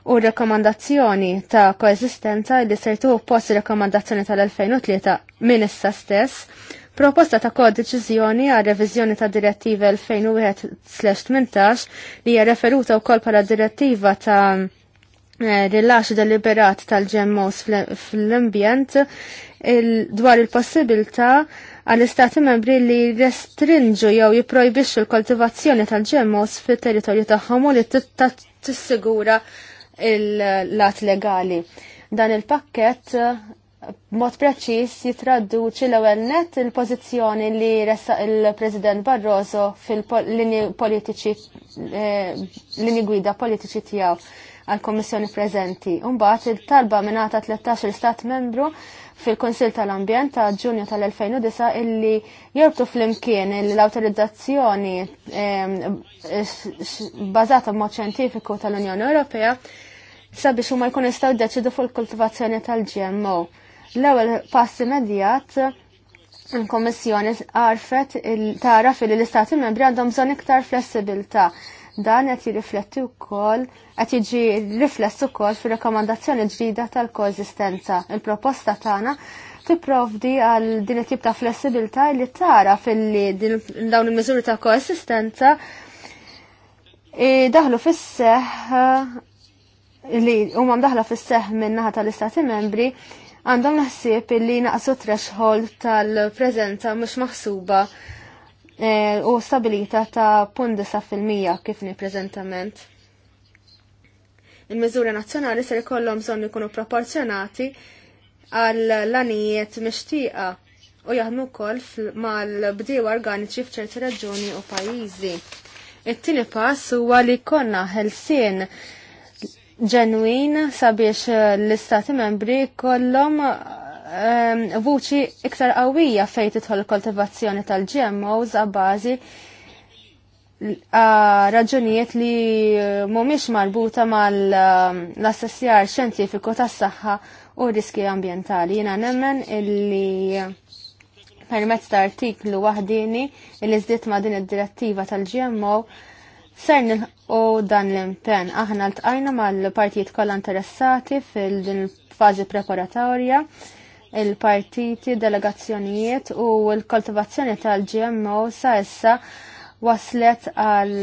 D: u rekomandazzjoni ta' koesistenza li sertu post rekomandazzjoni tal-2003 minn issa stess, proposta ta' kodeċizjoni għal reviżjoni ta' direttiva 2001-18 li hija referuta wkoll bħala direttiva ta' eh, rilax deliberat tal ġemmos fl-ambjent dwar il-possibilità għall-istati membri li restrinġu jew jiprojbixxu l-koltivazzjoni tal ġemmos fit-territorju tagħhom u li tissigura il-lat legali. Dan il-pakket eh, mod preċis jitraduċi l-ewwel net il-pożizzjoni li ressa il-President Barroso fil lini politiċi eh, gwida politiċi tiegħu għal komissjoni preżenti. Umbagħad il-talba minata 13 stat membru fil-Konsil tal-Ambjent ta' Ġunju tal-2009 illi jorbtu fl-imkien l-autorizzazzjoni eh, bazata mod ċentifiku tal-Unjoni Ewropea sabiex huma jkun jistgħu jdeċidu fuq il-kultivazzjoni tal-GMO. L-ewwel pass immedjat il kummissjoni għarfet tara fil l-Istati membri għandhom bżonn iktar flessibilità. Dan qed jirrifletti wkoll qed jiġi riflessu wkoll fir-rakkomandazzjoni ġdida tal koesistenza Il-proposta tagħna tipprovdi għal din it-tip ta' flessibilità li tara fil-li dawn il-miżuri ta' koesistenza e, daħlu fis-seħ li huma mdaħla fis-seħ minnaħa tal-istati membri għandhom naħsieb li naqsu threshold tal-preżenza mux maħsuba e, u stabilita ta' pundisa fil-mija kif ni preżentament. Il-miżuri nazzjonali ser ikollhom bżonn ikunu proporzjonati għal lanijiet mixtieqa u jaħdmu wkoll mal-bdiewa organiċi f'ċerti raġuni u pajjiżi. It-tieni pass huwa li konna ħelsien ġenwin sabiex l-istati membri kollom ehm, vuċi iktar qawwija fejn tidħol koltivazzjoni tal-GMOs a raġunijiet li mhumiex marbuta mal-assessjar xjentifiku tas-saħħa u riski ambjentali. Jiena nemmen illi permezz ta' artiklu waħdini illi zdiet ma' din id-direttiva tal-GMO Ser u dan l-impen, aħna l-tqajna mal-partijiet kollha interessati fil-din fażi preparatorja, il-partiti, delegazzjonijiet u l-koltivazzjoni tal-GMO sa issa waslet għal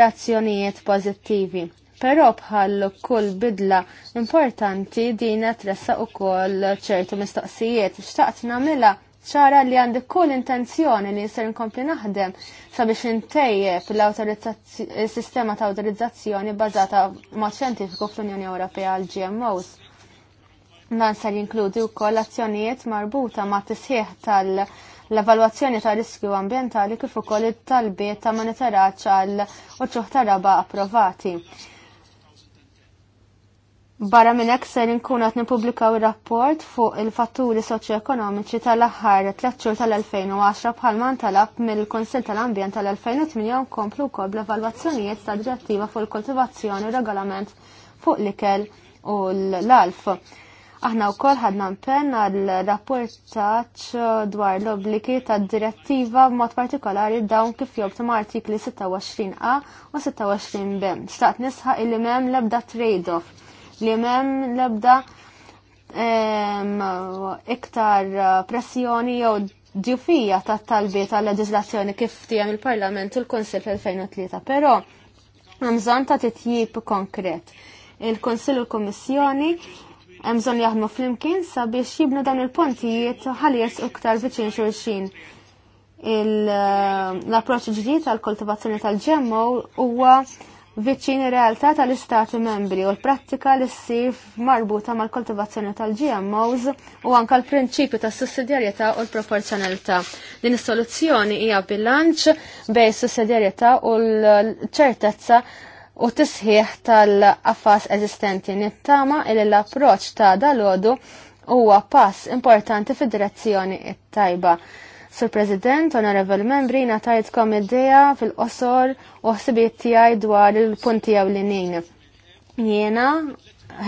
D: reazzjonijiet pozittivi. Però bħal kull bidla importanti din tressa u kol ċertu mistoqsijiet. Xtaqt namela ċara li għandi kull intenzjoni li jisir nkompli naħdem sabiex intejjeb l-sistema ta' autorizzazzjoni bazata ma' ċentifiku fl-Unjoni Ewropea għal GMOs. Dan ser jinkludi wkoll azzjonijiet marbuta ma' tisħiħ tal- evalwazzjoni ta' riskju ambientali kif ukoll it-talbiet ta' monitoraġġ għal uċċuħ ta' raba approvati. Barra minn hekk ser inkun qed nippubblikaw ir-rapport fuq il-fatturi soċjoekonomiċi tal-aħħar tliet xhur tal-2010 bħalma ntalab mill-Kunsill tal-Ambjent tal-2008 komplu wkoll l-evalwazzjonijiet tad-direttiva fuq il-kultivazzjoni u regolament fuq l-ikel u l-alf. Aħna wkoll ħadna mpenn għal rapportaġġ dwar l-obbligi tad-direttiva b'mod partikolari dawn kif jobtu ma' artikli 26a u 26b. Staqt nisħaq illi m'hemm l-ebda trade-off li mem lebda iktar eh, pressjoni jew ġifija ta' talbi ta' leġislazzjoni kif tiegħem il-Parlament u l-Konsil fil-2003, però għamżon ta' titjib konkret. Il-Konsil u l-Komissjoni għamżon jaħdmu fl-imkien sabiex jibnu dan il-pontijiet ħaljes u ktar viċin xurxin eh, l-approċ ġdid tal kultivazzjoni tal ġemmu huwa Viċċini realtà tal-istati membri u l-prattika li ssir marbuta mal-koltivazzjoni tal-GMOs u anka l-prinċipju tas sussidjarjetà u l-proporzjonalità. Din is-soluzzjoni hija bilanċ bejn sussidjarjetà u l-ċertezza u tisħiħ tal-affas eżistenti nittama il l-approċ ta' dalodu huwa pass importanti fid-direzzjoni it-tajba. Sur President, Honorable Membri, natajtkom id-deja fil-qosor u ħsibiet tiegħi dwar il-punti ewlenin. Jiena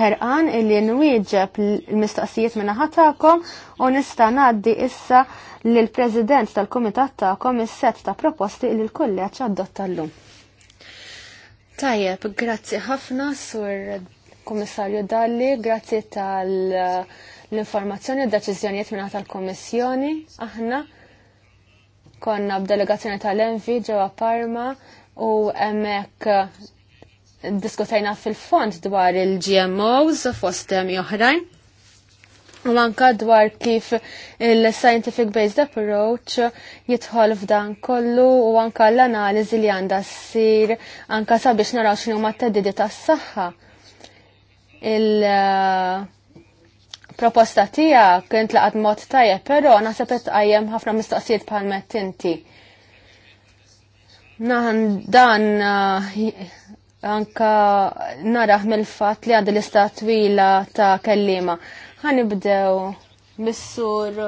D: ħerqan li nwieġeb l-mistoqsijiet minna ħatakom u nista' ngħaddi issa lill president tal-Kumitat tagħkom is-set ta' proposti li l-kulleġġ adotta llum. Tajjeb, grazzi ħafna sur Komissarju Dalli, grazzi tal- l-informazzjoni d deċizjoniet minna tal-Komissjoni aħna konna b'delegazzjoni tal-Envi ġewwa Parma u hemmhekk eh, diskutajna fil-fond dwar il-GMOs fost temi oħrajn. U anka dwar kif il-scientific based approach jidħol f'dan kollu u anka l-analiżi li għandha ssir anka sabiex naraw x'inhuma t-teddidi tas-saħħa. il- uh, proposta tija kent laqad mod tajja, pero naħseb qed tqajjem ħafna mistoqsijiet bħal mettinti. Naħan dan eh, anka naraħ mill-fatt li għandi lista twila ta' kellima. Ħanibdew mis-sur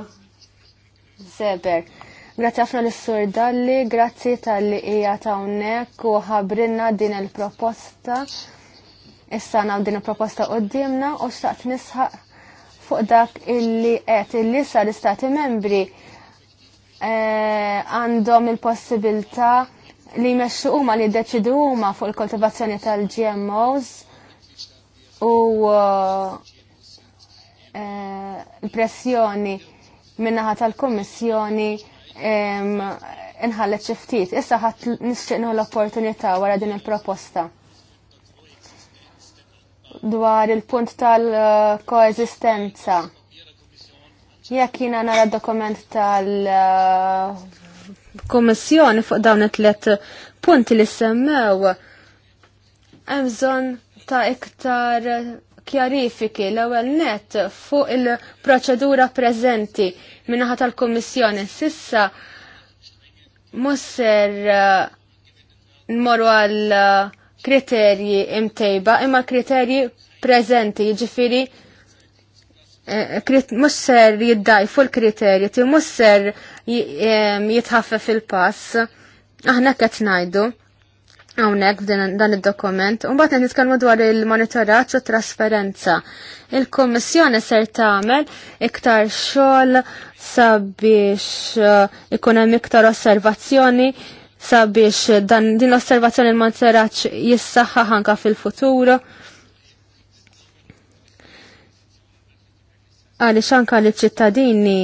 D: Zeber. Grazzi ħafna l-sur Dalli, grazzi tal-li hija ta' unnek u ħabrinna din il-proposta. Issa għaw din il-proposta d-dimna u xtaqt nisħaq fuq dak illi qed illi l istati membri eh, għandhom il-possibilità li jmexxu huma li jiddeċidu huma fuq il-koltivazzjoni tal-GMOs u eh, l-pressjoni minnaħa tal-Kummissjoni eh, inħallet xi ftit. Issa ħadd nixtieq l-opportunità wara din il-proposta dwar il-punt tal koezistenza Jekk jiena nara dokument tal-Kommissjoni fuq dawn it-tlet punti li semmew, hemm bżonn ta' iktar kjarifiki l-ewwel net fuq il-proċedura prezenti minnaħat tal-Kummissjoni sissa musser eh, nmorru għal uh, kriterji imtejba imma kriterji prezenti jiġifieri eh, mux ser jiddajfu l-kriterji, ti mux ser jitħaffe fil-pass. Aħna qed najdu, għawnek dan il-dokument, un batna nitkalmu dwar il-monitoraċ u trasferenza. Il-Kommissjoni ser tagħmel iktar xogħol sabiex eh, ikun hemm iktar osservazzjoni sabiex dan din l-osservazzjoni ma manteraċ jissaħħa anka fil futuro Għaliex anka li ċittadini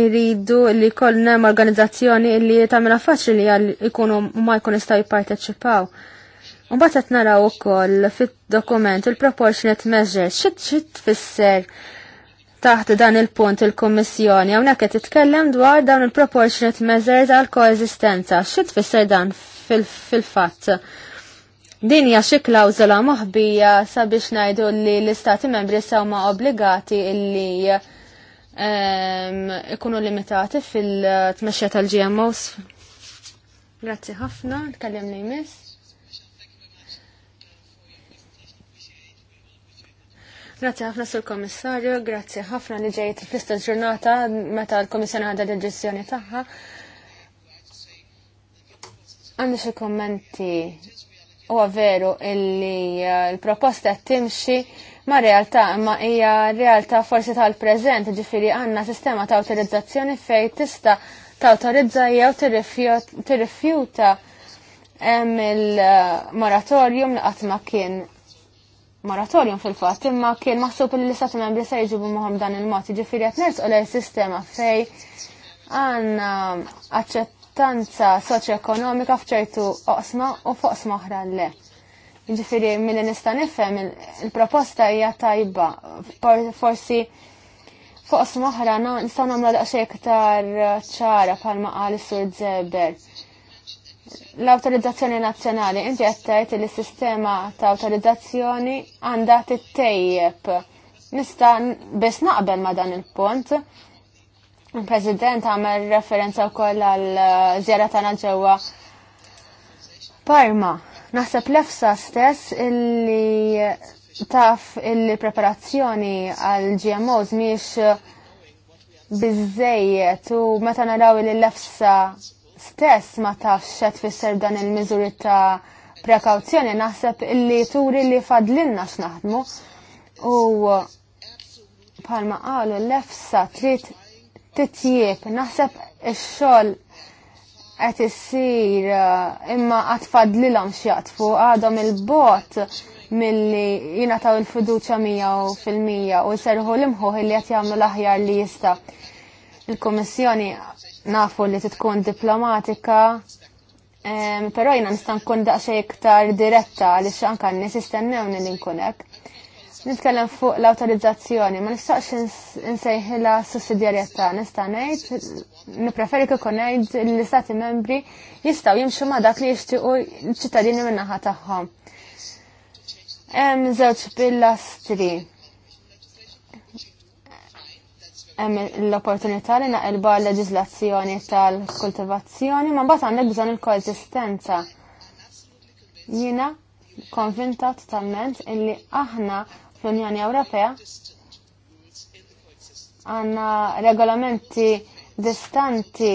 D: iridu li kollna organizzazzjoni li tamela faċli għal ikunu ma jkun jistaw jipparteċipaw. Unbat qed naraw ukoll fit-dokument il-proportionate measures xit xit tfisser taħt dan il-punt il-Kommissjoni hawnhekk qed titkellem dwar dawn il-proportionate measures għal koeżistenza. Xi tfisser dan fil-fatt? Din hija xi klawżola moħbija sabiex ngħidu li l-istati membri saw ma obbligati illi ehm, ikunu limitati fil-tmexxija tal-GMOs. Grazzi ħafna, tkellem li jmiss. Grazie ħafna sul komissarju, grazie ħafna li ġejt fl istess ġurnata meta l-Komissjoni għadha deċiżjoni tagħha. Għandi xi kommenti huwa veru illi eh, l-proposta qed timxi ma realtà imma hija realtà forsi tal-preżent, ġifieri għandna sistema ta' awtorizzazzjoni fejn tista' tawtorizza jew tirrifjuta hemm il-moratorium eh, li qatt ma kien moratorium fil-fatt, imma kien maħsub li l-istati membri se jġibu maħom dan il-mod, ġifiri għat nerz u sistema fej għanna aċċettanza soċ-ekonomika fċertu oqsma u foqsma oħra le. Ġifiri, mill nista' nifhem il-proposta hija tajba, forsi Fuq smaħra nistaw nagħmlu daqsxejn iktar ċara bħalma qal sur Zeber l-autorizzazzjoni nazzjonali, inti għattajt li sistema ta' autorizzazzjoni għandha tittejjeb. Nista' biss naqbel ma' dan il-punt. Il-President għamel referenza wkoll għal żjara tagħna ġewwa Parma. Naħseb lefsa stess illi taf illi preparazzjoni għal GMOs miex bizzejiet u meta naraw li l-lefsa stess ma tafx xed fisser dan il-miżuri ta' prekawzjoni naħseb illi turi li fadlinna x'naħdmu u palma qalu l-efsa trid titjieb naħseb ix-xogħol qed issir eh, imma qatt fadlilhom x'jaqtfu għadhom il-bot milli jingħataw il-fiduċja u fil-mija u jserħu l-imħuħ li qed jagħmlu l-aħjar li jista' il-Kummissjoni nafu li titkun diplomatika, um, pero jina nistan kun daqxie iktar diretta li xanka nisistennew istennewni li nkunek. Nitkellem fuq l-autorizzazzjoni, ma nistaqx nsejħila sussidjarjetà, nista' ngħid nippreferi kieku ngħid l-istati membri jistgħu jimxu ma' dak li jixtiequ l-ċittadini min-naħa tagħhom. Hemm żewġ pilastri hemm l-opportunità li naqilba l-leġiżlazzjoni tal-kultivazzjoni, ma mbagħad għandek bżonn il-konsistenza. Jiena konvinta totalment illi aħna fl-Unjoni Ewropea għandna regolamenti distanti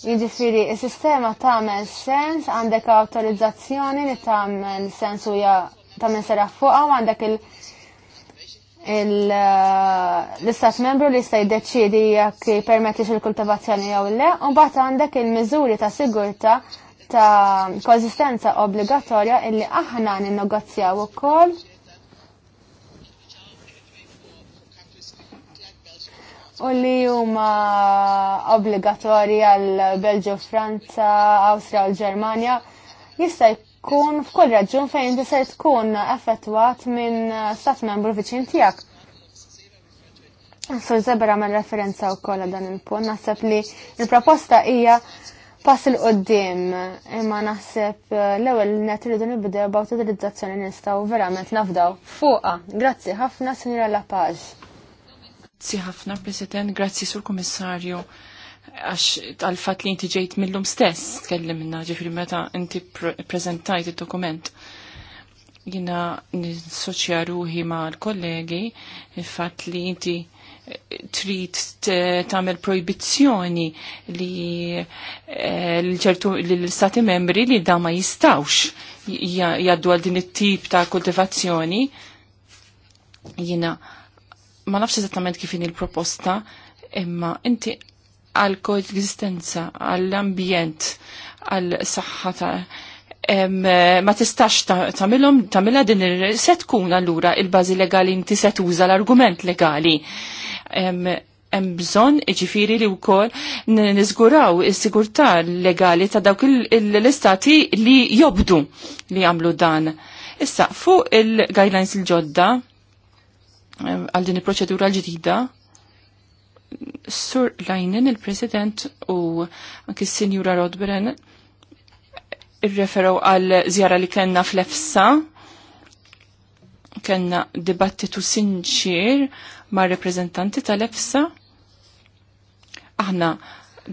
D: Jiġifieri s sistema tagħmel sens, għandek awtorizzazzjoni li tagħmel sens huja tagħmel sera fuqha u għandek il- Eh, l-istat membru li jista' jiddeċiedi jekk jippermettix il-kultivazzjoni jew le, u mbagħad għandek il-miżuri ta' sigurtà ta' konsistenza obbligatorja illi aħna ninnegozjaw ukoll. U li huma obbligatorji għal Belġu, Franza, Awstrija u l-Ġermanja jista' tkun f'kull raġun fejn di ser tkun effettwat minn eh, stat membru viċin tiegħek. Sur Zebra għamel referenza wkoll dan il-punt, naħseb li il-proposta hija pass il qoddim imma naħseb eh, l-ewwel net iridu nibdew b'awtorizzazzjoni nistgħu verament nafdaw Fuqa. Grazzi ħafna Sinjura Lapage.
B: Grazzi ħafna President, grazzi Sur Kummissarju għax tal-fat li inti ġejt millum stess, minna ġifri meta inti prezentajt il-dokument. Jina nissoċja ruħi ma l-kollegi il-fat li inti eh, trid tagħmel proibizjoni li eh, l-ċertu l-istati membri li da ma jistawx jaddu għal din it-tip ta' kultivazzjoni. Jina ma nafx eżattament kif il proposta imma inti għal koexistenza, għall-ambjent, għall-saħħa ma tistax tagħmilhom tagħmilha din se tkun allura il-bażi legali inti se tuża l-argument legali. Hemm bżonn iġifieri li wkoll niżguraw is-sigurtà legali ta' dawk l-istati li jobdu li jagħmlu dan. Issa fuq il-guidelines il-ġodda għal din il-proċedura l-ġdida, Sur Lajnen, il-President, u anki Sinjura Rodberen, irreferaw għal zjara li kena fl-EFSA, kena dibattitu sinċir ma' reprezentanti tal-EFSA. Aħna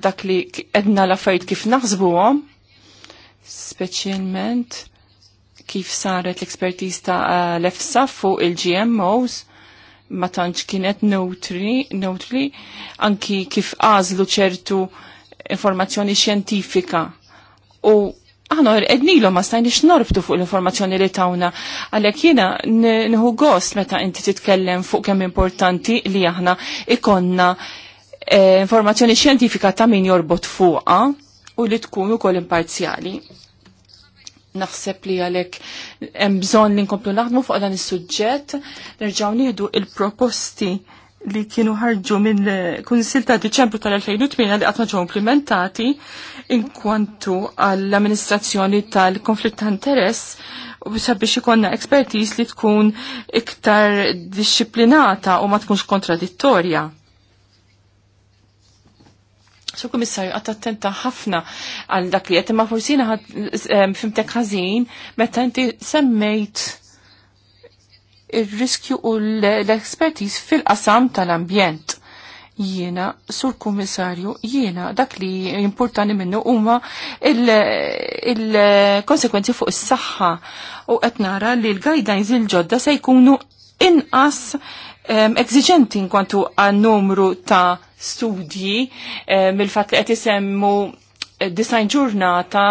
B: dak li edna la fajt kif naħsbu għom, specialment kif saret l-ekspertiz ta' eh, l-EFSA fuq il-GMOs, ma tantx kienet neutri, neutri anki kif għażlu ċertu informazzjoni xjentifika. U aħna qednilhom ma stajniex norbtu fuq l-informazzjoni li tawna. Għalhekk jiena nħu gost meta inti titkellem fuq kemm importanti li aħna ikonna eh, informazzjoni xjentifika ta' min jorbot fuqha u li tkun ukoll imparzjali naħseb li għalek hemm bżonn li nkomplu naħdmu fuq dan is-suġġett, nerġgħu nieħdu il-proposti li kienu ħarġu minn kunsil ta' Diċembru tal-2008 li għatma ġew implementati inkwantu għall-amministrazzjoni tal-konflitt ta' interess u sabiex ikonna ekspertiż li tkun iktar disciplinata u ma tkunx kontradittorja Su komissarju, għat attenta ħafna għal dak li għet, ma forsi fimtek ħazin, meta inti semmejt il-riskju u l-ekspertiz fil-qasam tal-ambjent. Jiena, sur komissarju, jiena, dak li importani minnu huma il-konsekwenzi fuq is-saħħa u qed nara li l-guidelines il-ġodda se jkunu inqas eżiġenti nkwantu għan numru ta' studji mill-fat li qed isemmu eh, design ġurnata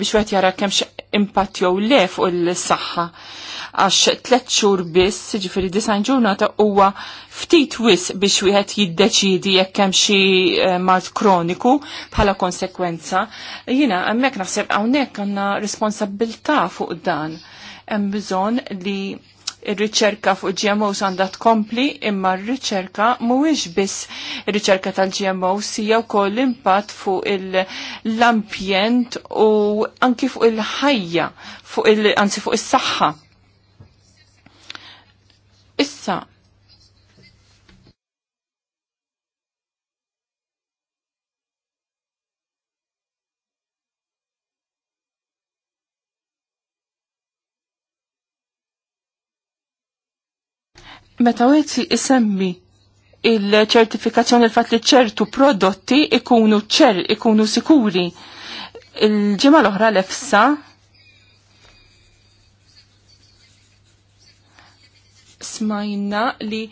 B: biex wieħed jara kemm impatt jew le fuq is saħħa Għax tliet xhur biss, ġifieri design ġurnata huwa ftit wis biex wieħed jiddeċidi jekk hemm xi eh, mart kroniku bħala konsekwenza. Jiena hemmhekk naħseb hawnhekk għandna responsabilità fuq dan. Hemm bżonn li ir-riċerka fuq GMOs għandha tkompli imma r-riċerka mhuwiex biss ir-riċerka tal-GMOs hija wkoll impatt fuq l-ambjent u anki fuq il-ħajja fuq il anzi fuq is-saħħa. Issa Meta wieħed isemmi il-ċertifikazzjoni l-fatt li ċertu prodotti ikunu ċer, ikunu sikuri. Il-ġimgħa l-oħra l-efsa smajna li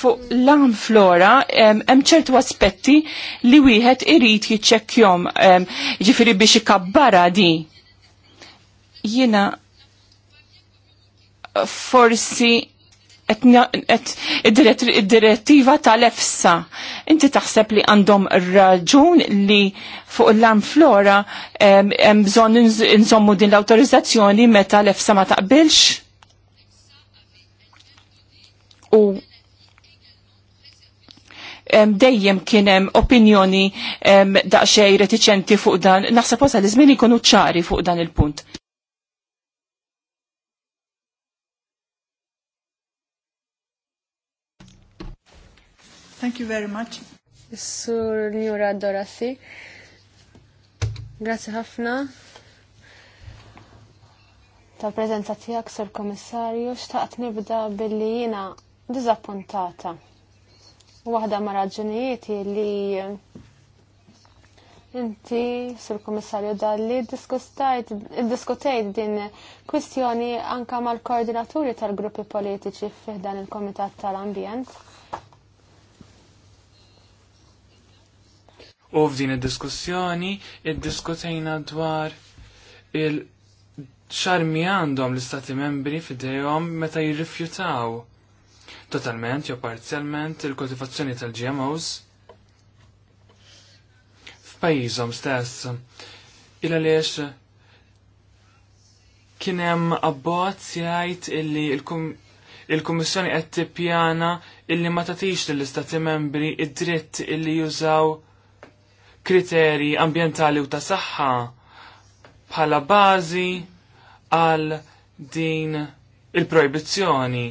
B: fuq l-am flora hemm ċertu aspetti li wieħed irid jiċċekkjom ġifieri biex ikabbara di. Jiena forsi id-direttiva tal-EFSA. Inti taħseb li għandhom raġun li fuq l-lam flora hemm bżonn inżommu din l-autorizzazzjoni meta l-EFSA ma taqbilx? U dejjem kien hemm opinjoni daqsxejn retiċenti fuq dan, naħseb li żmien ikunu ċari fuq dan il-punt.
D: Thank you very much. Sur Njura Dorothy. Grazie ħafna tal-prezenza tijak, Sur Komissarju, xtaqt nibda billi jina dizappuntata. Waħda ma raġunijieti li inti, Sur Komissarju, dalli diskutajt din kwistjoni anka mal-koordinaturi tal-gruppi politiċi fiħdan il-Komitat tal-Ambjent.
C: U f'din id-diskussjoni id-diskutejna dwar il- ċarmi għandhom l-istati membri fidejhom meta jirrifjutaw totalment jew parzjalment il kultivazzjoni tal-GMOs f'pajjiżhom stess. Il għaliex kien hemm abbozz jgħid illi il-Kummissjoni qed tippjana illi ma tagħtix lill-Istati Membri id-dritt illi jużaw kriteri ambientali u ta' saħħa bħala bażi għal din il-proibizzjoni.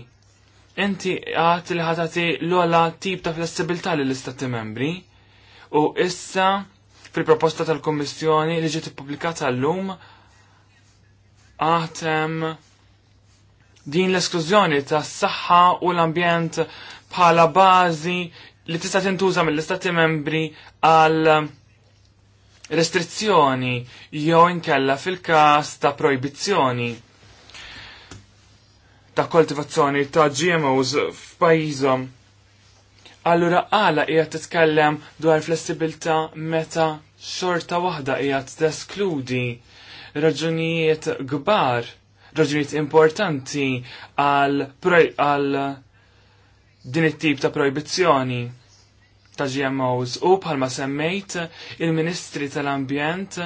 C: Inti għat li ħatati l għala tip ta' flessibilità lill istati membri u issa fil-proposta tal-Kommissjoni li ġiet ippubblikata llum għatem din l-esklużjoni tas saħħa u l-ambjent bħala bażi li tista' tintuża mill-istati membri għal restrizzjoni jew inkella fil-każ ta' proibizzjoni ta' koltivazzjoni ta' GMOs f'pajjiżhom. Allura għala hija titkellem dwar flessibilità meta xorta waħda hija teskludi raġunijiet kbar, raġunijiet importanti għal din it-tip ta' proibizzjoni ta' GMOs u bħalma semmejt il-Ministri tal-Ambjent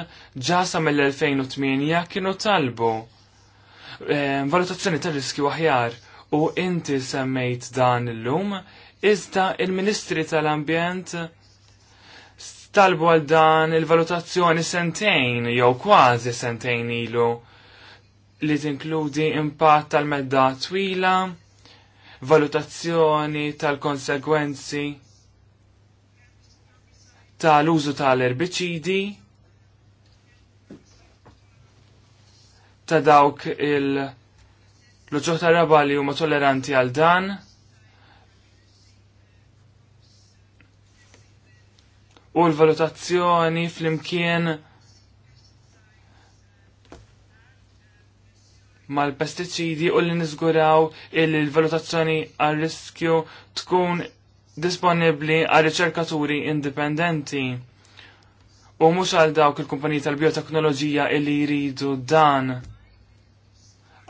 C: ġasa mill-2008 kienu talbu ehm, valutazzjoni tal-riski aħjar u inti semmejt dan illum iżda il-Ministri tal-Ambjent talbu għal dan il-valutazzjoni sentejn jew kważi sentejn ilu li tinkludi impatt tal-medda twila, valutazzjoni tal-konsegwenzi tal-użu tal-erbiċidi, ta' dawk il- l-ġoħ ta' raba li huma tolleranti għal dan, u l-valutazzjoni fl-imkien mal-pesticidi u li nizguraw il-valutazzjoni għal riskju tkun disponibli għal riċerkaturi indipendenti u mhux għal dawk il-kumpaniji tal-bioteknoloġija illi jridu dan.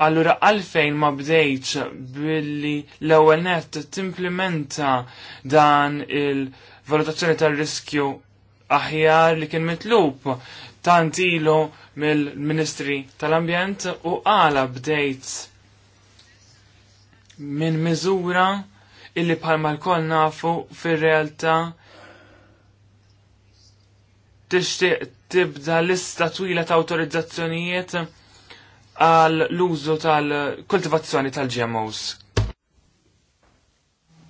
C: Allura għalfejn ma bdejċ billi l-ewwel net timplementa dan il-valutazzjoni tal-riskju aħjar li kien mitlub tantilu mill-Ministri tal-Ambjent u għala bdejt minn miżura illi bħalma l-koll nafu fil realtà tixtieq tibda lista twila ta' autorizzazzjonijiet għal l-użu tal-kultivazzjoni tal-GMOs.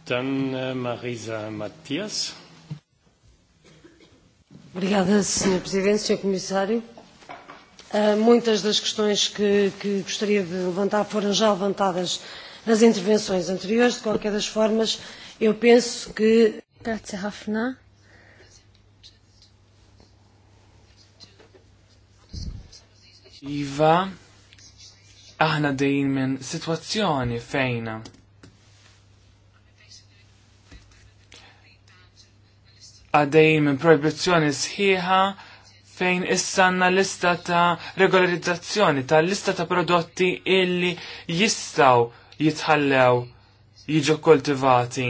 C: Dan eh, Marisa Mattias.
A: Obrigada, Sr. Presidente, Sr. Comissário. Uh, muitas das questões que, que gostaria de levantar foram já levantadas uh,
D: nas intervenções anteriores. De qualquer das formas, eu penso que. Grazie, Rafna.
C: Iva, aħna dejjin minn situazzjoni fejna. Għadejn minn proibizzjoni sħiħa fejn issanna lista ta' regolarizzazzjoni, ta' lista ta' prodotti illi jistaw jitħallew jiġu kultivati.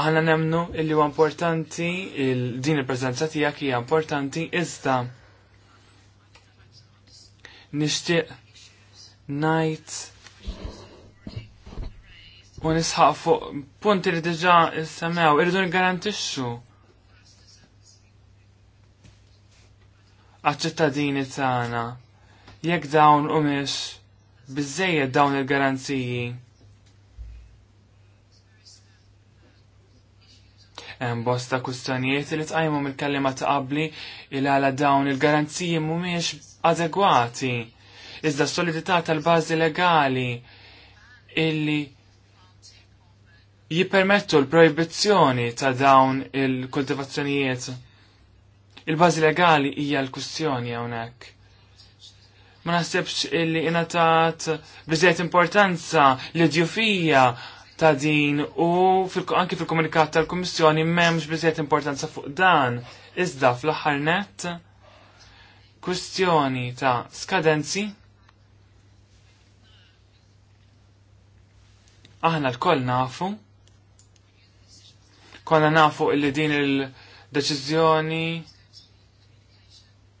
C: Aħna nemnu illi huwa importanti il din il-preżenza tiegħek hija importanti iżda nixtieq ngħid u nisħaq fuq punti li diġà issemew irridu niggarantixxu għaċ-ċittadini tagħna jekk dawn u mhix biżejjed dawn il-garanziji. Hemm bosta kustjonijiet li tqajmu mill-kellima ta' qabli il għala dawn il-garanziji mhumiex adegwati. Iżda solidità tal-bażi legali illi jippermettu l-proibizzjoni ta' dawn il-kultivazzjonijiet. Il-bażi legali hija l-kustjoni hawnhekk ma naħsebx illi inatat biżiet importanza l-idjufija ta' din u anki fil-komunikat tal-Kummissjoni m'hemmx biżiet importanza fuq dan. Iżda fl-aħħar net ta' skadenzi aħna l-koll nafu konna nafu illi din il-deċizjoni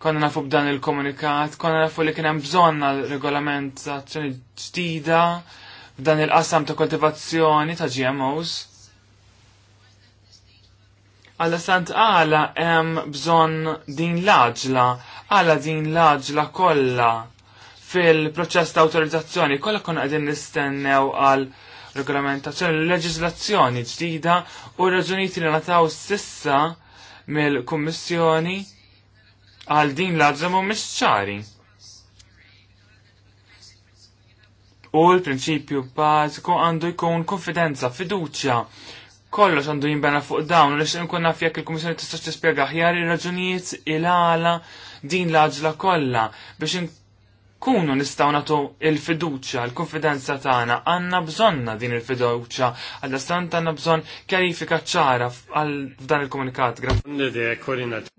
C: konna nafu b'dan il-komunikat, konna nafu li kien hemm bżonn għal regolamentazzjoni ġdida f'dan il-qasam ta' koltivazzjoni ta' GMOs. Għalla sant għala hemm bżonn din l-aġla, għala din l-aġla kollha fil-proċess ta' autorizzazzjoni, kollha konna qegħdin nistennew għal regolamentazzjoni, leġislazzjoni ġdida u raġunijiet li nataw sissa mill-Kummissjoni għal din l azzamu mhumiex ċari. U l-prinċipju bażiku għandu jkun konfidenza, fiduċja. Kollox għandu jimbena fuq dawn, lex nkun naf jekk il-Kummissjoni tistax tispjega ħjar ir-raġunijiet il-għala din l-għaġla kollha biex Kunu nistgħu nagħtu il-fiduċja, l-konfidenza tagħna, għandna bżonna din il-fiduċja, għalda stant għandna bżonn kjarifika ċara għal f'dan il-komunikat.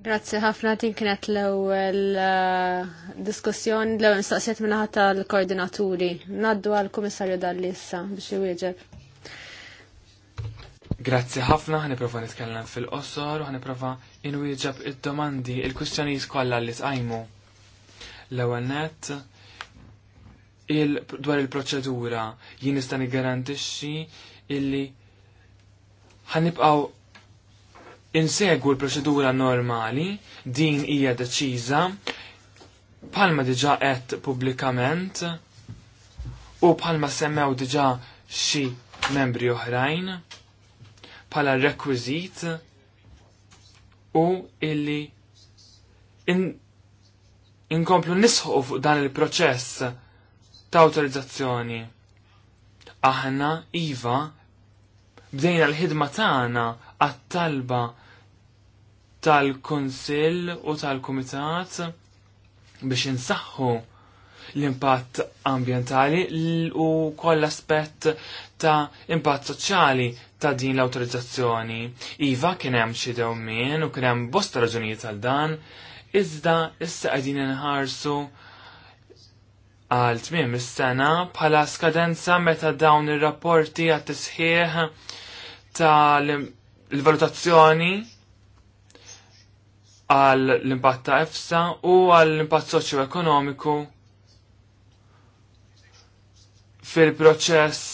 D: Grazzi ħafna din kienet l-ewwel eh, diskussjoni l-ewwel mistaqsijiet minnaħat tal-koordinaturi. Naddu għall-Kummissarju dal-lissa biex iwieġeb.
C: Grazzi ħafna, ħaniprofa nitkellem fil-qosor u ħaniprofa inwieġab id-domandi il kustjoni kollha li tqajmu. L-ewwel nett il dwar il-proċedura jien nista' niggarantixxi illi ħanibqgħu insegwu l-proċedura normali din hija deċiża bħalma diġà qed pubblikament u bħalma semmew diġà xi membri oħrajn bħala requisit u illi inkomplu nisħu fuq dan il-proċess ta' autorizzazzjoni. Aħna, Iva, bdejna l-ħidma tagħna għat-talba tal-Konsill u tal-Kumitat biex insaħħu l-impatt ambientali u koll aspett ta' impatt soċjali ta' din l-autorizzazzjoni. Iva kien hemm xi dewmien u kien hemm bosta raġunijiet għal dan, iżda issa qegħdin inħarsu għal tmiem is-sena bħala skadenza meta dawn ir-rapporti għat tisħieħ tal-valutazzjoni għal l-impatt ta' EFSA u għal l-impatt soċjo-ekonomiku fil-proċess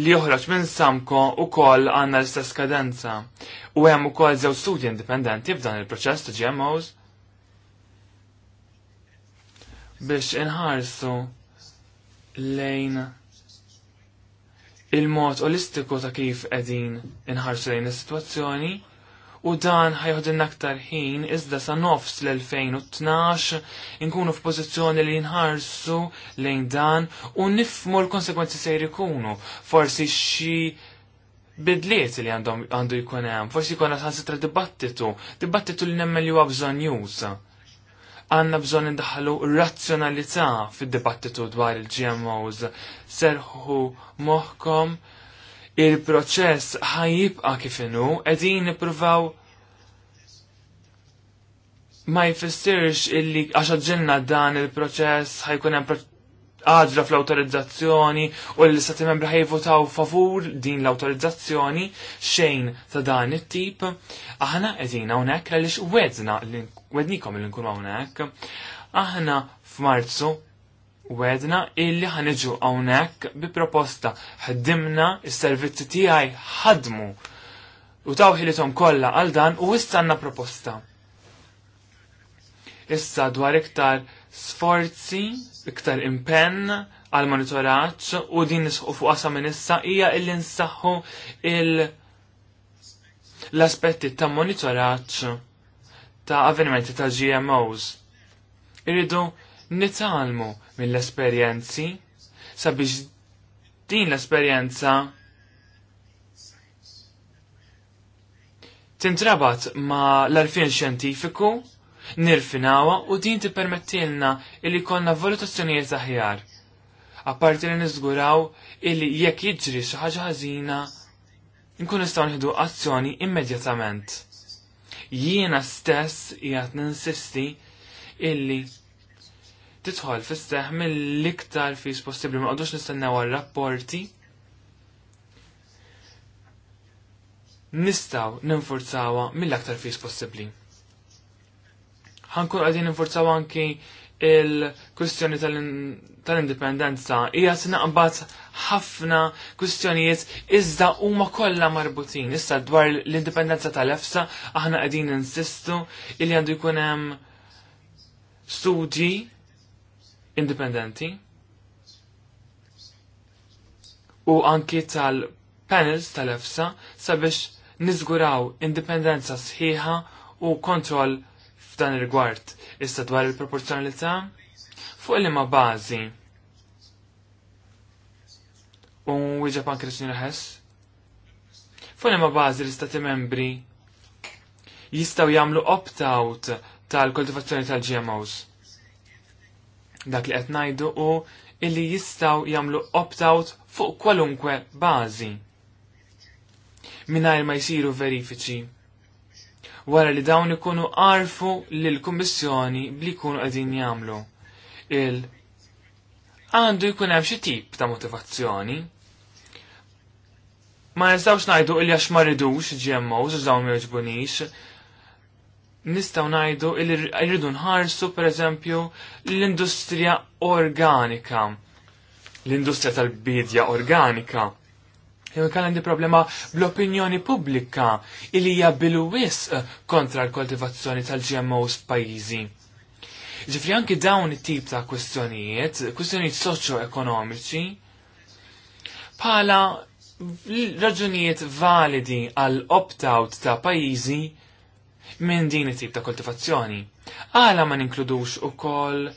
C: li joħroġ minn samko u koll għanna l-istess kadenza. U hemm ukoll żew studji indipendenti f'dan il-proċess ta' GMOs biex inħarsu lejn il-mod olistiku ta' kif qegħdin inħarsu lejn is-sitwazzjoni u dan ħajħodin aktar ħin iżda sa nofs l-2012 inkunu f'pożizzjoni li nħarsu lejn dan u nifmu l-konsekwenzi se jkunu forsi xi bidliet li għandu jkun hemm, forsi jkun qed ħansitra dibattitu, dibattitu li nemmel li huwa bżonn juża għanna bżon indaħlu razzjonalità fid-dibattitu dwar il-GMOs. Serħu moħkom il-proċess ħajibqa kifinu edin nipruvaw ma jfissirx illi ġenna dan il-proċess ħajkun hemm għadra fl-autorizzazzjoni u l-istati membri ħajvotaw favur din l-autorizzazzjoni xejn ta' dan it-tip. Aħna qegħdin hawnhekk għaliex wedna wednikom li nkunu hawnhekk. Aħna f'Marzu wedna illi ħaniġu hawnhekk bi proposta ħaddimna s-servizzi tiegħi ħadmu u tawħilithom kollha għal dan u istanna proposta. Issa dwar iktar sforzi iktar impenn għal monitoraġġ u din nisħu fuq qasam minn issa hija illi nsaħħu il l-aspetti ta' monitoraġġ ta' avvenimenti ta' GMOs. Irridu nitalmu mill-esperjenzi sabiex din l-esperjenza tintrabat ma l-arfin xjentifiku nirfinawa u din tippermettilna illi konna valutazzjonijiet aħjar. Apparti li niżguraw illi jekk jiġri xi ħaġa ħażina nkun nistgħu nieħdu azzjoni immedjatament. Jiena stess qiegħed ninsisti illi titħol fis seħħ mill-iktar fis possibbli ma qogħdux nistennew għar-rapporti nistaw ninforzawa mill-aktar fis possibbli ħankun għadin nifurzaw anki il-kwistjoni tal-indipendenza. Ija sinaqbat ħafna kwistjonijiet iżda huma kollha marbutin. Issa dwar l-indipendenza tal-EFSA aħna qegħdin insistu li għandu jkun hemm studji indipendenti u anki tal-panels tal-EFSA sabiex niżguraw indipendenza sħiħa u kontroll f'dan ir-rigward issa dwar il-proporzjonalità fuq li ma bażi. U wieġeb anke l ħess. Fuq li ma bażi l-istati membri jistgħu jagħmlu opt-out tal-koltivazzjoni tal-GMOs. Dak li qed ngħidu u illi jistgħu jagħmlu opt-out fuq kwalunkwe bażi. Mingħajr ma jsiru verifiċi wara li dawn ikunu arfu li l-Kummissjoni bli jkunu qegħdin jagħmlu. Il għandu jkun hemm xi tip ta' motivazzjoni. Ma nistgħux ngħidu li għax ma ridux GMOs għax dawn ma jogħġbunix, nistaw najdu irridu nħarsu pereżempju l-industrija organika, l-industrija tal-bidja organika. Jew kan għandi problema bl-opinjoni pubblika illi bil wisq kontra l-koltivazzjoni tal-GMOs f'pajjiżi. Ġifri anki dawn it-tip ta' kwestjonijiet, kwestjonijiet soċjo-ekonomiċi, bħala raġunijiet validi għal opt-out ta' pajjiżi minn din it-tip ta' koltivazzjoni. Għala ma ninkludux ukoll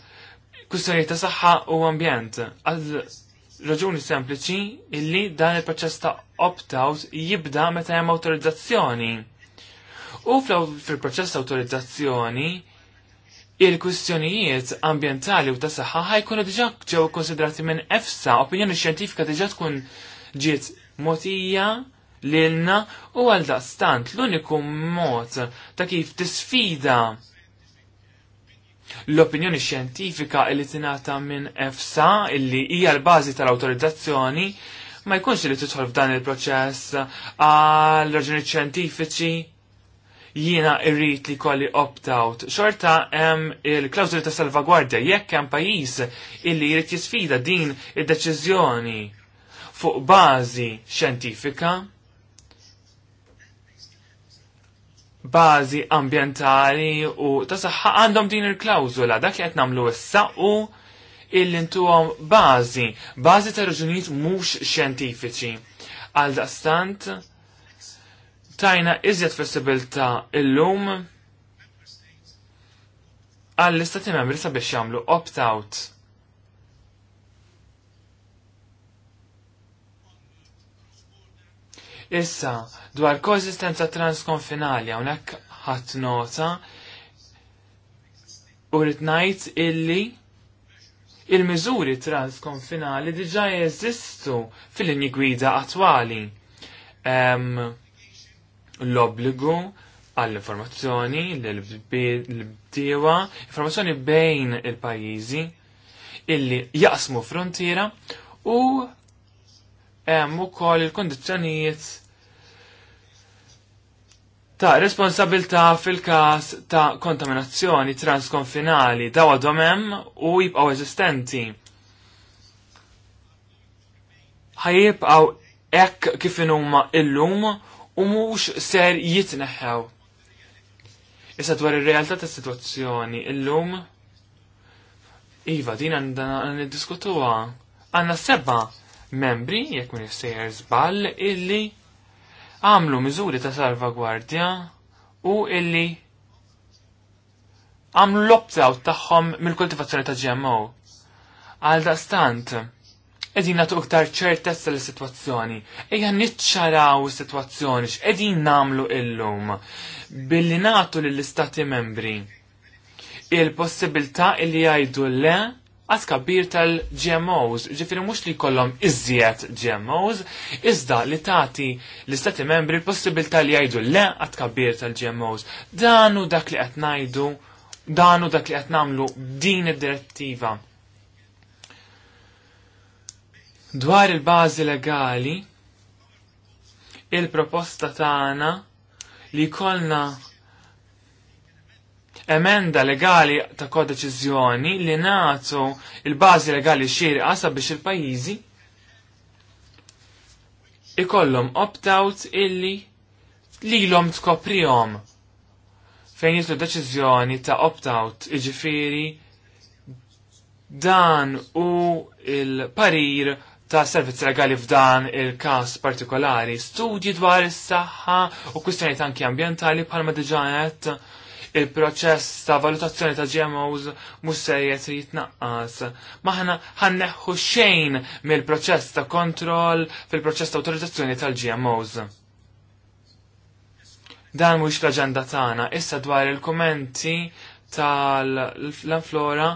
C: kwistjonijiet ta' saħħa u ambjent raġuni sempliċi illi dan il-proċess ta' opt-out jibda meta hemm awtorizzazzjoni. U fil-proċess ta' awtorizzazzjoni il-kwistjonijiet ambientali u ta' saħħa ħajkunu diġà ġew konsidrati minn EFSA, opinjoni xjentifika diġa tkun ġiet motija lilna u għal daqstant l-uniku mod ta' kif tisfida L-opinjoni xjentifika li tingħata minn EFSA illi hija l-bażi tal-awtorizzazzjoni ma jkunx li tidħol f'dan il-proċess għal raġuni xjentifiċi jiena irrid li kolli opt-out. Xorta hemm il-klawżoli ta' salvagwardja jekk hemm pajjiż illi jrid jisfida din id-deċiżjoni fuq bażi xjentifika, bażi ambjentali u ta' saħħa għandhom din il klawzula dak li qed nagħmlu issa u il-intuhom bażi, bażi ta' raġunijiet mhux xjentifiċi. Għal daqstant tajna iżjed flessibilità illum għall-istati membri sabiex jagħmlu opt-out Issa, dwar koesistenza transkonfinali hawnhekk ħadd nota u rrid ngħid illi il-miżuri transkonfinali diġà jeżistu fil-linji gwida attwali. L-obbligu għall-informazzjoni l-bdiewa, informazzjoni bejn il-pajjiżi illi jaqsmu frontiera u hemm ukoll il-kondizzjonijiet ta' responsabilità fil-każ ta' kontaminazzjoni transkonfinali daw għadhom hemm u jibqgħu eżistenti. Ħajjibqgħu hekk kif huma illum u mhux ser jitneħħew. Issa dwar ir-realtà tas-sitwazzjoni illum Iva, din għandna niddiskutuha. Għandna seba' membri, jekk minn jissejjer żball, illi għamlu miżuri ta' salvagwardja u illi għamlu l-opt-out tagħhom mill-kultivazzjoni ta' GMO. Għal stant edin natu iktar ċertezza l situazzjoni Ejja nitċaraw situazzjoni x-edin namlu illum billi natu lill istati membri il possibilta illi jgħidu le għas kabbir tal-GMOs, ġifiri mux li kollom iżjed GMOs, iżda li tati l-istati membri l-possibilta li jajdu le għat kabbir tal-GMOs. Danu dak li għatnajdu, danu dak li għatnamlu din id-direttiva. Dwar il-bazi legali, il-proposta tagħna li kollna emenda legali ta' kodeċizjoni li nagħtu il-bażi legali xierqa sabiex il-pajjiżi ikollhom opt-out illi lilhom tkoprihom fejn jitlu deċiżjoni ta' opt-out iġifieri dan u il-parir ta' servizz legali f'dan il-kas partikolari, studji dwar is-saħħa u kwistjonijiet anki ambjentali bħalma diġa il-proċess ta' valutazzjoni ta' GMOs mhux se jitri jitnaqqas. Maħna ħanneħħu xejn mill-proċess ta' kontroll fil-proċess ta' autorizzazzjoni tal-GMOs. Dan mhux l-aġenda tagħna, issa dwar il-kummenti tal-flora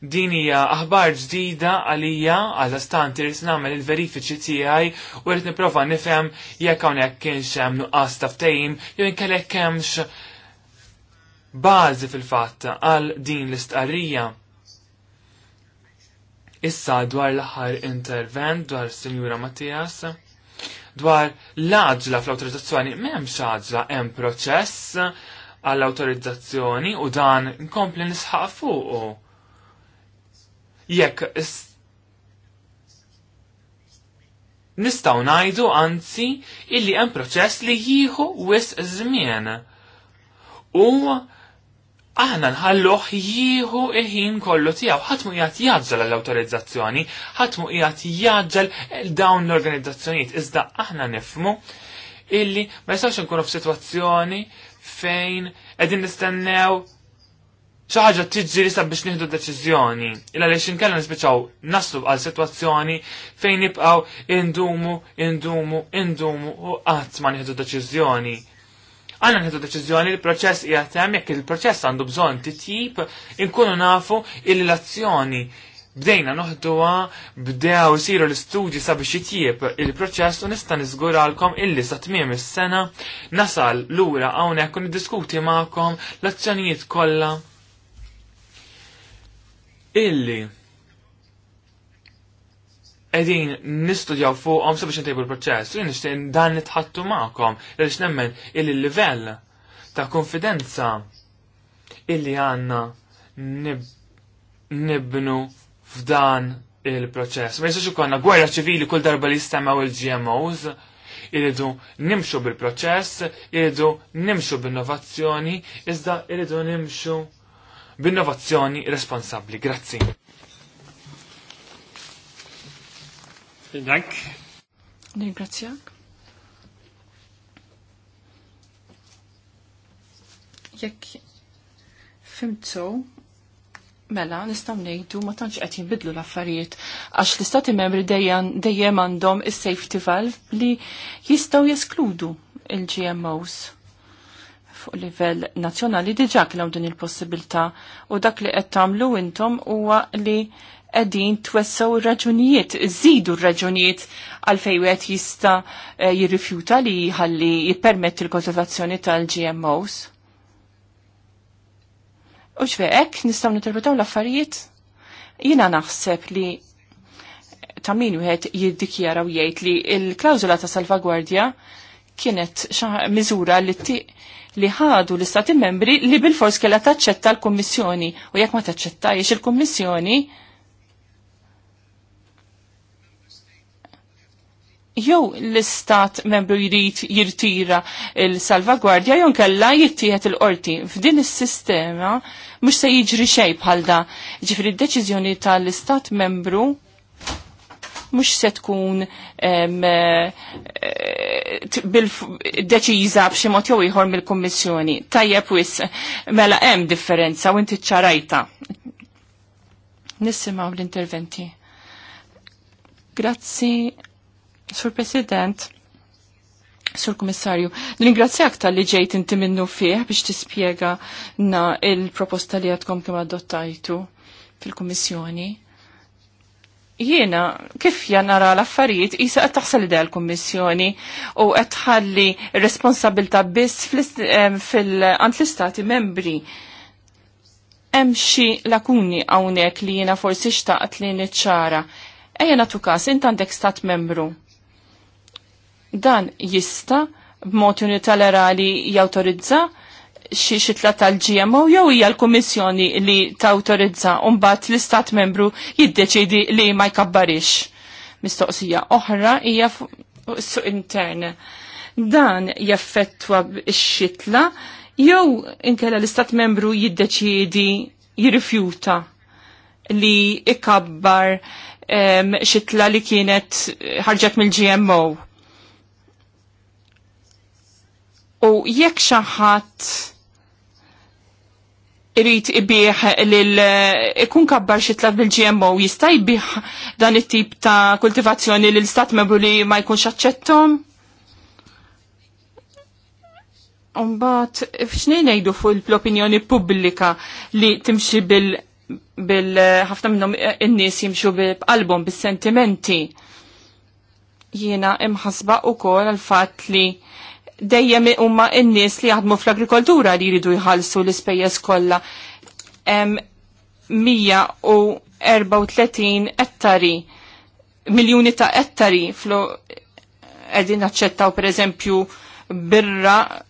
C: din hija aħbar ġdida għalija għal stant irid nagħmel il-verifiċi tiegħi u rrid nipprova nifhem jekk hawnhekk kienx hemm nuqqas ta' ftehim jew inkellek hemmx bażi fil-fatt għal din l-istqarrija. Issa dwar l-aħħar intervent dwar Sinjura Mattias dwar l-għaġla fl-autorizzazzjoni m'hemmx għaġla hemm proċess għall-autorizzazzjoni u dan nkompli nisħaq fuqu. Jekk nistaw najdu anzi illi hemm proċess li jieħu wis żmien. U aħna nħalluh jieħu iħin ħin kollu tiegħu ħadd jgħat qiegħed l għall-awtorizzazzjoni, ħadd mu qiegħed dawn l-organizzazzjonijiet iżda aħna nifmu illi ma jistax nkunu f'sitwazzjoni fejn qegħdin nistennew xi ħaġa tiġri li sabiex nieħdu deċiżjoni. Illa li inkella nispiċċaw naslu għal sitwazzjoni fejn nibqgħu indumu, indumu, indumu u qatt ma nieħdu deċiżjoni Għanna nħedu deċizjoni li proċess jgħatem jekk il-proċess għandu bżon titjib inkunu nafu il-azzjoni bdejna noħduwa bdew siru l-istudji sabiex jitjieb il-proċess u nista' niżguralkom illi sa tmiem is-sena nasal lura hawnhekk u niddiskuti magħkom l-azzjonijiet kollha illi edin nistudjaw fuqhom sabiex intejbu l-proċess. Jien nixtieq dan nitħattu magħkom għaliex nemmen il-livell ta' konfidenza illi għandna nibnu f'dan il-proċess. Ma jisaxu konna gwerra ċivili kull darba li jistemaw il-GMOs, iridu nimxu bil-proċess, iridu nimxu b-innovazzjoni, iżda irridu nimxu b'innovazzjoni responsabbli. Grazzi. Dank.
B: Ringrazzjak. Jekk fimtu, mela nistgħu ngħidu ma tantx qed jinbidlu l-affarijiet għax l-istati membri dejjem għandhom is-safety valve li jistgħu jeskludu il-GMOs fuq livell nazzjonali diġà kienu din il-possibilità u dak li qed tagħmlu intom huwa li edin twessaw raġunijiet, zidu raġunijiet għalfej wieħed jista eh, jirrifjuta li għalli jipermet il-konservazzjoni tal-GMOs. U xveqek nistgħu ninterpretaw l-affarijiet? Jiena naħseb li ta' min wieħed jiddikjaraw jgħid li l klawzula ta' salvagwardja kienet miżura li li ħadu l-istati membri li bil-fors kella taċċetta l-Kommissjoni u jekk ma taċċettajx il kommissjoni jew l-istat membru jrid jirtira il-salvagwardja jew kella jittieħed il-qorti. F'din is-sistema mhux se jiġri xejn bħal da. Ġifri d-deċiżjoni tal-istat membru mhux se tkun eh, bil-deċiża b'xi mod jew ieħor mill-Kummissjoni. Tajjeb wis mela hemm differenza u inti ċarajta. Nissimgħu l-interventi. Grazzi Sur President, Sur Komissarju, ringrazzjak tal-li ġejt inti minnu fih biex tispiega na il-proposta li għadkom kem adottajtu fil kommissjoni Jiena, kif nara l-affarijiet, jisa qed taħsel idea l-Kommissjoni u qed tħalli responsabilta biss fil-ant l-istati membri. Hemm xi lakuni hawnhekk li jiena forsi xtaqt li niċċara. Ejja nagħtu każ, int stat membru Dan jista b'mod unilaterali jawtorizza xi xitla tal-GMO jew hija l-Kummissjoni li tawtorizza u mbagħad l-Istat membru jiddeċidi li ma jkabbarix. Mistoqsija oħra hija fuq suq intern. Dan jaffettwa x-xitla jew inkella l-Istat membru jiddeċidi jirrifjuta li ikabbar xitla li kienet ħarġet mill-GMO u jekk xi ħadd irrit ibieħ lil ikun kabbar tlaf bil-GMO jista' jbieħ dan it-tip ta' kultivazzjoni lil stat membru li ma jkunx aċċettom? Umbat, fxnej ngħidu fuq l-opinjoni pubblika li timxi bil- bil ħafna minnhom in-nies jimxu b'qalbhom bis-sentimenti. Jiena imħasba wkoll għal fatt li dejjem huma n-nies li jaħdmu fl-agrikoltura li jridu jħallsu l-ispejjeż kollha. hemm 134 ettari, miljuni ta' ettari flu qegħdin naċċettaw pereżempju birra,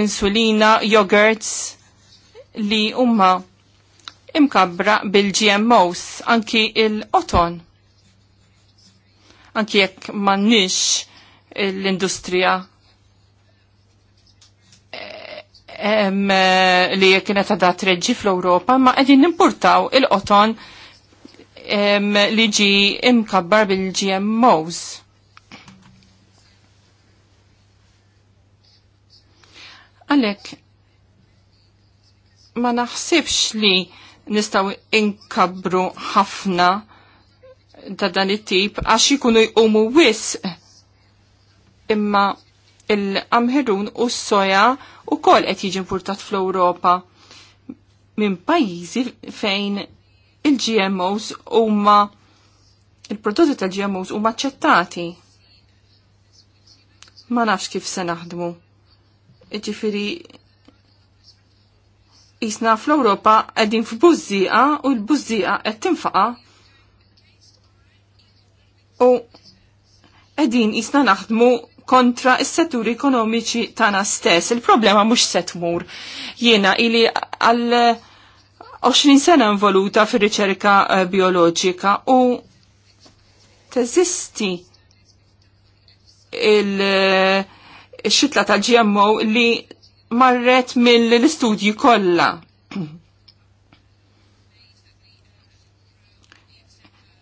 B: insulina, yogurts li huma imkabbra bil-GMOs anki il-oton. Anki jekk m'għandniex l-industrija Eh, li kienet għadha treġġi fl-Ewropa, ma qegħdin nimpurtaw il-qoton li ġi imkabbar bil-GMOs. Għalek, ma naħsibx li nistaw inkabru ħafna ta' dan it-tip għax jkunu jqumu wis imma il-amherun u s-soja u kol qed jiġi importat fl-Ewropa minn pajjiżi fejn il-GMOs huma il-prodotti tal-GMOs huma aċċettati. Ma nafx kif se naħdmu. Ġifieri jisna fl-Ewropa qegħdin f'bużżieqa u l buzzija qed tinfaqa' u qegħdin jisna naħdmu kontra is-setturi ekonomiċi tagħna stess. Il-problema mhux se tmur. Jiena ili għal 20 sena involuta fir-riċerka eh, bioloġika u teżisti il-xitla eh, tal-GMO li marret mill-istudji kollha.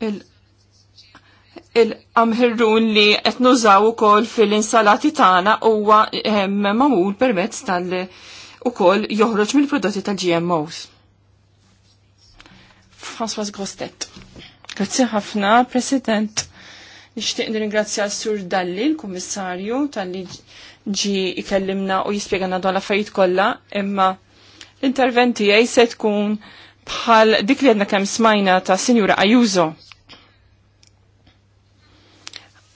B: il il-amħirrun li qed nużaw ukoll fil-insalati tagħna huwa ehm, magħmul permezz tal- kol joħroġ mill-prodotti tal-GMOs. François Grostet. Grazzi ħafna, President. Nixtieq nirringrazzja sur Dalli, l-Kummissarju, tal-li ġi ikellimna u jispjegana dwar l-affarijiet kollha, imma l-intervent tiegħi se tkun bħal dik li għedna kemm smajna ta' Sinjura Ajuso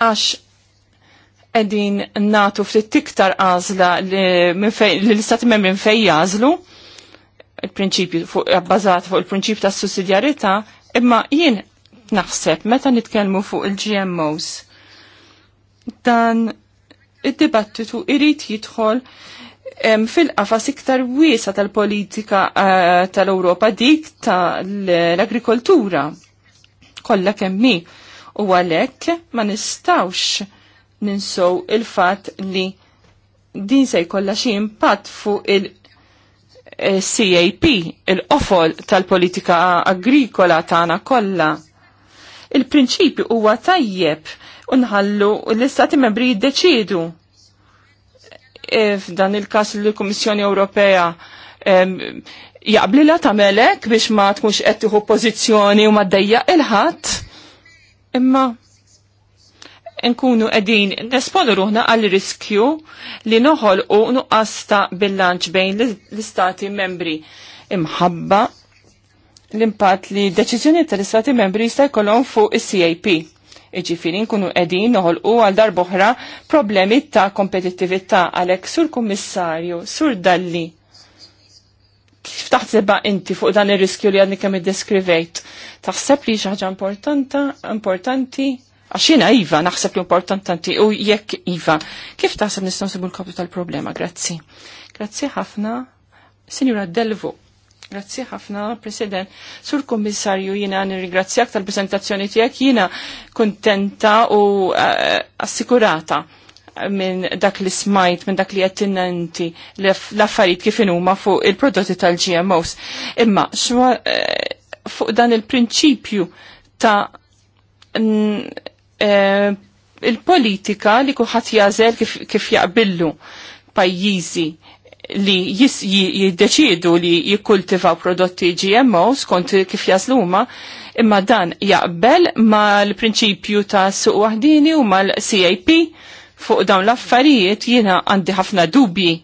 B: għax edin natu ftit tiktar għazla l-istat membri minn fej jazlu, il-prinċipju fuq fuq il-prinċipju ta' sussidjarita, imma jien naħseb meta nitkelmu fuq il-GMOs. Dan id-dibattitu irrit jidħol fil-qafas iktar wiesa tal-politika eh, tal-Ewropa dik tal-agrikoltura kollha kemm u għalhekk ma nistawx ninsow il-fatt li din se jkollha xi impatt fuq il- eh, CAP, il-qofol tal-politika agrikola tagħna kollha. Il-prinċipju huwa tajjeb u nħallu l-istati membri jiddeċidu e, f'dan il-kas l-Kummissjoni Ewropea jaqbli la tamelek biex ma tkunx qed tieħu pożizzjoni u ma ddejjaq il-ħadd Imma nkunu edin nespolu ruħna għal riskju li noħol u nuqasta bil bilanċ bejn l-istati membri imħabba l impat li deċiżjoni tal-istati membri jista' jkollhom fuq is-CAP. Iġifieri nkunu qegħdin noħolqu għal darboħra problemi ta' kompetittività għalhekk sur kummissarju, sur dalli kif taħseba inti fuq dan ir-riskju li għadni kemm iddeskrivejt? Taħseb li xaħġa importanta, importanti għax jiena iva naħseb li importanti u jekk iva. Kif taħseb nistgħu nsibu l-kapju tal-problema? Grazzi. Grazzi ħafna, Sinjura Delvo. Grazzi ħafna, President. Sur Kommissarju, jina nirringrazzjak tal-prezentazzjoni tijak, jina kontenta u uh, eh, assikurata minn dak li smajt, minn dak li jattinanti l-affarijiet kif huma fuq il-prodotti tal-GMOs. Imma xwa eh, fuq dan il-prinċipju ta' eh, il-politika li kuħat jażel kif, jaqbillu pajjiżi li jiddeċidu li jikkultivaw prodotti GMO skont kif jażluma, imma dan jaqbel ma l-prinċipju ta' suq wahdini u ma l-CAP fuq dawn l-affarijiet jiena għandi ħafna dubji.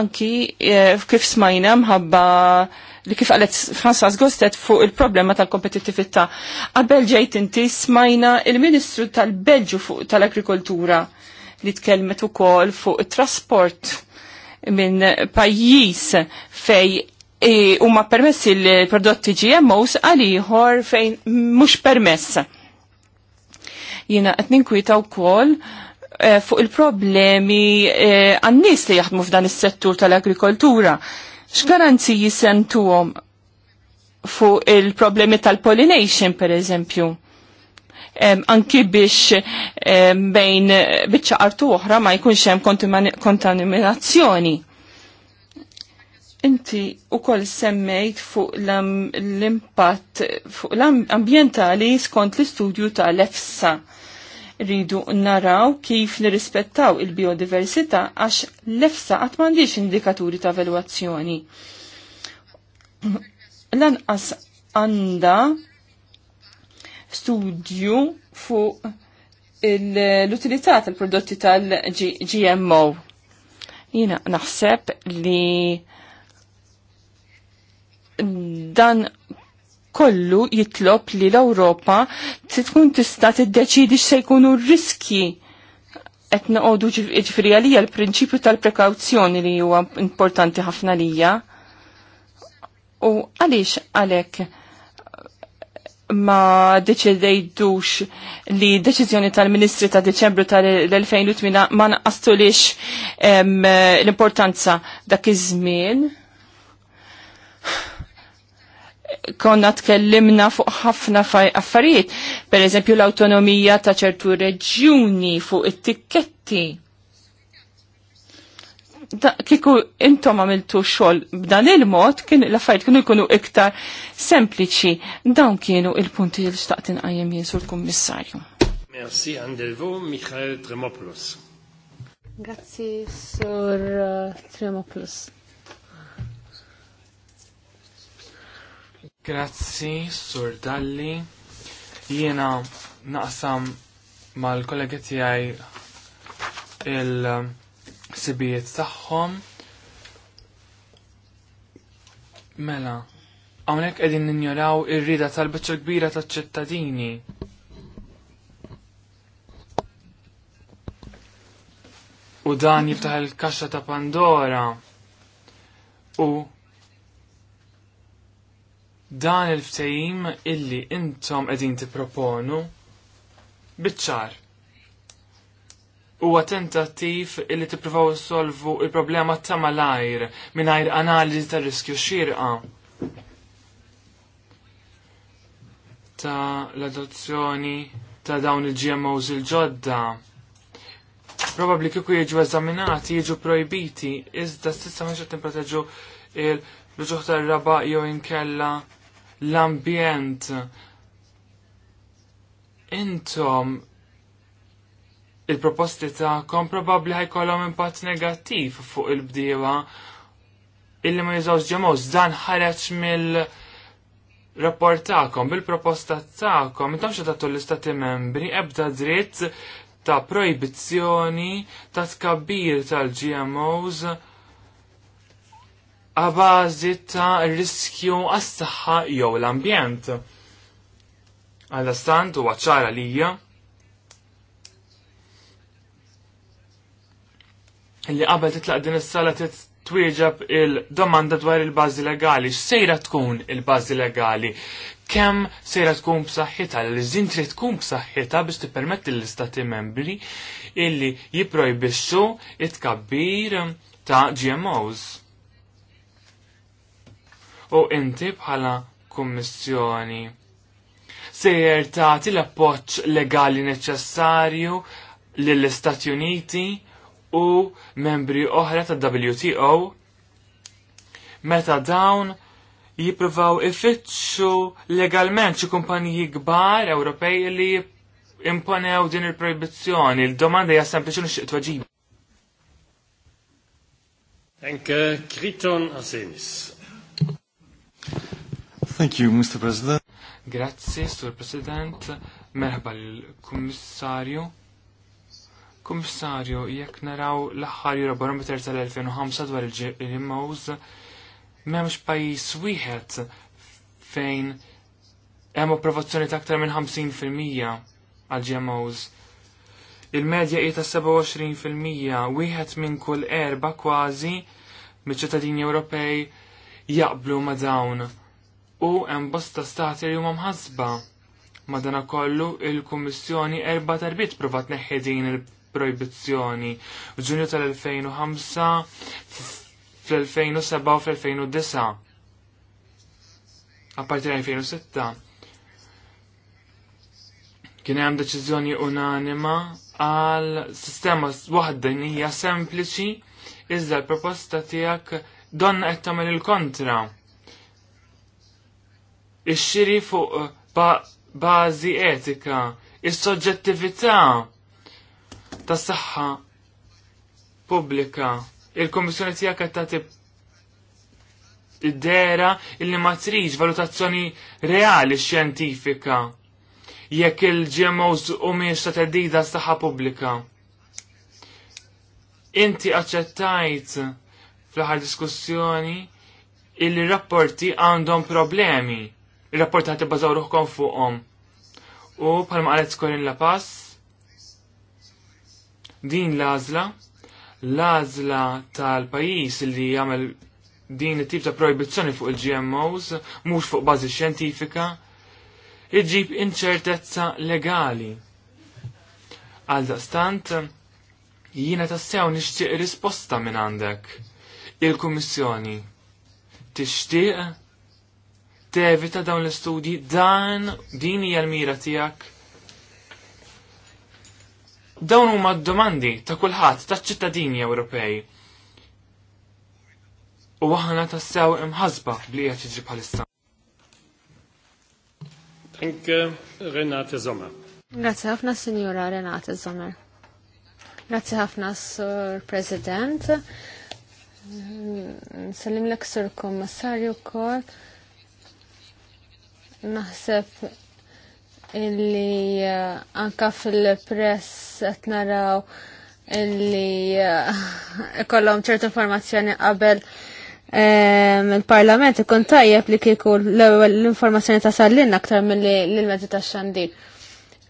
B: Anki eh, kif smajna mħabba li kif għalet Fransas Gostet fuq il-problema tal kompetitivita Qabel ġejt inti smajna il-Ministru tal-Belġu fuq tal-Agrikoltura li tkellmet ukoll fuq trasport minn pajjiż fej eh, huma permessi l-prodotti GMOs għal ieħor fejn mhux permess Jina qed ninkwita wkoll eh, fuq il-problemi eh, għannis li jaħdmu f'dan is-settur tal-agrikoltura. X'garanziji sentuhom fuq il-problemi tal-pollination, per eżempju? anki biex bejn biċċaqartu oħra ma jkunx hemm kontaminazzjoni. Inti u koll semmejt fuq l-impatt fuq l-ambientali skont l-istudju tal-EFSA. Ridu naraw kif nirrispettaw il-biodiversità għax l-EFSA għat indikaturi ta' evaluazzjoni. Lanqas għanda studju fuq l-utilità tal-prodotti tal-GMO. Jina naħseb li dan kollu jitlob li l-Ewropa tkun tista' tiddeċidi x'se jkunu r-riski qed noqogħdu ġifri għalija l-prinċipju tal-prekawzjoni li huwa importanti ħafna lija. U għaliex għalhekk ma deċedejdux li deċiżjoni tal-Ministri ta' Deċembru tal-2008 ma naqqastulix l-importanza dak iż-żmien konna tkellimna fuq ħafna affarijiet, per eżempju l-autonomija ta' ċertu reġjuni fuq it-tikketti. Kiku intom għamiltu xol b'dan il-mod, kien l-affarijiet kienu jkunu iktar sempliċi. Dawn kienu il-punti li xtaqtin għajem jesu l-kummissarju.
A: Merci
C: Andelvo, Michael Tremopoulos.
D: Grazie, Sur eh, Tremopoulos.
C: Grazzi, Sur Dalli. Jiena naqsam mal-kollegi tiegħi il-sibijiet tagħhom. Mela, hawnhekk qegħdin ninjoraw ir-rida tal-biċċa kbira taċ-ċittadini. U dan jiftaħ il-kaxxa ta' Pandora. U dan il-ftehim illi intom qegħdin tipproponu biċ Huwa tentattiv illi tippruvaw solvu il-problema ta' malajr mingħajr analiżi ta' riskju xirqa ta' l-adozzjoni ta' dawn il-GMOs il-ġodda. Probabli kieku jiġu eżaminati, jiġu projbiti, iżda stessa maċa timproteġu il-ġuħ tar-raba jew inkella l-ambjent intom il-proposti ta'kom probabli ħajkollhom impatt negattiv fuq il-bdiewa illi ma jużawx ġemos dan ħareġ mill rapport ta'kom bil-proposta ta'kom intom xa tagħtu l-istati membri ebda dritt ta' proibizzjoni ta' tkabbir tal-GMOs għabazi ta' riskju għas-saħħa jew l-ambjent. Għal-astant u għacċara lija li qabel titlaq din is-sala twieġeb il-domanda dwar il-bażi legali, x'sejra tkun il-bażi legali, kemm sejra tkun b'saħħitha, li żin trid tkun b'saħħitha biex tippermetti l-istati membri illi jipprojbixxu it-kabbir ta' GMOs u inti bħala kummissjoni. Sejjer tagħti l-appoġġ legali neċessarju lill-Istati Uniti u membri oħra ta' WTO meta dawn jipruvaw ifittxu legalment xi kumpaniji kbar Ewropej li imponew din il-proibizzjoni. Il-domanda hija sempliċi nixtieq tweġib. you, Kriton Asenis.
A: Thank you, Mr. President.
C: Grazzi, Sur President. Merħba l-Kummissarju. Kummissarju, jekk naraw l-aħħar Eurobarometer tal-2005 dwar il-GMOs, m'hemmx pajjiż wieħed fejn hemm approvazzjoni ta' aktar minn 50% għal GMOs. Il-medja hi ta' 27%, wieħed minn kull erba' kważi miċ-ċittadini Ewropej jaqblu ma' dawn u hemm bosta stati li huma mħasba. Madanakollu il-Kummissjoni erba' tarbit provat neħħi din il-projbizzjoni. Ġunju tal-2005, fl-2007 u fl-2009. Apparti l-2006 kien hemm deċiżjoni unanima għal sistema waħda hija sempliċi iżda l-proposta tiegħek donna qed tagħmel il-kontra ix-xiri fuq eh, bażi etika, il soġġettività tas-saħħa pubblika. Il-Komissjoni tiegħek qed tagħti id-dera il ma trix valutazzjoni reali xjentifika jekk il-GMOs u miex ta' teddida s-saħħa pubblika. Inti aċċettajt fl-aħħar diskussjoni il-rapporti għandhom problemi il rapportati bazaw ruħkom fuqhom. U palma għalet skorin la pass, din l-għażla, l-għażla tal-pajjiż li jagħmel din it-tip ta' proibizzjoni fuq il-GMOs mhux fuq bażi xjentifika iġib inċertezza legali. Għal jina jiena tassew nixtieq risposta minn għandek. Il-Kummissjoni tixtieq tevita dawn l-istudji dan din hija l-mira tiegħek. Dawn huma d-domandi ta' kulħadd taċ-ċittadini Ewropej. U aħna tassew imħasba li qiegħed jiġri bħalissa.
A: Anke Renate Sommer.
D: Grazzi ħafna signora Renate Sommer. Grazzi ħafna Sur President. Salim l-ek Sur Kommissarju kol. Naħseb illi uh, anka fil-press qed naraw illi uh, kollhom ċertu informazzjoni qabel um, il-parlament ikun tajjeb li kieku l-informazzjoni ta' sallin aktar milli l-mezzi ta' xandir.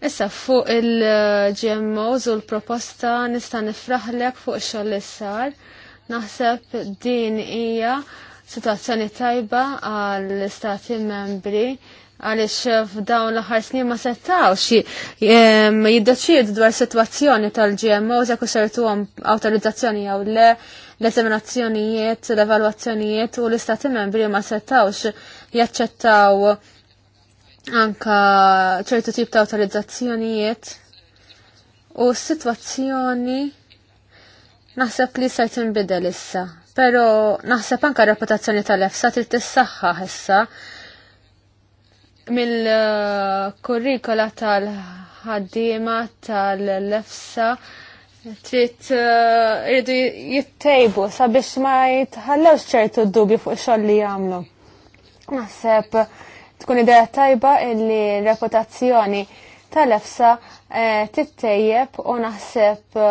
D: Issa fuq il-GMOs u l-proposta nista' nifraħlek fuq ix-xogħol li sar. Naħseb din hija situazzjoni tajba għall-istati membri għalix f'dawn l-ħar snin ma settawx jiddeċid dwar situazzjoni tal-GMO u sertu għom autorizzazzjoni għaw le l-eżaminazzjonijiet, l-evaluazzjonijiet u l-istati membri ma settawx jaċċettaw anka ċertu tip ta' autorizzazzjonijiet u s-situazzjoni naħseb li se tinbidel issa Pero naħseb anka reputazzjoni tal-EFSA trid tissaħħa issa mill-kurrikola tal-ħaddiema tal-EFSA trid uh, irridu jittejbu sabiex ma jitħallewx ċertu dubju fuq xogħol li jagħmlu. Naħseb tkun idea tajba illi reputazzjoni tal-EFSA eh, tittejjeb u naħseb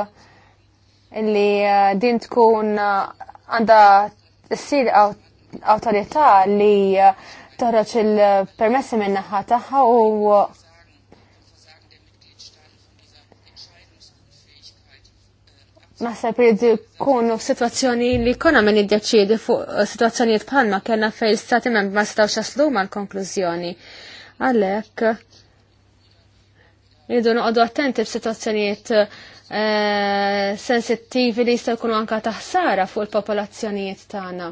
D: li eh, din tkun eh, għandha sir awtorità li uh, toħroġ il-permessi minn naħa tagħha u uh, Naħseb irridu jkunu f'sitwazzjoni li konna min iddeċiedi fuq uh, sitwazzjonijiet kena kellna fejn stati minn ma xaslu ma mal-konklużjoni. Għalhekk jidu noqogħdu attenti f'sitwazzjonijiet Eh, sensittivi li jistgħu jkunu anka taħsara fuq il-popolazzjonijiet tagħna.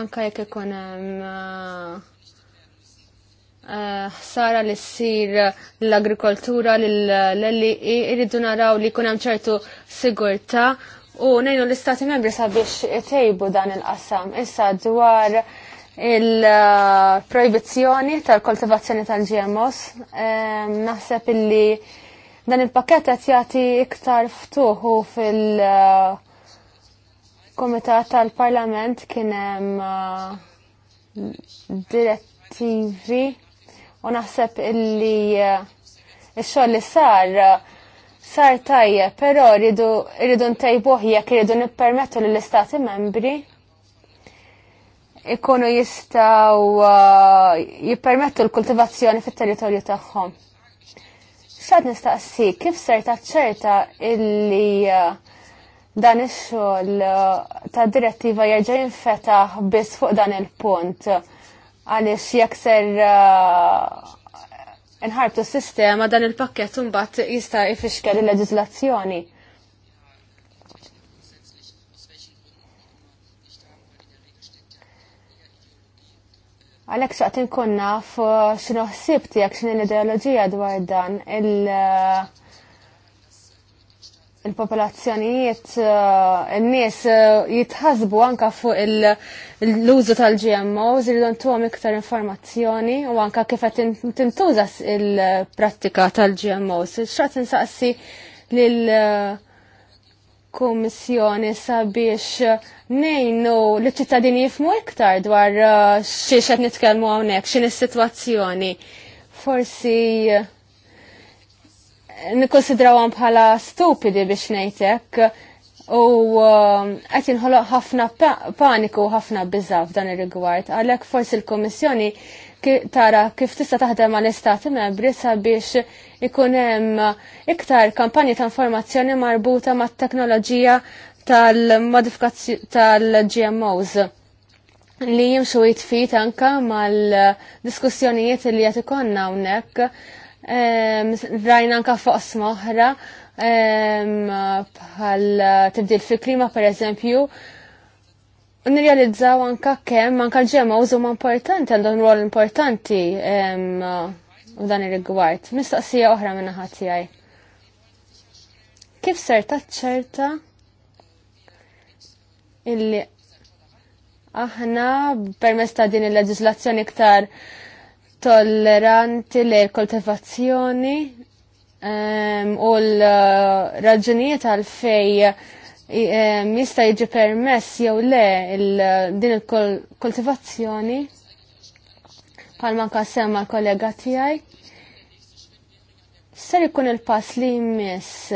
D: Anka jekk ikun hemm eh, eh, ħsara li ssir l-agrikoltura l-li irridu naraw li jkun hemm ċertu sigurtà u ngħidu l-istati membri sabiex tejbu dan il-qasam. Issa dwar il-proibizjoni tal-koltivazzjoni tal-GMOs. Ehm, naħseb illi dan il-pakket qed jagħti iktar ftuħu fil- Komitat tal-Parlament kien hemm eh, direttivi u naħseb illi eh, ix-xogħol li sar sar tajjeb, però rridu rridu ntejbuh jekk irridu nippermettu lill istati membri ikunu jistaw uh, jippermettu l-kultivazzjoni fit-territorju tagħhom. Xad nistaqsi, kif ser taċċerta illi uh, dan ix-xogħol uh, ta' direttiva jerġa' jinfetaħ biss fuq dan il-punt għaliex jekk ser inħarbtu s-sistema dan il-pakket mbagħad jista' jfixkel il-leġiżlazzjoni. il leġiżlazzjoni Għalek xaqt nkunna fu eh, xinu xsibti għak xinu l-ideologija dwar dan eh, il-popolazzjonijiet, eh, il-nies jitħasbu anka fuq l-użu tal-GMOs, irridu ntuhom iktar informazzjoni u anka kif qed tintuża il-prattika tal-GMOs. Xaqt insaqsi lil uh, kummissjoni sabiex nejnu li ċittadini jifmu iktar dwar uh, xiex qed nitkellmu hawnhekk x'in is-sitwazzjoni. Forsi uh, nikkonsidrawhom bħala stupidi biex ngħid hekk u uh, qed jinħoloq ħafna paniku ħafna biża f'dan ir-rigward. Għalhekk forsi l-Kummissjoni tara kif tista' taħdem mal istati membri sabiex ikun hemm iktar kampanji ta' informazzjoni marbuta mat-teknoloġija tal-GMOs li jimxu jitfit anka mal-diskussjonijiet li qed ikonna hawnhekk. Rajna anka fuq moħra, bħal tibdil fil-klima per eżempju, Nirrealizzaw anka kemm anka ġemma użuma importanti għandhom rol importanti u dan ir-rigward. Mistaqsija oħra minn ħadd Kif ser taċċerta illi aħna permess ta' din il-leġislazzjoni iktar tolleranti li l-koltivazzjoni u l-raġunijiet għalfej fej jista' jiġi permess jew le din il-koltivazzjoni bħal manka semma l-kollega tiegħi. Ser ikun il-pass li jmiss.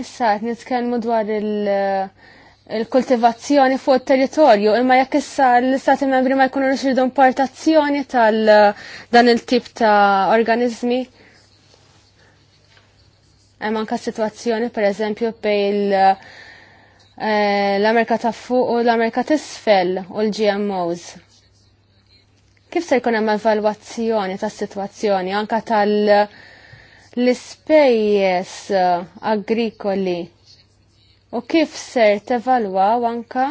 D: Issa qed nitkellmu dwar il- kultivazzjoni fuq il-territorju, imma jekk issa l-istati membri ma jkunu rixridu importazzjoni tal dan il-tip ta' organizmi Hemm anke sitwazzjoni pereżempju bejn eh, l-Amerika ta' fuq u l-Amerika tisfel u l-GMOs. Kif se jkun hemm evalwazzjoni tas-sitwazzjoni anke tal-ispejjeż l agrikoli u kif ser tevalwaw anke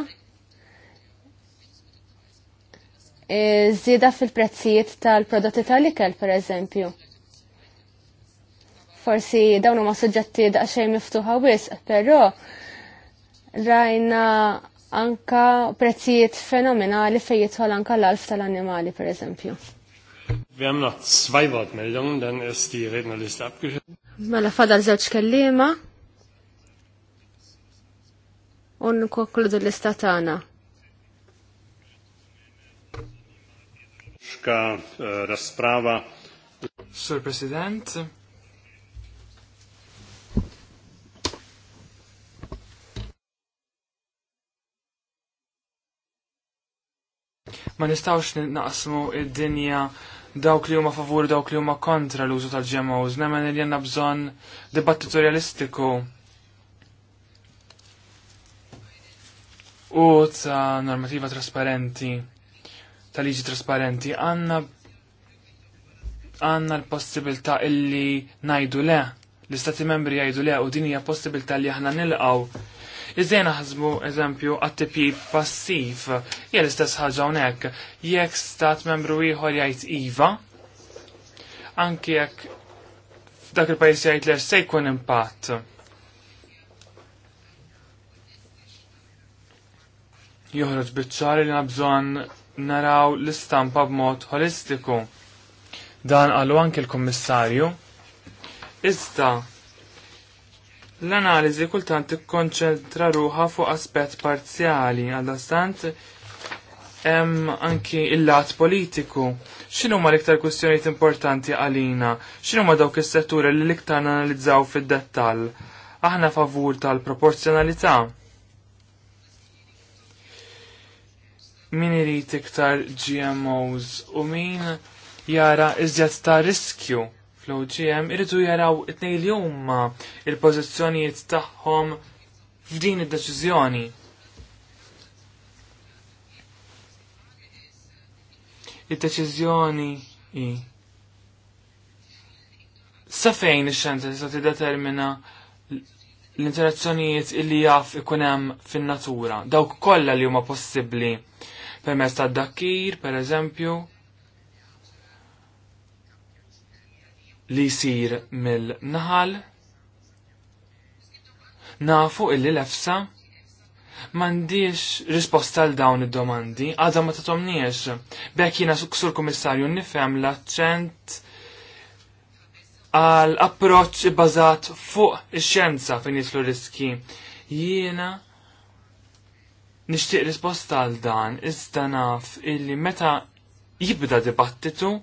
D: żieda fil-prezzijiet tal-prodotti tal-ikel pereżempju forsi dawn huma suġġetti xejn miftuħa wisq, però rajna anka prezzijiet fenomenali fejn jidħol anka l-alf tal-annimali pereżempju.
A: Wir
C: haben noch er zwei Wortmeldungen, dann ist die Rednerliste abgeschlossen.
D: Mela fadal żewġ kellima. U nkonkludu l-lista tagħna.
A: Eh,
C: Sur President, Ma nistawx naqsmu id-dinja dawk li huma favur dawk li huma kontra l-użu tal-GMOs, nemmen li għanna bżon dibattitu realistiku. U ta' normativa trasparenti, ta' liġi trasparenti, għanna għanna l-possibilta illi najdu le, l-istati membri jgħidu le, u din hija possibilta li aħna nilqaw Iżdejna ħazmu eżempju għat passiv, jgħal l-istess ħagġa hawnhekk. Jekk stat membru ieħor jgħid iva, anki jekk dak il pajis jgħid lex se jkun impatt. Joħroġ biċċari li nabżon naraw l-istampa b'mod holistiku. Dan għalu anki l-Kommissarju. Iżda L-analiżi kultant tikkonċentra ruħa fuq aspett parzjali għaldastant hemm anki il-lat politiku. X'inhu ma l-iktar kwistjonijiet importanti għalina? X'inhu ma dawk is-setturi li l-iktar analizzaw fid-dettall? Aħna favur tal-proporzjonalità. min irid iktar GMOs u min jara iżjed ta' riskju fl-OGM irridu jaraw it-nej li huma il-pożizzjonijiet tagħhom f'din id-deċiżjoni. Id-deċiżjoni i sa fejn ix-xjenza tista' tiddetermina l-interazzjonijiet illi jaf ikun hemm fin-natura, dawk kollha li huma possibbli permezz tad-dakkir, per eżempju, li jisir mill-naħal. Nafu illi lefsa, mandiex risposta għal dawn id-domandi, għadha ma tatomniex. Bekk jiena sur kummissarju nifhem l-aċċent għal approċċ bazat fuq ix-xjenza fejn jitlu riski. Jiena nixtieq risposta għal dan iżda naf illi meta jibda dibattitu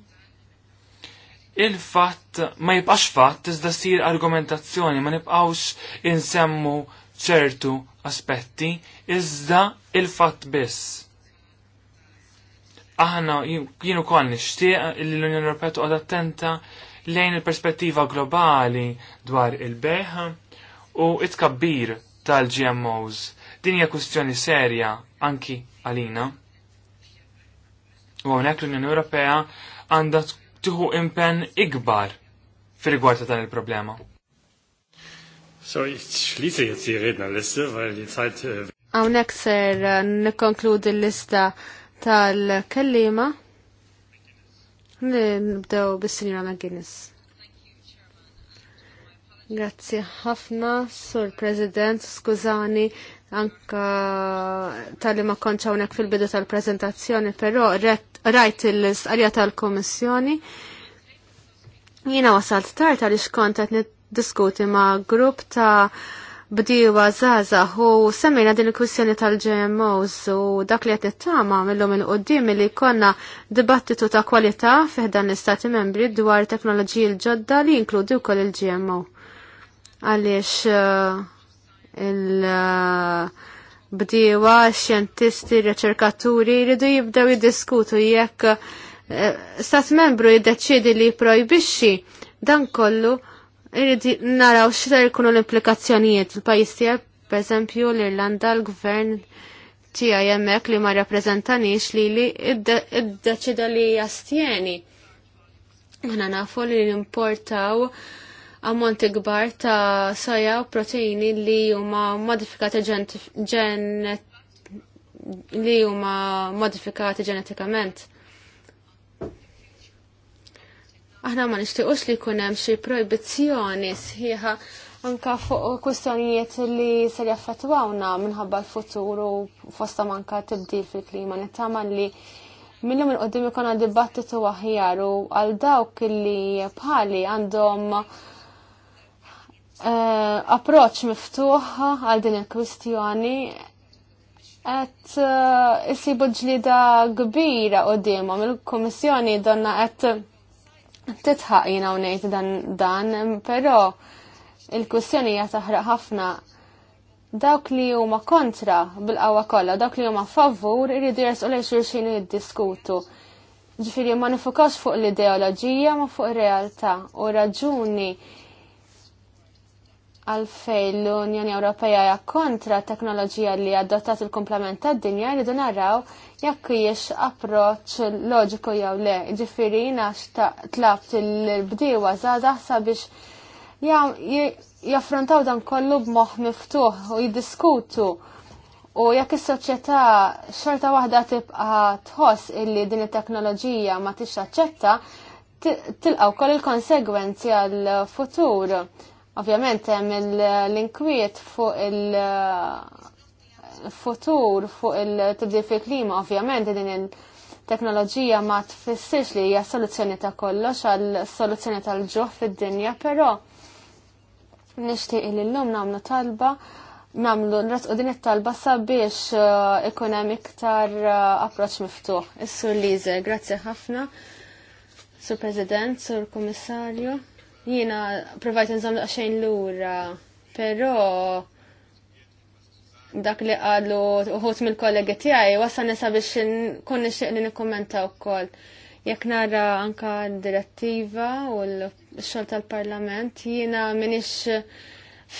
C: il-fatt ma jibqax fatt iżda sir argumentazzjoni, ma nibqawx insemmu ċertu aspetti iżda il-fatt biss. Aħna jienu kol nixtieq li l-Unjoni Ewropea tuqgħod attenta lejn il-perspettiva globali dwar il-beħ u it-kabbir tal-GMOs. Din hija kwistjoni serja anki għalina. U hawnhekk l-Unjoni Ewropea għandha tuħu impen ikbar fil-rigward ta' dan il-problema. So, xlisi jazzi redna l-lista, għal jizzajt.
D: Għawnek äh, ser äh, nikonkludi l-lista tal-kellima. Nibdew bis-sinjora McGuinness. Grazie ħafna, Sur President, skużani anka tal-li ma konċa hawnhekk fil-bidu tal prezentazzjoni però rajt il-istqarja tal komissjoni Jiena wasalt tard għaliex kont qed niddiskuti ma' grupp ta' bdiwa zaza u semmejna din il-kwissjoni tal-GMOs u dak li qed nittama millum il-qoddim li konna dibattitu ta' kwalità fiħdan l-Istati membri dwar teknoloġiji l-ġodda li jinkludi wkoll il-GMO. Għaliex uh, il-bdiewa, xjentisti, reċerkaturi jridu jibdew jiddiskutu jekk eh, stat membru jiddeċidi li jprojbixxi dan kollu jridu naraw x'ser jkunu l-implikazzjonijiet il-pajjiż tiegħek pereżempju l-Irlanda l-gvern tiegħi hemmhekk li ma rappreżentanix li li iddeċida li jastjeni. Aħna nafu li jimportaw. importaw ammonti kbar ta' soja u proteini li huma modifikati ġen li huma modifikati ġenetikament. Aħna ma nixtiequx li jkun hemm xi projbizzjoni sħiħa anka fuq kwistjonijiet li se jaffettwawna minħabba l-futur u fosta manka tibdil fil-klima nittama li millum il-qoddim ikon dibattitu aħjar u għal dawk li bħali għandhom Eh, approċ miftuħ għal din il-kwistjoni għet jisibu eh, ġlida kbira u il-Komissjoni donna għet titħaq jina unajt dan dan, pero il-kwistjoni jataħraq ħafna dawk li huma kontra bil-qawa kollha, dawk li huma favur irridu jersqu lejn xulxin jiddiskutu. Ġifieri ma nifukawx fuq l-ideoloġija ma fuq ir-realtà u raġuni għalfejn l-Unjoni Ewropea hija kontra t teknoloġija li adottat il-komplement tad-dinja jridu naraw jekk hijiex approċċ loġiku jew le. Ġifieri għax tlabt il-bdiewa żgħażagħ sabiex jaffrontaw dan kollu b'moħħ miftuħ u jiddiskutu U jekk is-soċjetà xorta waħda tibqa tħoss illi din it-teknoloġija ma tix tilqaw koll il-konsegwenzi għal futur Ovvjament hemm l-inkwiet fuq il-futur, fuq il-tibdil fil-klima, ovvjament din il-teknoloġija ma tfissirx li hija soluzzjoni ta' kollox għal soluzzjoni tal-ġuħ fid-dinja, però nixtieq li llum nagħmlu talba nagħmlu nrasqu din it-talba sabiex uh, ikun hemm iktar uh, approċċ miftuħ. Is-Sur Lize, grazzi ħafna, Sur President, Sur Kummissarju. Jiena provajt nżamm xejn lura, però dak li qalu uħut mill-kollegi tiegħi wasa nisa biex kun nixtieq li nikkummenta wkoll. Jekk nara anka direttiva u l-xogħol tal-Parlament, jiena minix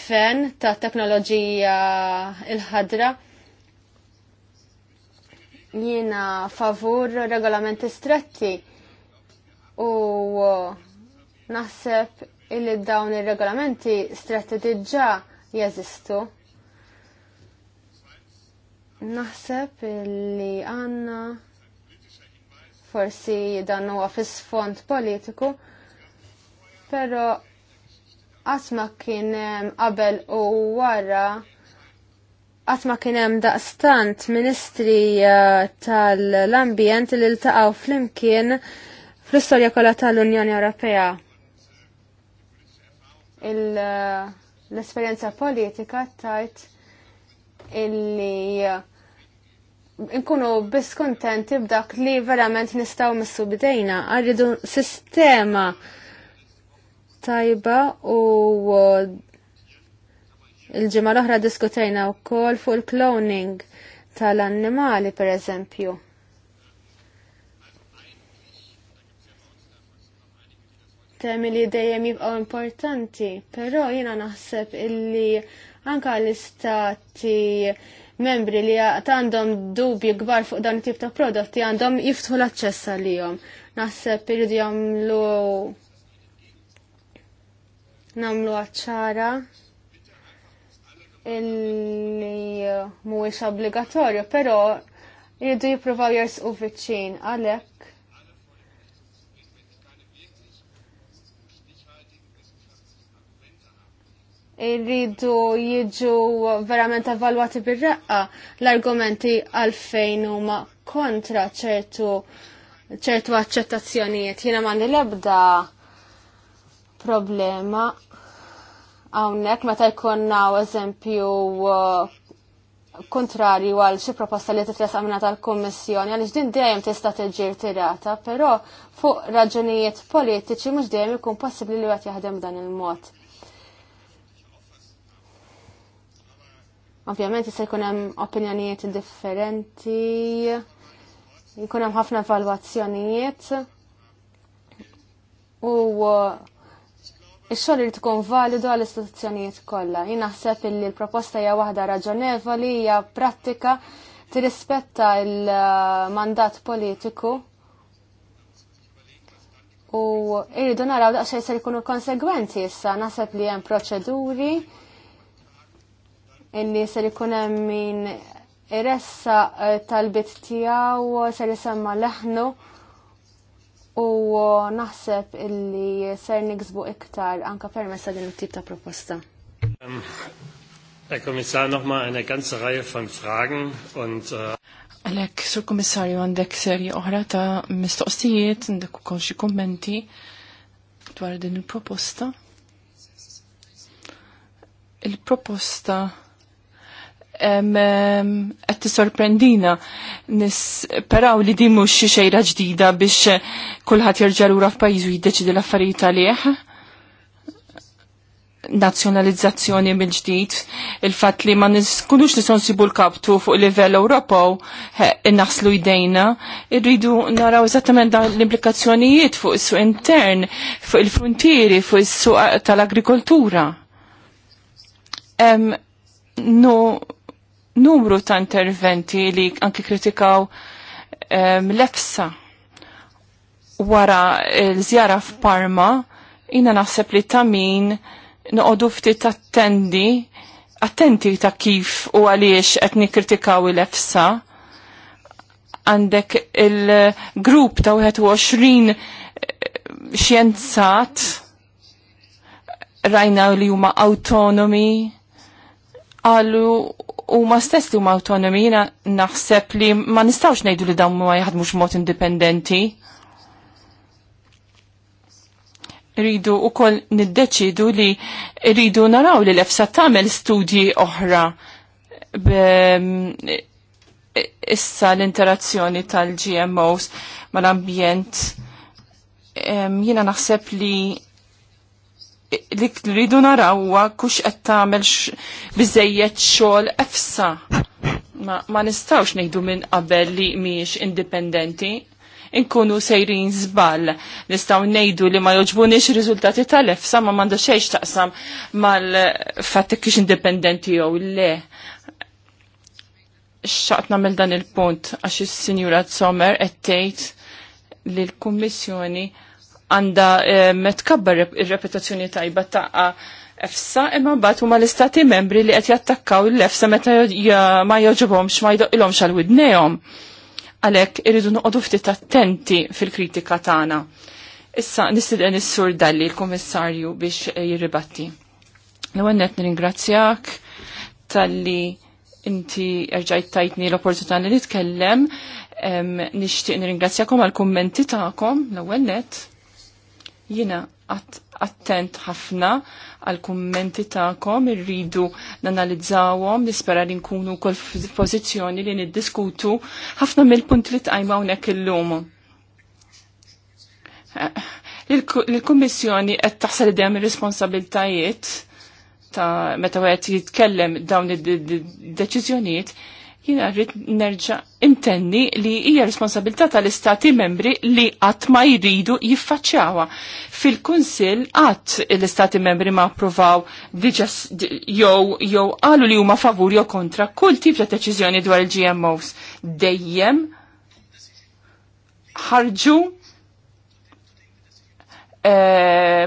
D: fen ta' teknoloġija il-ħadra jiena favur regolamenti stretti u Naħseb illi dawn ir-regolamenti stretti diġà jeżistu. Naħseb illi għanna forsi dan huwa fis-sfond politiku, però ma kien hemm qabel u wara kien hemm daqstant ministri eh, tal-ambjent li ltaqgħu flimkien fl istorja kollha tal-Unjoni Ewropea l-esperienza politika tajt illi nkunu biskontenti b'dak li verament nistaw missu bdejna. Għarridu sistema tajba u il-ġimma l-oħra diskutajna u kol fuq il-cloning tal-annimali per eżempju. temi li dejjem jibqgħu importanti, però jiena naħseb illi anka l-istati membri li għandhom dubi kbar fuq dan tip ta' prodotti għandhom jiftħu l-aċċess għalihom. Naħseb irridu jagħmlu nagħmlu għaċċara illi mhuwiex obbligatorju, però jridu jippruvaw jersqu viċċin għalhekk irridu jiġu verament evalwati bir-reqqa l-argumenti għalfejn huma kontra ċertu ċertu aċċettazzjonijiet. Jiena m'għandi l-ebda problema hawnhekk meta naw eżempju uh, kontrarju għal xi proposta li titres għamna tal-Kommissjoni għaliex din dejjem tista' tiġi tirata, però fuq raġunijiet politiċi mhux dejjem ikun possibbli li qed jaħdem dan il-mod. Ovvjament jista' jkun hemm opinjonijiet differenti, jkun hemm ħafna evalwazzjonijiet. U uh, ix-xogħol li tkun validu għall istituzzjonijiet kollha. Jien naħseb li l-proposta hija waħda raġonevoli, hija prattika tirrispetta l-mandat politiku u irridu naraw daqsxejn se jkunu konsegwenzi issa naħseb li hemm proċeduri inni ser ikun hemm min iressa eh, tal-bit tiegħu ser isemma leħnu u naħseb illi ser niksbu iktar anka permessa din it-tip ta' proposta.
C: Herr Kommissar, nochmal eine ganze Reihe von Fragen und äh,
B: Għalek, sur kommissarju għandek serje oħra ta' mistoqsijiet, għandek u xi kommenti dwar din il-proposta. Il-proposta qed tisorprendina nisperaw li din mhux xi xejra ġdida biex kulħadd jerġa' lura f'pajjiżu jiddeċidi l-affarijiet għalih. Nazzjonalizzazzjoni mill-ġdid, il-fatt li ma niskunux nisonsibu l-kaptu fuq livell Ewropew innaħslu jdejna, irridu naraw eżattament dawn l-implikazzjonijiet fuq is-suq intern, fuq il-frontieri, fuq is-suq tal-agrikoltura. no numru ta' interventi li anki kritikaw ehm, l-efsa wara l-żjara f'Parma, jina naħseb li ta' min noqodu ftit attendi, attenti ta' kif u għaliex qed nikkritikaw l-efsa. Għandek il-grupp ta' 21 eh, xjenzat rajna li huma autonomi għallu u ma stess li huma autonomi jina naħseb li ma nistawx ngħidu li dawn ma jaħdmux mod indipendenti. Ridu u koll niddeċidu li ridu naraw li l-efsa tagħmel studji oħra issa l-interazzjoni tal-GMOs mal-ambjent. Jina naħseb li li rridu narawwa kux qed tagħmel biżejjed xogħol efsa. Ma, ma nistawx ngħidu minn qabel li mhijiex indipendenti. Inkunu sejrin żball nistgħu ngħidu li ma joġbunix riżultati tal-efsa ma m'għandha xejn taqsam mal fatti kiex indipendenti jew le. Xaqt nagħmel dan il-punt għax is-Sinjura Sommer qed tgħid li l-Kummissjoni għanda eh, metkabbar il-reputazzjoni tajba taqqa EFSA imma bat huma l-istati membri li qed jattakkaw l-EFSA meta ma joġobhomx ma jdoqilhomx għal widnejhom. Għalhekk irridu noqogħdu ftit attenti fil-kritika tagħna. Issa nistiden is-sur Dalli l-Kummissarju biex eh, jirribatti. L-ewwel qed nirringrazzjak talli inti erġajt tajtni l-opportunità li nitkellem nixtieq nirringrazzjakom għal kummenti tagħkom l-ewwel nett Jina attent ħafna għal kummenti ta'kom irridu nanalizzawhom nispera li nkunu kol pożizzjoni li niddiskutu ħafna mill-punt li tqajma hawnhekk illum. Eh, Il-Kummissjoni qed taħsel idejhem ir-responsabiltajiet ta' meta wieħed jitkellem dawn id-deċiżjonijiet Jina rrit nerġa intenni li hija responsabilità tal-istati membri li qatt ma jridu jiffaċċjawa. Fil-Kunsill qatt l-istati membri ma approvaw jew jew qalu li huma favur jew kontra kull tip ta' deċiżjoni dwar il-GMOs. Dejjem ħarġu E,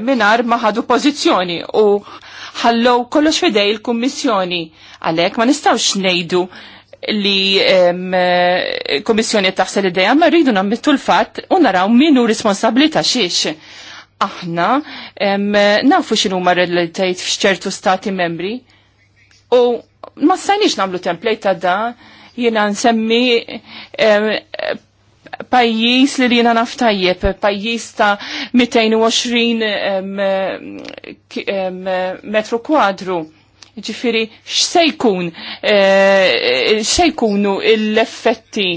B: minar ħadu pożizzjoni u ħallow kollox fedej il-kummissjoni. għalhekk ma nistgħux ngħidu li komissjoni taħsel li deja ma rridu nammittu l-fat u naraw minnu responsabli ta' xiex. Aħna nafu xinu ma relatajt fċertu stati membri u ma stajniex namlu template ta' da jena nsemmi pajjiż li jena naftajjeb, pajjiż ta' 220 metru kwadru Ġifiri, x'sejkun, e, eh, x'sejkunu l-effetti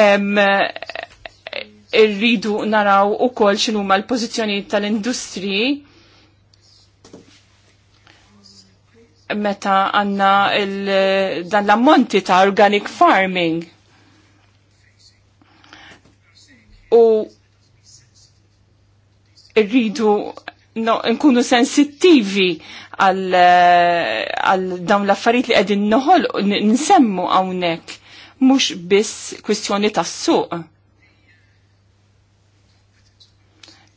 B: eh, irridu naraw u kol xinu ma l-pozizjoni tal-industri meta għanna dan l-ammonti ta' organic farming. U rridu no, nkunu sensittivi għal dawn l-affarijiet li qegħdin noħol nsemmu hawnhekk mhux biss kwistjoni tas-suq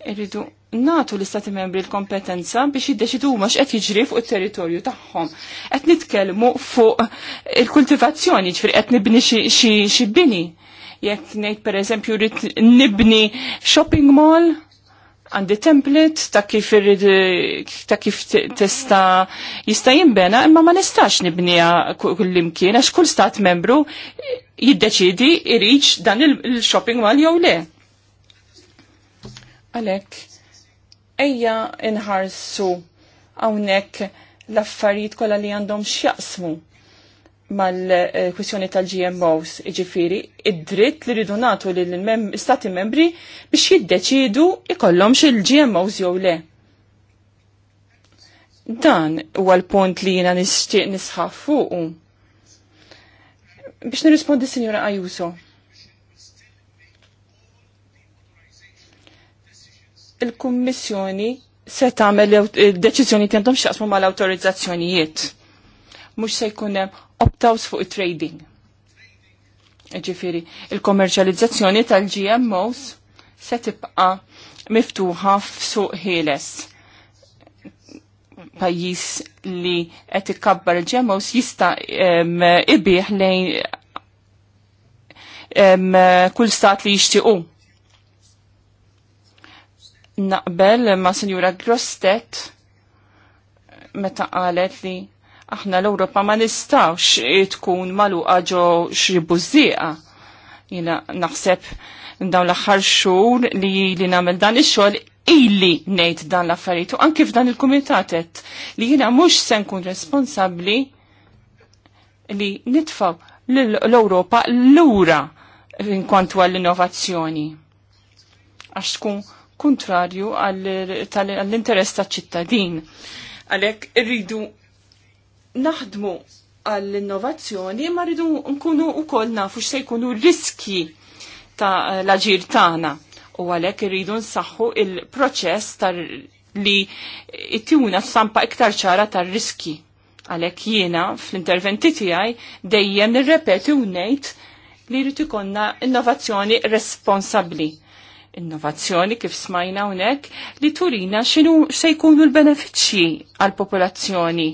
B: Irridu natu l-istati membri l-kompetenza biex jiddeċidu ma x'qed jiġri fuq it-territorju tagħhom. Qed nitkellmu fuq il-kultivazzjoni, ġifieri qed nibni xi bini. Jekk ngħid pereżempju rrid nibni shopping mall, għandi template ta' kif irrid ta' kif tista jista' jinbena, imma ma nistax nibnija kullimkien għax kull stat membru jiddeċidi irriġ dan il-shopping mall jew le Għalek, ejja inħarsu għawnek l-affarijiet kolla li għandhom xjaqsmu mal-kwissjoni tal-GMOs, iġifiri id-dritt li rridu natu li l-stati membri biex jiddeċidu ikollom xil gmos jew le. Dan huwa l-punt li jina nisħaf fuqu. Biex nirrispondi, Sinjora Ajuso. il-Kummissjoni se tagħmel deċiżjoni għandhom x'jaqsmu mal-awtorizzazzjonijiet. Mhux se jkun hemm opt-outs fuq it-trading. Ġifieri, il-kommerċjalizzazzjoni tal-GMOs se tibqa' miftuħa f'suq ħieles. Pajjiż li qed ikabbar il-GMOs jista' ibih lejn kull stat li jixtiequ naqbel ma' Sinjura Grostet meta qalet li aħna l-Ewropa ma nistawx tkun maluqa ġo xi bużieqa. Jiena naħseb dawn l-aħħar xhur li li nagħmel dan ix-xogħol illi ngħid dan l-affarijiet u anke f'dan il-kumitat li jiena mhux se nkun responsabbli li nitfaw l-Ewropa lura inkwantu għall-innovazzjoni. Għax tkun kontrarju għall-interess ta' ċittadin. Għalek irridu naħdmu għall-innovazzjoni ma rridu nkunu u koll nafu se jkunu riski ta' l-aġir tagħna u għalek irridu nsaħħu il-proċess tar li it-tuna stampa iktar ċara tar riski. Għalek jiena fl-interventi tiegħi dejjem nirrepeti u ngħid li rritu konna innovazzjoni responsabbli innovazzjoni kif smajna unek li turina xinu se jkunu l-benefiċċji għal-popolazzjoni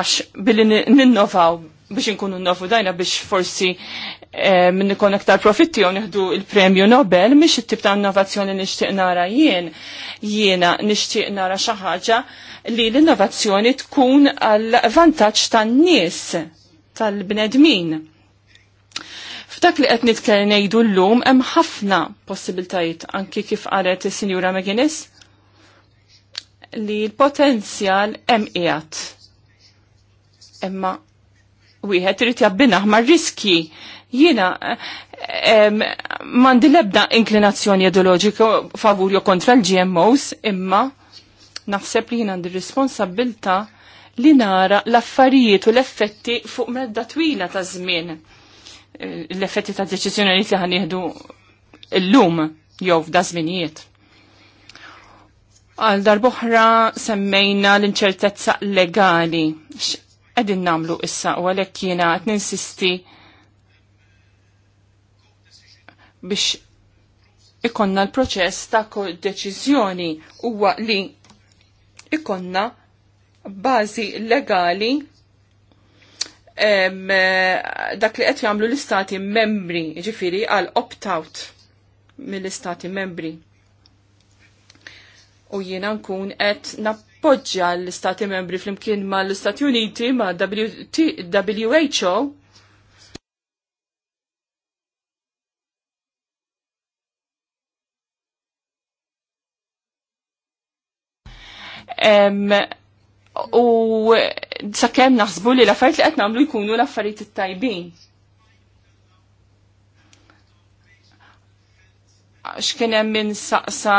B: għax billi ninnovaw biex nkunu nnovu dajna biex forsi eh, minn ikon iktar profitti u nieħdu il-premju Nobel miex it-tip ta' innovazzjoni nixtieq nara jien jiena nixtieq nara xi ħaġa li l-innovazzjoni tkun għal vantaġġ tan-nies tal-bnedmin F'dak li qed nitkellem ngħidu llum hemm ħafna possibiltajiet anki kif qalet is-Sinjura McGuinness li l-potenzjal hemm qiegħed. Imma wieħed irid jabbinaħ mar-riski jiena mandi lebda inklinazzjoni ideoloġika favur jo kontra l-GMOs imma naħseb li jien għandi responsabilta li nara l-affarijiet u l-effetti fuq medda twila ta' żmien l-effetti ta' deċizjoni li ħan jihdu l-lum jew f'da zminijiet. Għal darboħra semmejna l-inċertezza legali. Għedin namlu issa u għalek jena għat ninsisti biex ikonna l-proċess ta' deċizjoni huwa li ikonna bażi legali dak li qed jagħmlu l-istati membri, ġifiri għal opt-out mill-istati membri. U jiena nkun qed nappoġġja l-istati membri flimkien ma l-Istati Uniti ma WHO Um, u sakemm naħsbu li l-affarijiet li qed nagħmlu jkunu l-affarijiet it-tajbin. x'kien hemm min saqsa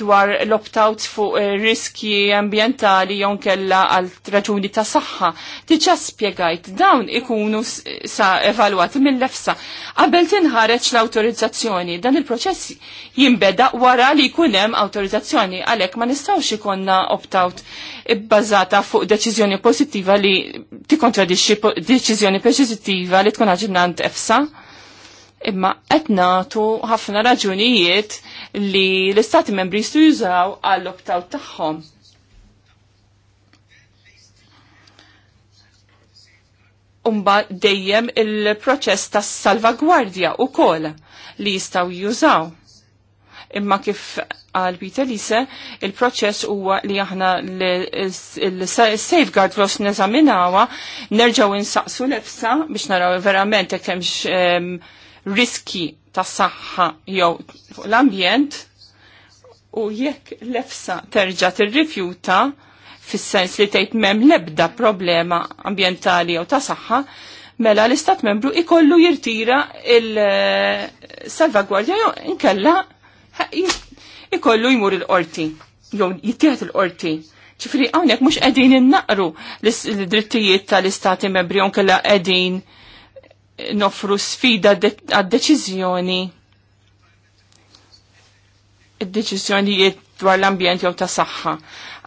B: dwar l-opt-out fuq eh, riski ambientali jew kella għal raġuni ta' saħħa. Tiċa spjegajt dawn ikunu sa evalwati mill-lefsa. Qabel tinħareġ l-awtorizzazzjoni dan il-proċess jinbeda wara li jkun hemm awtorizzazzjoni għalhekk ma nistgħux ikonna opt-out bbażata fuq deċiżjoni pożittiva li tikkontradixxi deċiżjoni pozittiva li tkun aġinant EFSA imma qed nagħtu ħafna raġunijiet li l-istati membri jistgħu jużaw għall optaw tagħhom. Umba dejjem il-proċess ta' salvagwardja u kol li jistaw jużaw. Imma kif għal Peter Lise, il-proċess huwa li aħna l-safeguard l neżaminawa, nerġaw insaqsu l-efsa biex naraw verament kemx riski tas saħħa jew l-ambjent u jekk l-efsa terġa' tirrifjuta fis-sens li tgħid m'hemm l-ebda problema ambjentali jew ta' saħħa, mela l-istat membru ikollu jirtira il-salvagwardja jew inkella ikollu jmur il-qorti jew jittieħed il-qorti. Ċifri hawnhekk mhux qegħdin innaqru l-drittijiet tal-istati membri jew kella qegħdin nofru sfida għad-deċizjoni id-deċizjonijiet dwar l-ambjent jew ta' saħħa.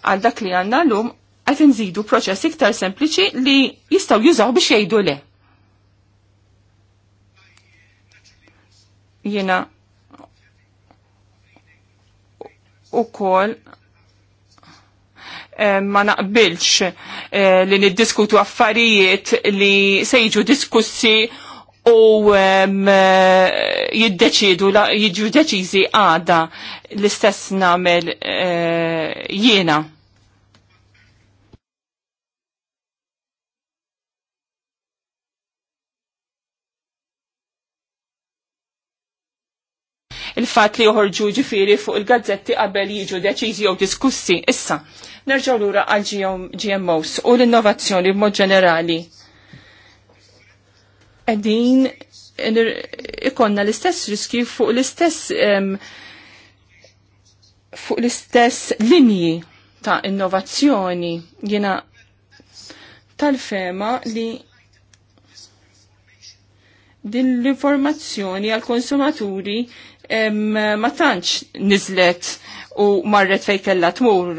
B: Għal dak li għandna llum qed inżidu proċess iktar sempliċi li jistgħu jużaw biex jgħidu le. Jiena kol Eh, ma naqbilx eh, li niddiskutu affarijiet li sejġu diskussi u eh, jiddeċidu jiġu deċiżi għada l-istess namel jiena. il-fat li joħorġu ġifiri fuq il-gazzetti qabel jiġu deċiżi jew diskussi. Issa, nerġgħu lura għal GMOs u l-innovazzjoni b'mod ġenerali. Eddin, ikonna l-istess riski fuq l-istess fuq l-istess linji ta' innovazzjoni jiena tal-fema li din l-informazzjoni għal konsumaturi ma tantx nizlet u marret fej kella tmur,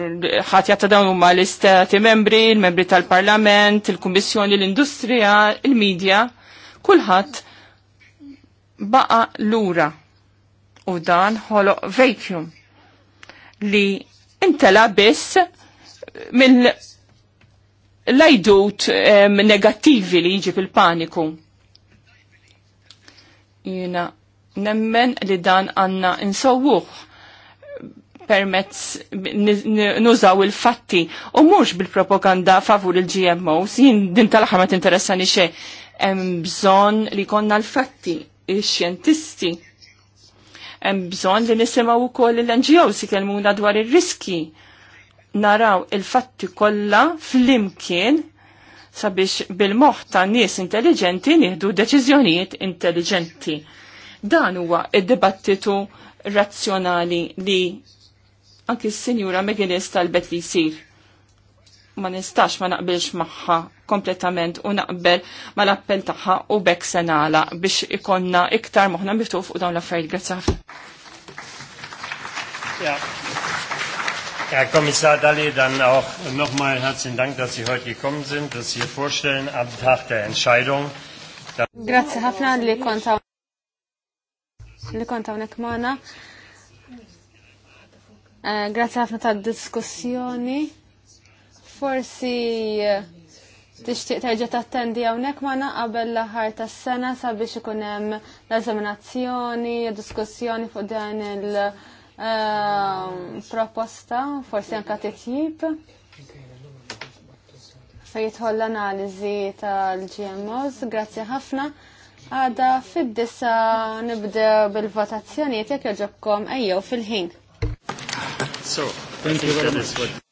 B: ħat jatta dawn huma l-istati membri, l-membri tal-parlament, il-kummissjoni, l-industrija, il-medja, kulħadd baqa lura u dan ħoloq vacuum li intela biss mill lajdut um, negattivi li jġib il paniku Jina, nemmen li dan għanna insowuħ permezz nużaw il-fatti u mhux bil-propaganda favur il-GMOs, jien din tal-aħħar ma tinteressani xejn hemm bżonn li konna l-fatti, il xjentisti Hemm bżonn li nisimgħu wkoll l-NGOs jitkellmuna dwar ir-riski. Naraw il-fatti kollha flimkien sabiex bil-moħħ ta' nies intelligenti nieħdu deċiżjonijiet intelligenti. Dan huwa id-dibattitu razzjonali li anki s-sinjura senjura tal-bet li jisir. ma nistax ma naqbilx maħħa kompletament u naqbel ma l-appell taħħa u bekk senala biex ikonna iktar moħna miftuf u dawn l-affarijiet. Grazzi
A: Herr Kommissar Dalli, dann auch nochmal herzlichen Dank, dass Sie heute gekommen sind, dass Sie hier vorstellen am Tag der Entscheidung.
D: Grazie ħafna li kontaw li kontaw nekmana. Eh, grazzi ħafna ta' diskussjoni. Forsi eh, tixtieq terġa' tattendi hawnhekk ma qabel l-aħħar tas-sena sabiex ikun hemm l-eżaminazzjoni, diskussjoni fuq dan il-proposta, eh, forsi anke titjib. Se jidħol l-analiżi tal-GMOs, grazzi ħafna. Għada fid-disa nibdew bil-votazzjonijiet jekk joġobkom ejjew fil-ħin.
A: So, thank you very much.